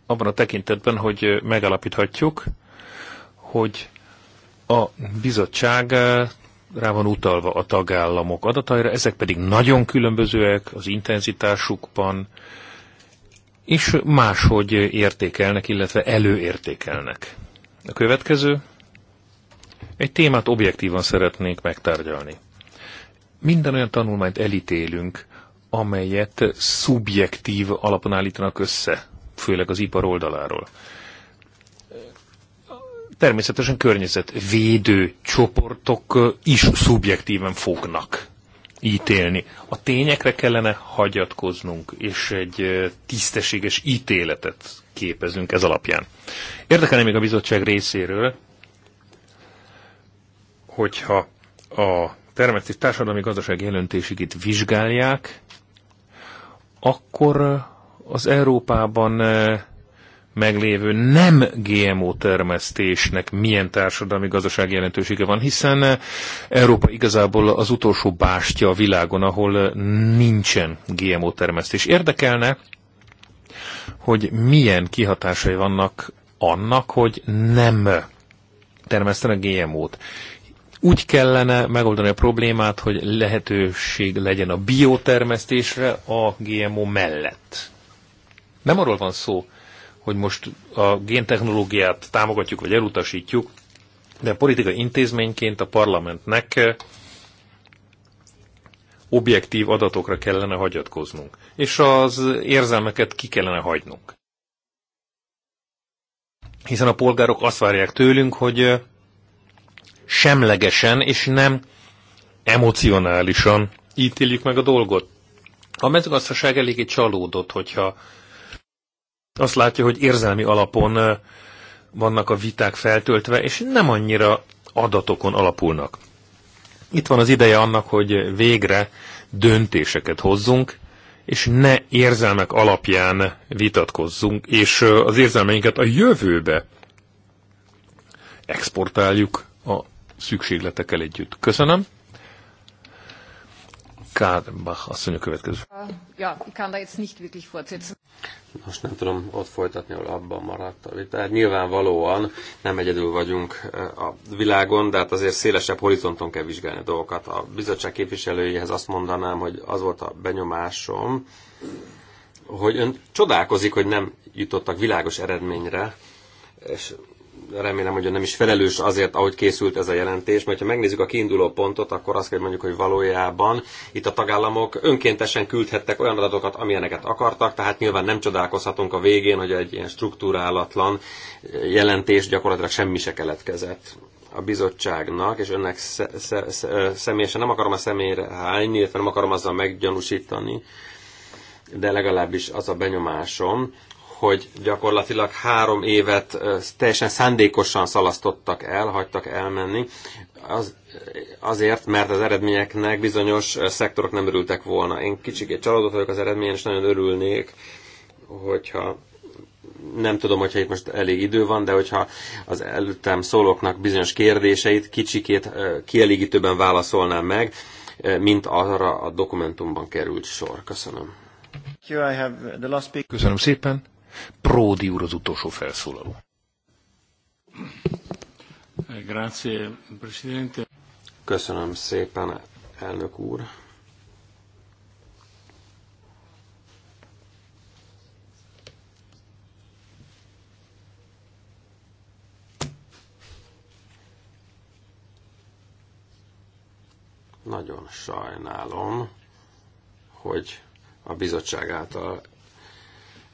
D: Abban a tekintetben, hogy megalapíthatjuk, hogy a bizottság rá van utalva a tagállamok adataira, ezek pedig nagyon különbözőek az intenzitásukban, és máshogy értékelnek, illetve előértékelnek. A következő, egy témát objektívan szeretnénk megtárgyalni. Minden olyan tanulmányt elítélünk, amelyet szubjektív alapon állítanak össze, főleg az ipar oldaláról. Természetesen környezetvédő csoportok is szubjektíven fognak ítélni. A tényekre kellene hagyatkoznunk, és egy tisztességes ítéletet képezünk ez alapján. Érdekelne még a bizottság részéről, hogyha a termesztés társadalmi gazdaság jelentőségét vizsgálják, akkor az Európában meglévő nem GMO termesztésnek milyen társadalmi gazdasági jelentősége van, hiszen eh, Európa igazából az utolsó bástya a világon, ahol eh, nincsen GMO termesztés. Érdekelne, hogy milyen kihatásai vannak annak, hogy nem termesztenek GMO-t úgy kellene megoldani a problémát, hogy lehetőség legyen a biotermesztésre a GMO mellett. Nem arról van szó, hogy most a géntechnológiát támogatjuk vagy elutasítjuk, de a politikai intézményként a parlamentnek eh, objektív adatokra kellene hagyatkoznunk, és az érzelmeket ki kellene hagynunk. Hiszen a polgárok azt várják tőlünk, hogy eh, semlegesen és nem emocionálisan ítéljük meg a dolgot. A mezőgazdaság eléggé csalódott, hogyha azt látja, hogy érzelmi alapon vannak a viták feltöltve, és nem annyira adatokon alapulnak. Itt van az ideje annak, hogy végre döntéseket hozzunk, és ne érzelmek alapján vitatkozzunk, és az érzelmeinket a jövőbe exportáljuk a szükségletekkel együtt. Köszönöm. Kádbach asszony a következő.
F: Uh,
E: ja, kann da jetzt nicht wirklich fortsetzen.
A: Most nem tudom ott folytatni, ahol abban maradt a vita. Hát nyilvánvalóan nem egyedül vagyunk uh, a világon, de hát azért szélesebb horizonton kell vizsgálni a dolgokat. A bizottság képviselőjéhez azt mondanám, hogy az volt a benyomásom, hogy ön csodálkozik, hogy nem jutottak világos eredményre, és remélem, hogy nem is felelős azért, ahogy készült ez a jelentés, mert ha megnézzük a kiinduló pontot, akkor azt kell mondjuk, hogy valójában itt a tagállamok önkéntesen küldhettek olyan adatokat, amilyeneket akartak, tehát nyilván nem csodálkozhatunk a végén, hogy egy ilyen struktúrálatlan jelentés gyakorlatilag semmi se keletkezett a bizottságnak, és önnek sze- sze- sze- személyesen nem akarom a személyre hányni, illetve nem akarom azzal meggyanúsítani, de legalábbis az a benyomásom, hogy gyakorlatilag három évet teljesen szándékosan szalasztottak el, hagytak elmenni, az, azért, mert az eredményeknek bizonyos szektorok nem örültek volna. Én kicsikét csalódott vagyok az eredményen, és nagyon örülnék, hogyha nem tudom, hogyha itt most elég idő van, de hogyha az előttem szólóknak bizonyos kérdéseit kicsikét kielégítőben válaszolnám meg, mint arra a dokumentumban került sor. Köszönöm. Köszönöm szépen. Pródi úr az utolsó felszólaló. Köszönöm szépen, elnök úr. Nagyon sajnálom, hogy a bizottság által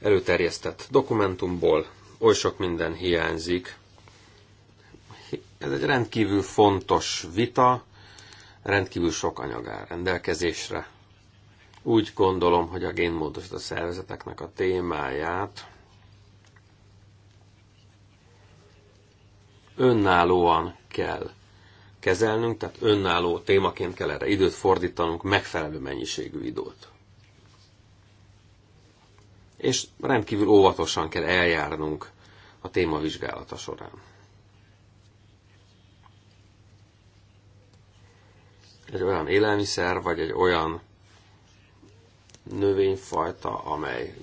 A: előterjesztett dokumentumból oly sok minden hiányzik. Ez egy rendkívül fontos vita, rendkívül sok anyag áll rendelkezésre. Úgy gondolom, hogy a génmódosított szervezeteknek a témáját önállóan kell kezelnünk, tehát önálló témaként kell erre időt fordítanunk, megfelelő mennyiségű időt és rendkívül óvatosan kell eljárnunk a téma vizsgálata során. Egy olyan élelmiszer, vagy egy olyan növényfajta, amely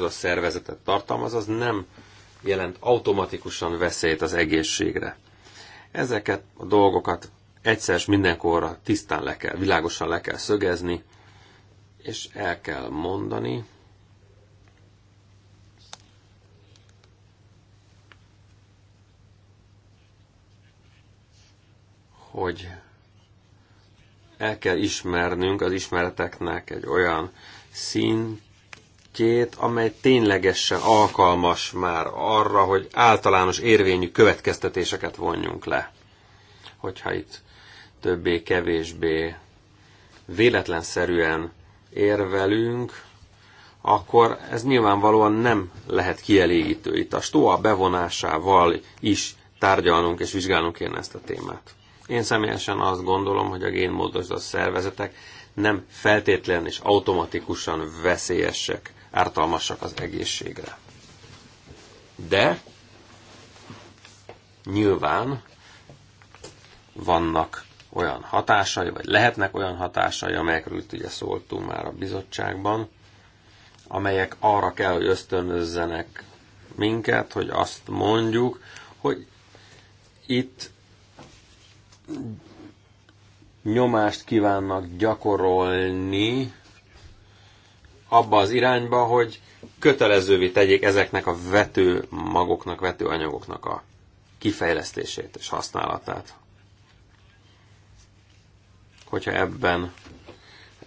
A: a szervezetet tartalmaz, az nem jelent automatikusan veszélyt az egészségre. Ezeket a dolgokat egyszer és mindenkorra tisztán le kell, világosan le kell szögezni, és el kell mondani, hogy el kell ismernünk az ismereteknek egy olyan szintjét, amely ténylegesen alkalmas már arra, hogy általános érvényű következtetéseket vonjunk le. Hogyha itt többé-kevésbé véletlenszerűen érvelünk, akkor ez nyilvánvalóan nem lehet kielégítő. Itt a STOA bevonásával is tárgyalnunk és vizsgálnunk kéne ezt a témát. Én személyesen azt gondolom, hogy a génmódosított szervezetek nem feltétlen és automatikusan veszélyesek, ártalmasak az egészségre. De nyilván vannak olyan hatásai, vagy lehetnek olyan hatásai, amelyekről itt ugye szóltunk már a bizottságban, amelyek arra kell, hogy ösztönözzenek minket, hogy azt mondjuk, hogy itt nyomást kívánnak gyakorolni abba az irányba, hogy kötelezővé tegyék ezeknek a vető magoknak, vető anyagoknak a kifejlesztését és használatát. Hogyha ebben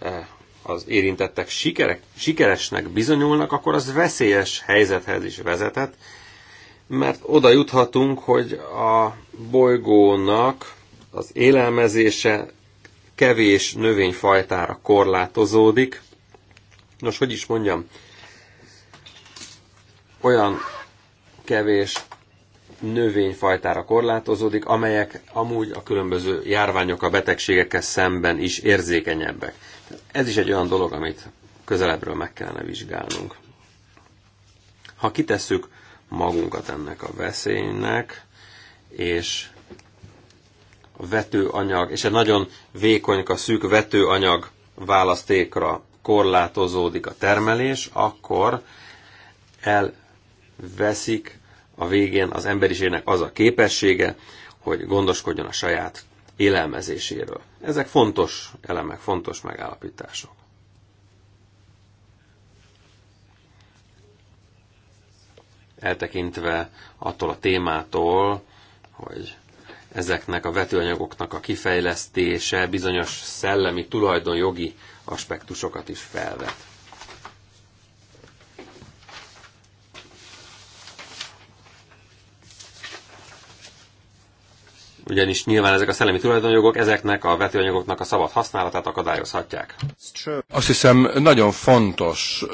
A: eh, az érintettek sikerek, sikeresnek bizonyulnak, akkor az veszélyes helyzethez is vezetett, mert oda juthatunk, hogy a bolygónak az élelmezése kevés növényfajtára korlátozódik. Nos, hogy is mondjam, olyan kevés növényfajtára korlátozódik, amelyek amúgy a különböző járványok a betegségekkel szemben is érzékenyebbek. Ez is egy olyan dolog, amit közelebbről meg kellene vizsgálnunk. Ha kitesszük magunkat ennek a veszélynek, és vetőanyag, és egy nagyon vékonyka, szűk vetőanyag választékra korlátozódik a termelés, akkor elveszik a végén az emberiségnek az a képessége, hogy gondoskodjon a saját élelmezéséről. Ezek fontos elemek, fontos megállapítások. Eltekintve attól a témától, hogy ezeknek a vetőanyagoknak a kifejlesztése bizonyos szellemi tulajdonjogi aspektusokat is felvet. Ugyanis nyilván ezek a szellemi tulajdonjogok ezeknek a vetőanyagoknak a szabad használatát akadályozhatják.
B: Azt hiszem nagyon fontos,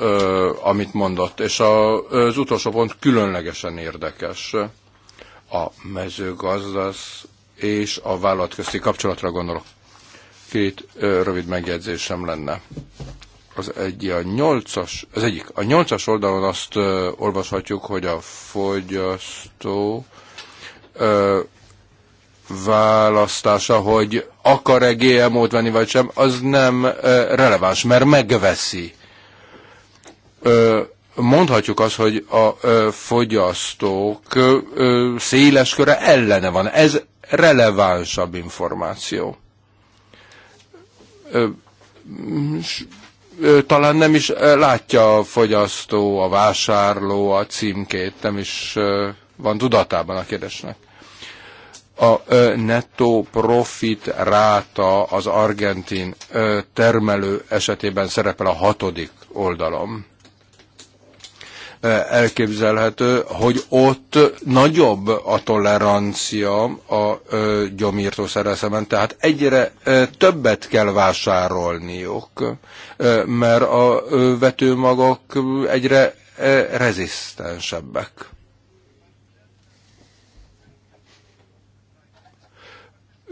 B: amit mondott, és az utolsó pont különlegesen érdekes a mezőgazdasz és a vállalat közti kapcsolatra gondolok. Két ö, rövid megjegyzésem lenne. Az, egy, a nyolcas, az egyik, a nyolcas oldalon azt ö, olvashatjuk, hogy a fogyasztó ö, választása, hogy akar-e GMO-t venni vagy sem, az nem ö, releváns, mert megveszi. Ö, mondhatjuk azt, hogy a fogyasztók széles köre ellene van. Ez relevánsabb információ. Talán nem is látja a fogyasztó, a vásárló, a címkét, nem is van tudatában a kérdésnek a nettó profit ráta az argentin termelő esetében szerepel a hatodik oldalom elképzelhető, hogy ott nagyobb a tolerancia a gyomírtószerrel szemben, tehát egyre többet kell vásárolniuk, mert a vetőmagok egyre rezisztensebbek.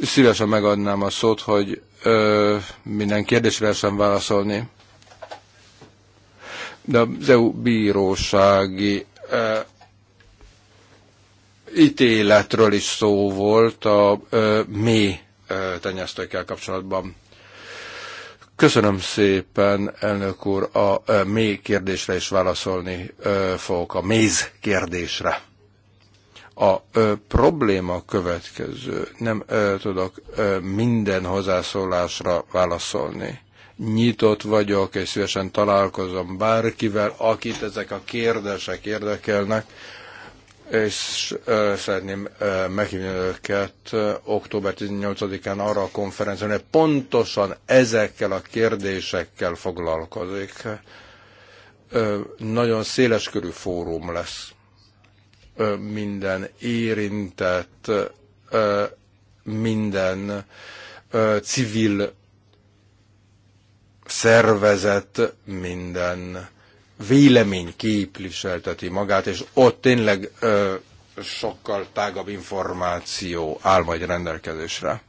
B: Szívesen megadnám a szót, hogy minden kérdésre sem válaszolni. De az EU bírósági e, ítéletről is szó volt a e, mély e, tenyésztőkkel kapcsolatban. Köszönöm szépen, elnök úr, a mély kérdésre is válaszolni fogok, a méz kérdésre. A ö, probléma következő, nem ö, tudok ö, minden hozzászólásra válaszolni nyitott vagyok, és szívesen találkozom bárkivel, akit ezek a kérdések érdekelnek, és szeretném meghívni őket október 18-án arra a konferencián, hogy pontosan ezekkel a kérdésekkel foglalkozik. Nagyon széleskörű fórum lesz minden érintett, minden civil szervezet, minden vélemény képviselteti magát, és ott tényleg ö, sokkal tágabb információ áll majd rendelkezésre.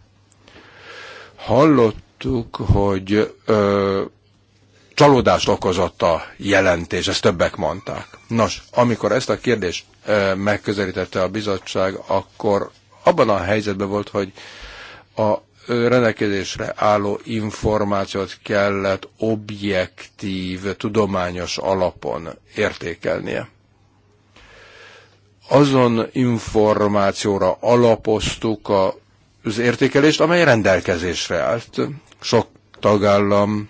B: Hallottuk, hogy ö, csalódást okozott a jelentés, ezt többek mondták. Nos, amikor ezt a kérdést ö, megközelítette a bizottság, akkor abban a helyzetben volt, hogy a rendelkezésre álló információt kellett objektív, tudományos alapon értékelnie. Azon információra alapoztuk az értékelést, amely rendelkezésre állt. Sok tagállam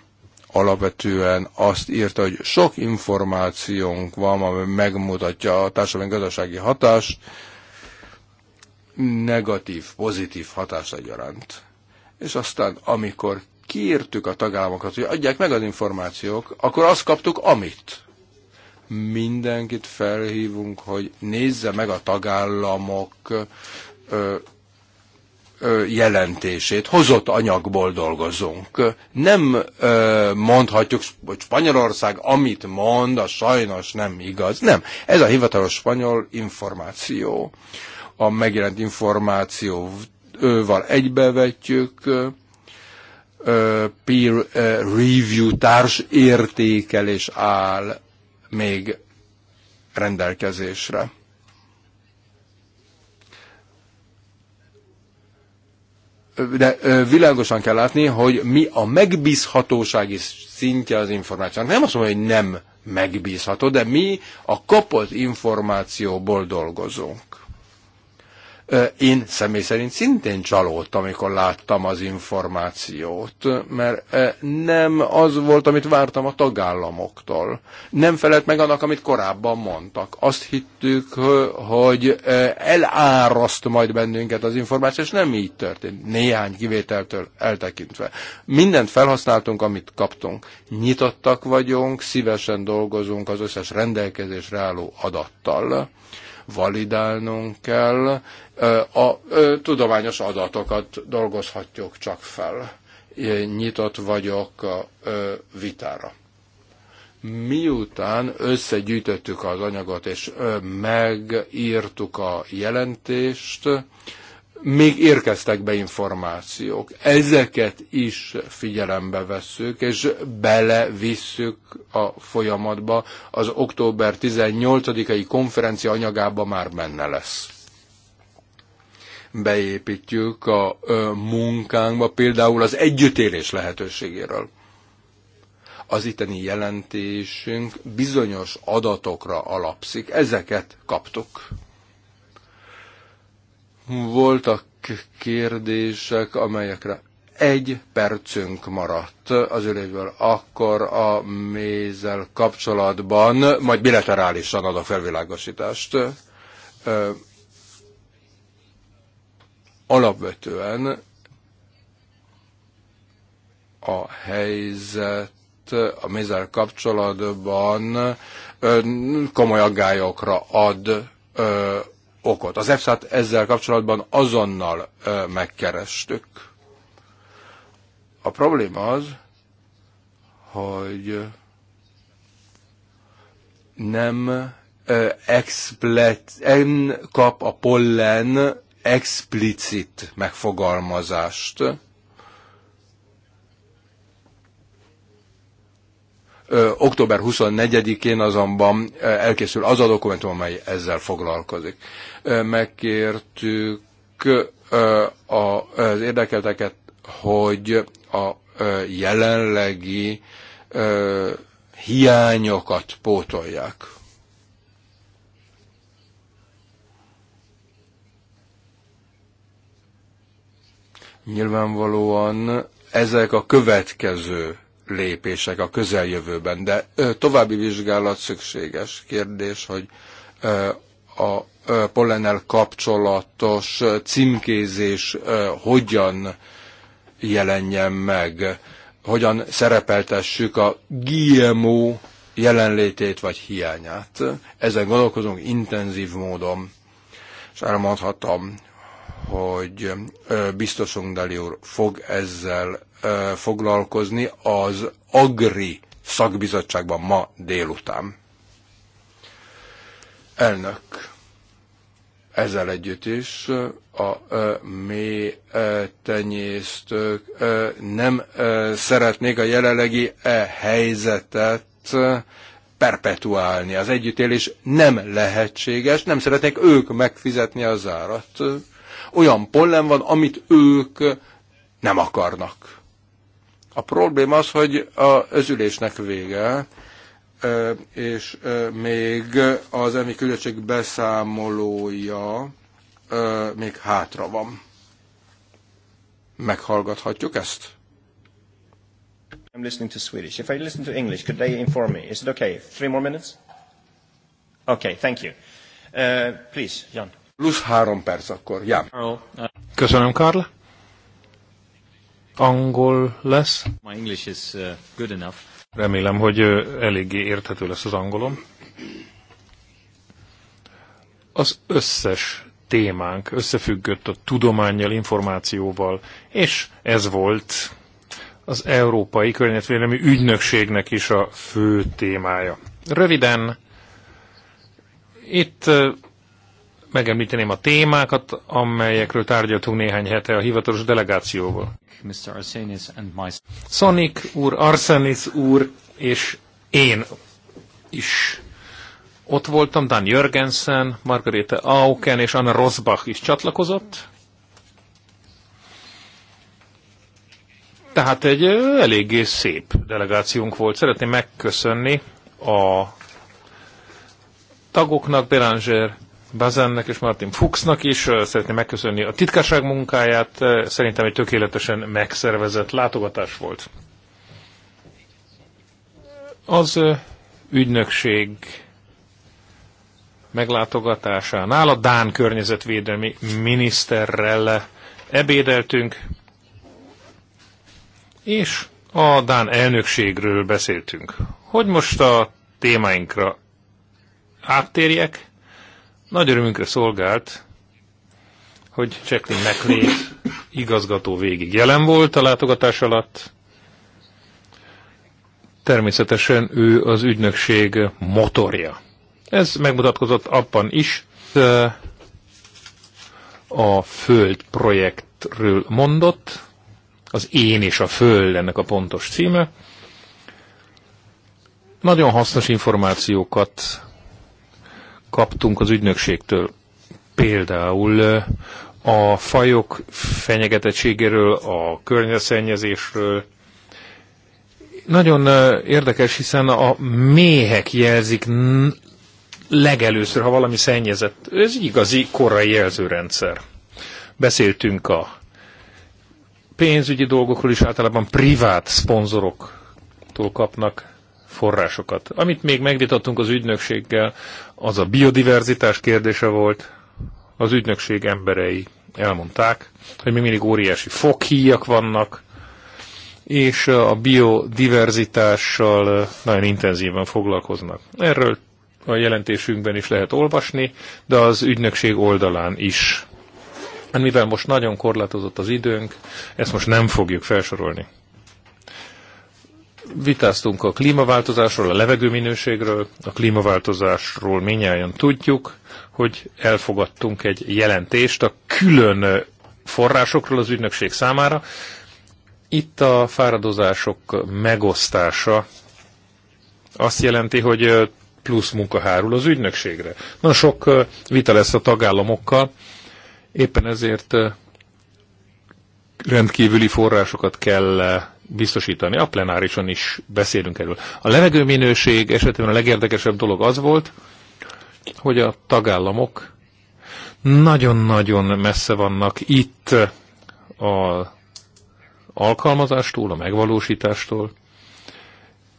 B: alapvetően azt írta, hogy sok információnk van, ami megmutatja a társadalmi gazdasági hatást, negatív, pozitív hatás egyaránt és aztán amikor kiírtük a tagállamokat, hogy adják meg az információk, akkor azt kaptuk, amit. Mindenkit felhívunk, hogy nézze meg a tagállamok ö, ö, jelentését, hozott anyagból dolgozunk. Nem ö, mondhatjuk, hogy Spanyolország amit mond, az sajnos nem igaz. Nem, ez a hivatalos spanyol információ a megjelent információ val egybevetjük, peer review, társ értékelés áll még rendelkezésre. de világosan kell látni, hogy mi a megbízhatósági szintje az információnak. Nem azt mondom, hogy nem megbízható, de mi a kapott információból dolgozunk. Én személy szerint szintén csalódtam, amikor láttam az információt, mert nem az volt, amit vártam a tagállamoktól. Nem felelt meg annak, amit korábban mondtak. Azt hittük, hogy eláraszt majd bennünket az információ, és nem így történt. Néhány kivételtől eltekintve. Mindent felhasználtunk, amit kaptunk. Nyitottak vagyunk, szívesen dolgozunk az összes rendelkezésre álló adattal validálnunk kell, a tudományos adatokat dolgozhatjuk csak fel. Nyitott vagyok a vitára miután összegyűjtöttük az anyagot és megírtuk a jelentést, még érkeztek be információk. Ezeket is figyelembe vesszük, és belevisszük a folyamatba. Az október 18-ai konferencia anyagába már benne lesz. Beépítjük a munkánkba például az együttélés lehetőségéről az itteni jelentésünk bizonyos adatokra alapszik. Ezeket kaptuk. Voltak kérdések, amelyekre egy percünk maradt az ülésből, akkor a mézel kapcsolatban, majd bilaterálisan adok felvilágosítást. alapvetően a helyzet a mézel kapcsolatban komoly aggályokra ad okot. Az EFSA-t ezzel kapcsolatban azonnal megkerestük. A probléma az, hogy nem explet, en kap a pollen explicit megfogalmazást. Ö, október 24-én azonban elkészül az a dokumentum, amely ezzel foglalkozik. Megkértük az érdekelteket, hogy a jelenlegi hiányokat pótolják. Nyilvánvalóan ezek a következő lépések a közeljövőben, de további vizsgálat szükséges kérdés, hogy a pollennel kapcsolatos címkézés hogyan jelenjen meg, hogyan szerepeltessük a GMO jelenlétét vagy hiányát. Ezen gondolkozunk intenzív módon, és elmondhatom, hogy biztosunk Dali úr fog ezzel foglalkozni az Agri szakbizottságban ma délután. Elnök ezzel együtt is a mély tenyésztők nem szeretnék a jelenlegi e, helyzetet perpetuálni. Az együttélés nem lehetséges, nem szeretnék ők megfizetni az árat. Olyan pollen van, amit ők nem akarnak. A probléma az, hogy az ülésnek vége, és még az emi küldöttség beszámolója még hátra van. Meghallgathatjuk
A: ezt? I'm listening to Swedish. If I listen to English, could they inform me? Is it okay? Three more minutes? Okay, thank you. Uh, please, Jan.
B: Plusz három perc akkor, Jan.
D: Köszönöm, Karl. Angol lesz. My English is uh, good enough. Remélem, hogy eléggé érthető lesz az angolom. Az összes témánk összefüggött a tudományjal, információval, és ez volt az Európai Környezetvédelmi Ügynökségnek is a fő témája. Röviden, itt megemlíteném a témákat, amelyekről tárgyaltunk néhány hete a hivatalos delegációval. Mr. Arsenis and myself. Sonic úr, Arsenis úr és én is ott voltam, Dan Jörgensen, Margarete Auken és Anna Rosbach is csatlakozott. Tehát egy eléggé szép delegációnk volt. Szeretném megköszönni a tagoknak, Beranger Bazennek és Martin Fuchsnak is. Szeretném megköszönni a titkárság munkáját. Szerintem egy tökéletesen megszervezett látogatás volt. Az ügynökség meglátogatásánál a Dán környezetvédelmi miniszterrel ebédeltünk, és a Dán elnökségről beszéltünk. Hogy most a témáinkra áttérjek? Nagy örömünkre szolgált, hogy Jacqueline McLeod igazgató végig jelen volt a látogatás alatt. Természetesen ő az ügynökség motorja. Ez megmutatkozott abban is, a Föld projektről mondott, az Én és a Föld ennek a pontos címe. Nagyon hasznos információkat kaptunk az ügynökségtől. Például a fajok fenyegetettségéről, a környezetszennyezésről. Nagyon érdekes, hiszen a méhek jelzik legelőször, ha valami szennyezett. Ez igazi korai jelzőrendszer. Beszéltünk a pénzügyi dolgokról is általában privát szponzoroktól kapnak forrásokat. Amit még megvitattunk az ügynökséggel, az a biodiverzitás kérdése volt, az ügynökség emberei elmondták, hogy még mindig óriási fokhíjak vannak, és a biodiverzitással nagyon intenzíven foglalkoznak. Erről a jelentésünkben is lehet olvasni, de az ügynökség oldalán is. Mivel most nagyon korlátozott az időnk, ezt most nem fogjuk felsorolni vitáztunk a klímaváltozásról, a levegőminőségről, a klímaváltozásról minnyáján tudjuk, hogy elfogadtunk egy jelentést a külön forrásokról az ügynökség számára. Itt a fáradozások megosztása azt jelenti, hogy plusz munka hárul az ügynökségre. Na sok vita lesz a tagállamokkal, éppen ezért rendkívüli forrásokat kell biztosítani. A plenárison is beszélünk erről. A levegőminőség esetében a legérdekesebb dolog az volt, hogy a tagállamok nagyon-nagyon messze vannak itt a alkalmazástól, a megvalósítástól.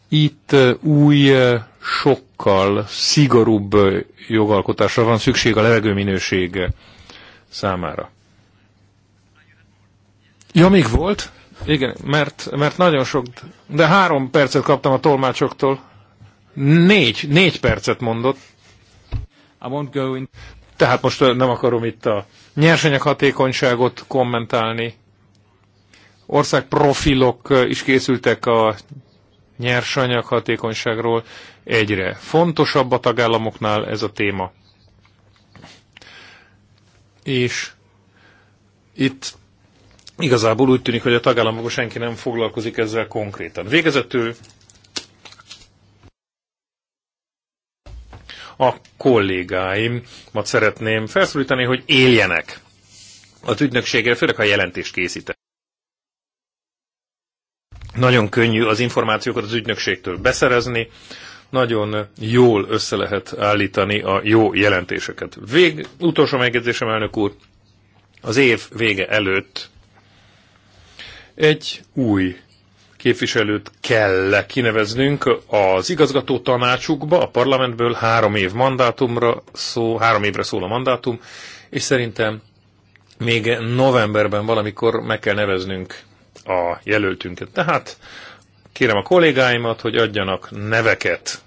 D: Itt új, sokkal szigorúbb jogalkotásra van szükség a levegőminőség számára. Ja, még volt? Igen, mert, mert nagyon sok, de három percet kaptam a tolmácsoktól. Négy, négy percet mondott. I won't go in. Tehát most nem akarom itt a nyersanyag hatékonyságot kommentálni. Ország profilok is készültek a nyersanyag hatékonyságról. Egyre fontosabb a tagállamoknál ez a téma. És itt Igazából úgy tűnik, hogy a tagállamokban senki nem foglalkozik ezzel konkrétan. Végezetül a kollégáim, ma szeretném felszólítani, hogy éljenek az ügynökséggel, főleg a jelentést készítek. Nagyon könnyű az információkat az ügynökségtől beszerezni, nagyon jól össze lehet állítani a jó jelentéseket. Vég, utolsó megjegyzésem, elnök úr, az év vége előtt egy új képviselőt kell kineveznünk az igazgató tanácsukba, a parlamentből három év mandátumra szó, három évre szól a mandátum, és szerintem még novemberben valamikor meg kell neveznünk a jelöltünket. Tehát kérem a kollégáimat, hogy adjanak neveket,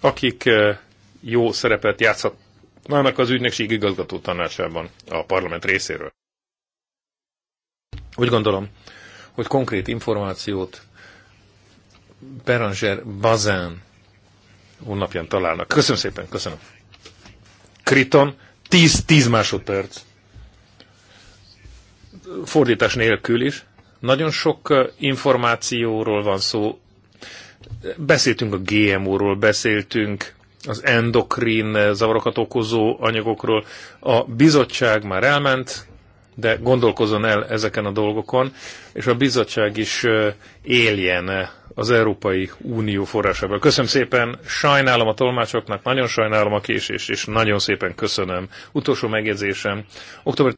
D: akik eh, jó szerepet játszhatnának az ügynökség igazgató tanácsában a parlament részéről. Úgy gondolom, hogy konkrét információt Beranger Bazán honlapján találnak. Köszönöm szépen, köszönöm. Kriton, 10-10 másodperc. Fordítás nélkül is. Nagyon sok információról van szó. Beszéltünk a GMO-ról, beszéltünk az endokrin zavarokat okozó anyagokról. A bizottság már elment, de gondolkozzon el ezeken a dolgokon, és a bizottság is éljen az Európai Unió forrásával. Köszönöm szépen, sajnálom a tolmácsoknak, nagyon sajnálom a késést, és nagyon szépen köszönöm. Utolsó megjegyzésem, október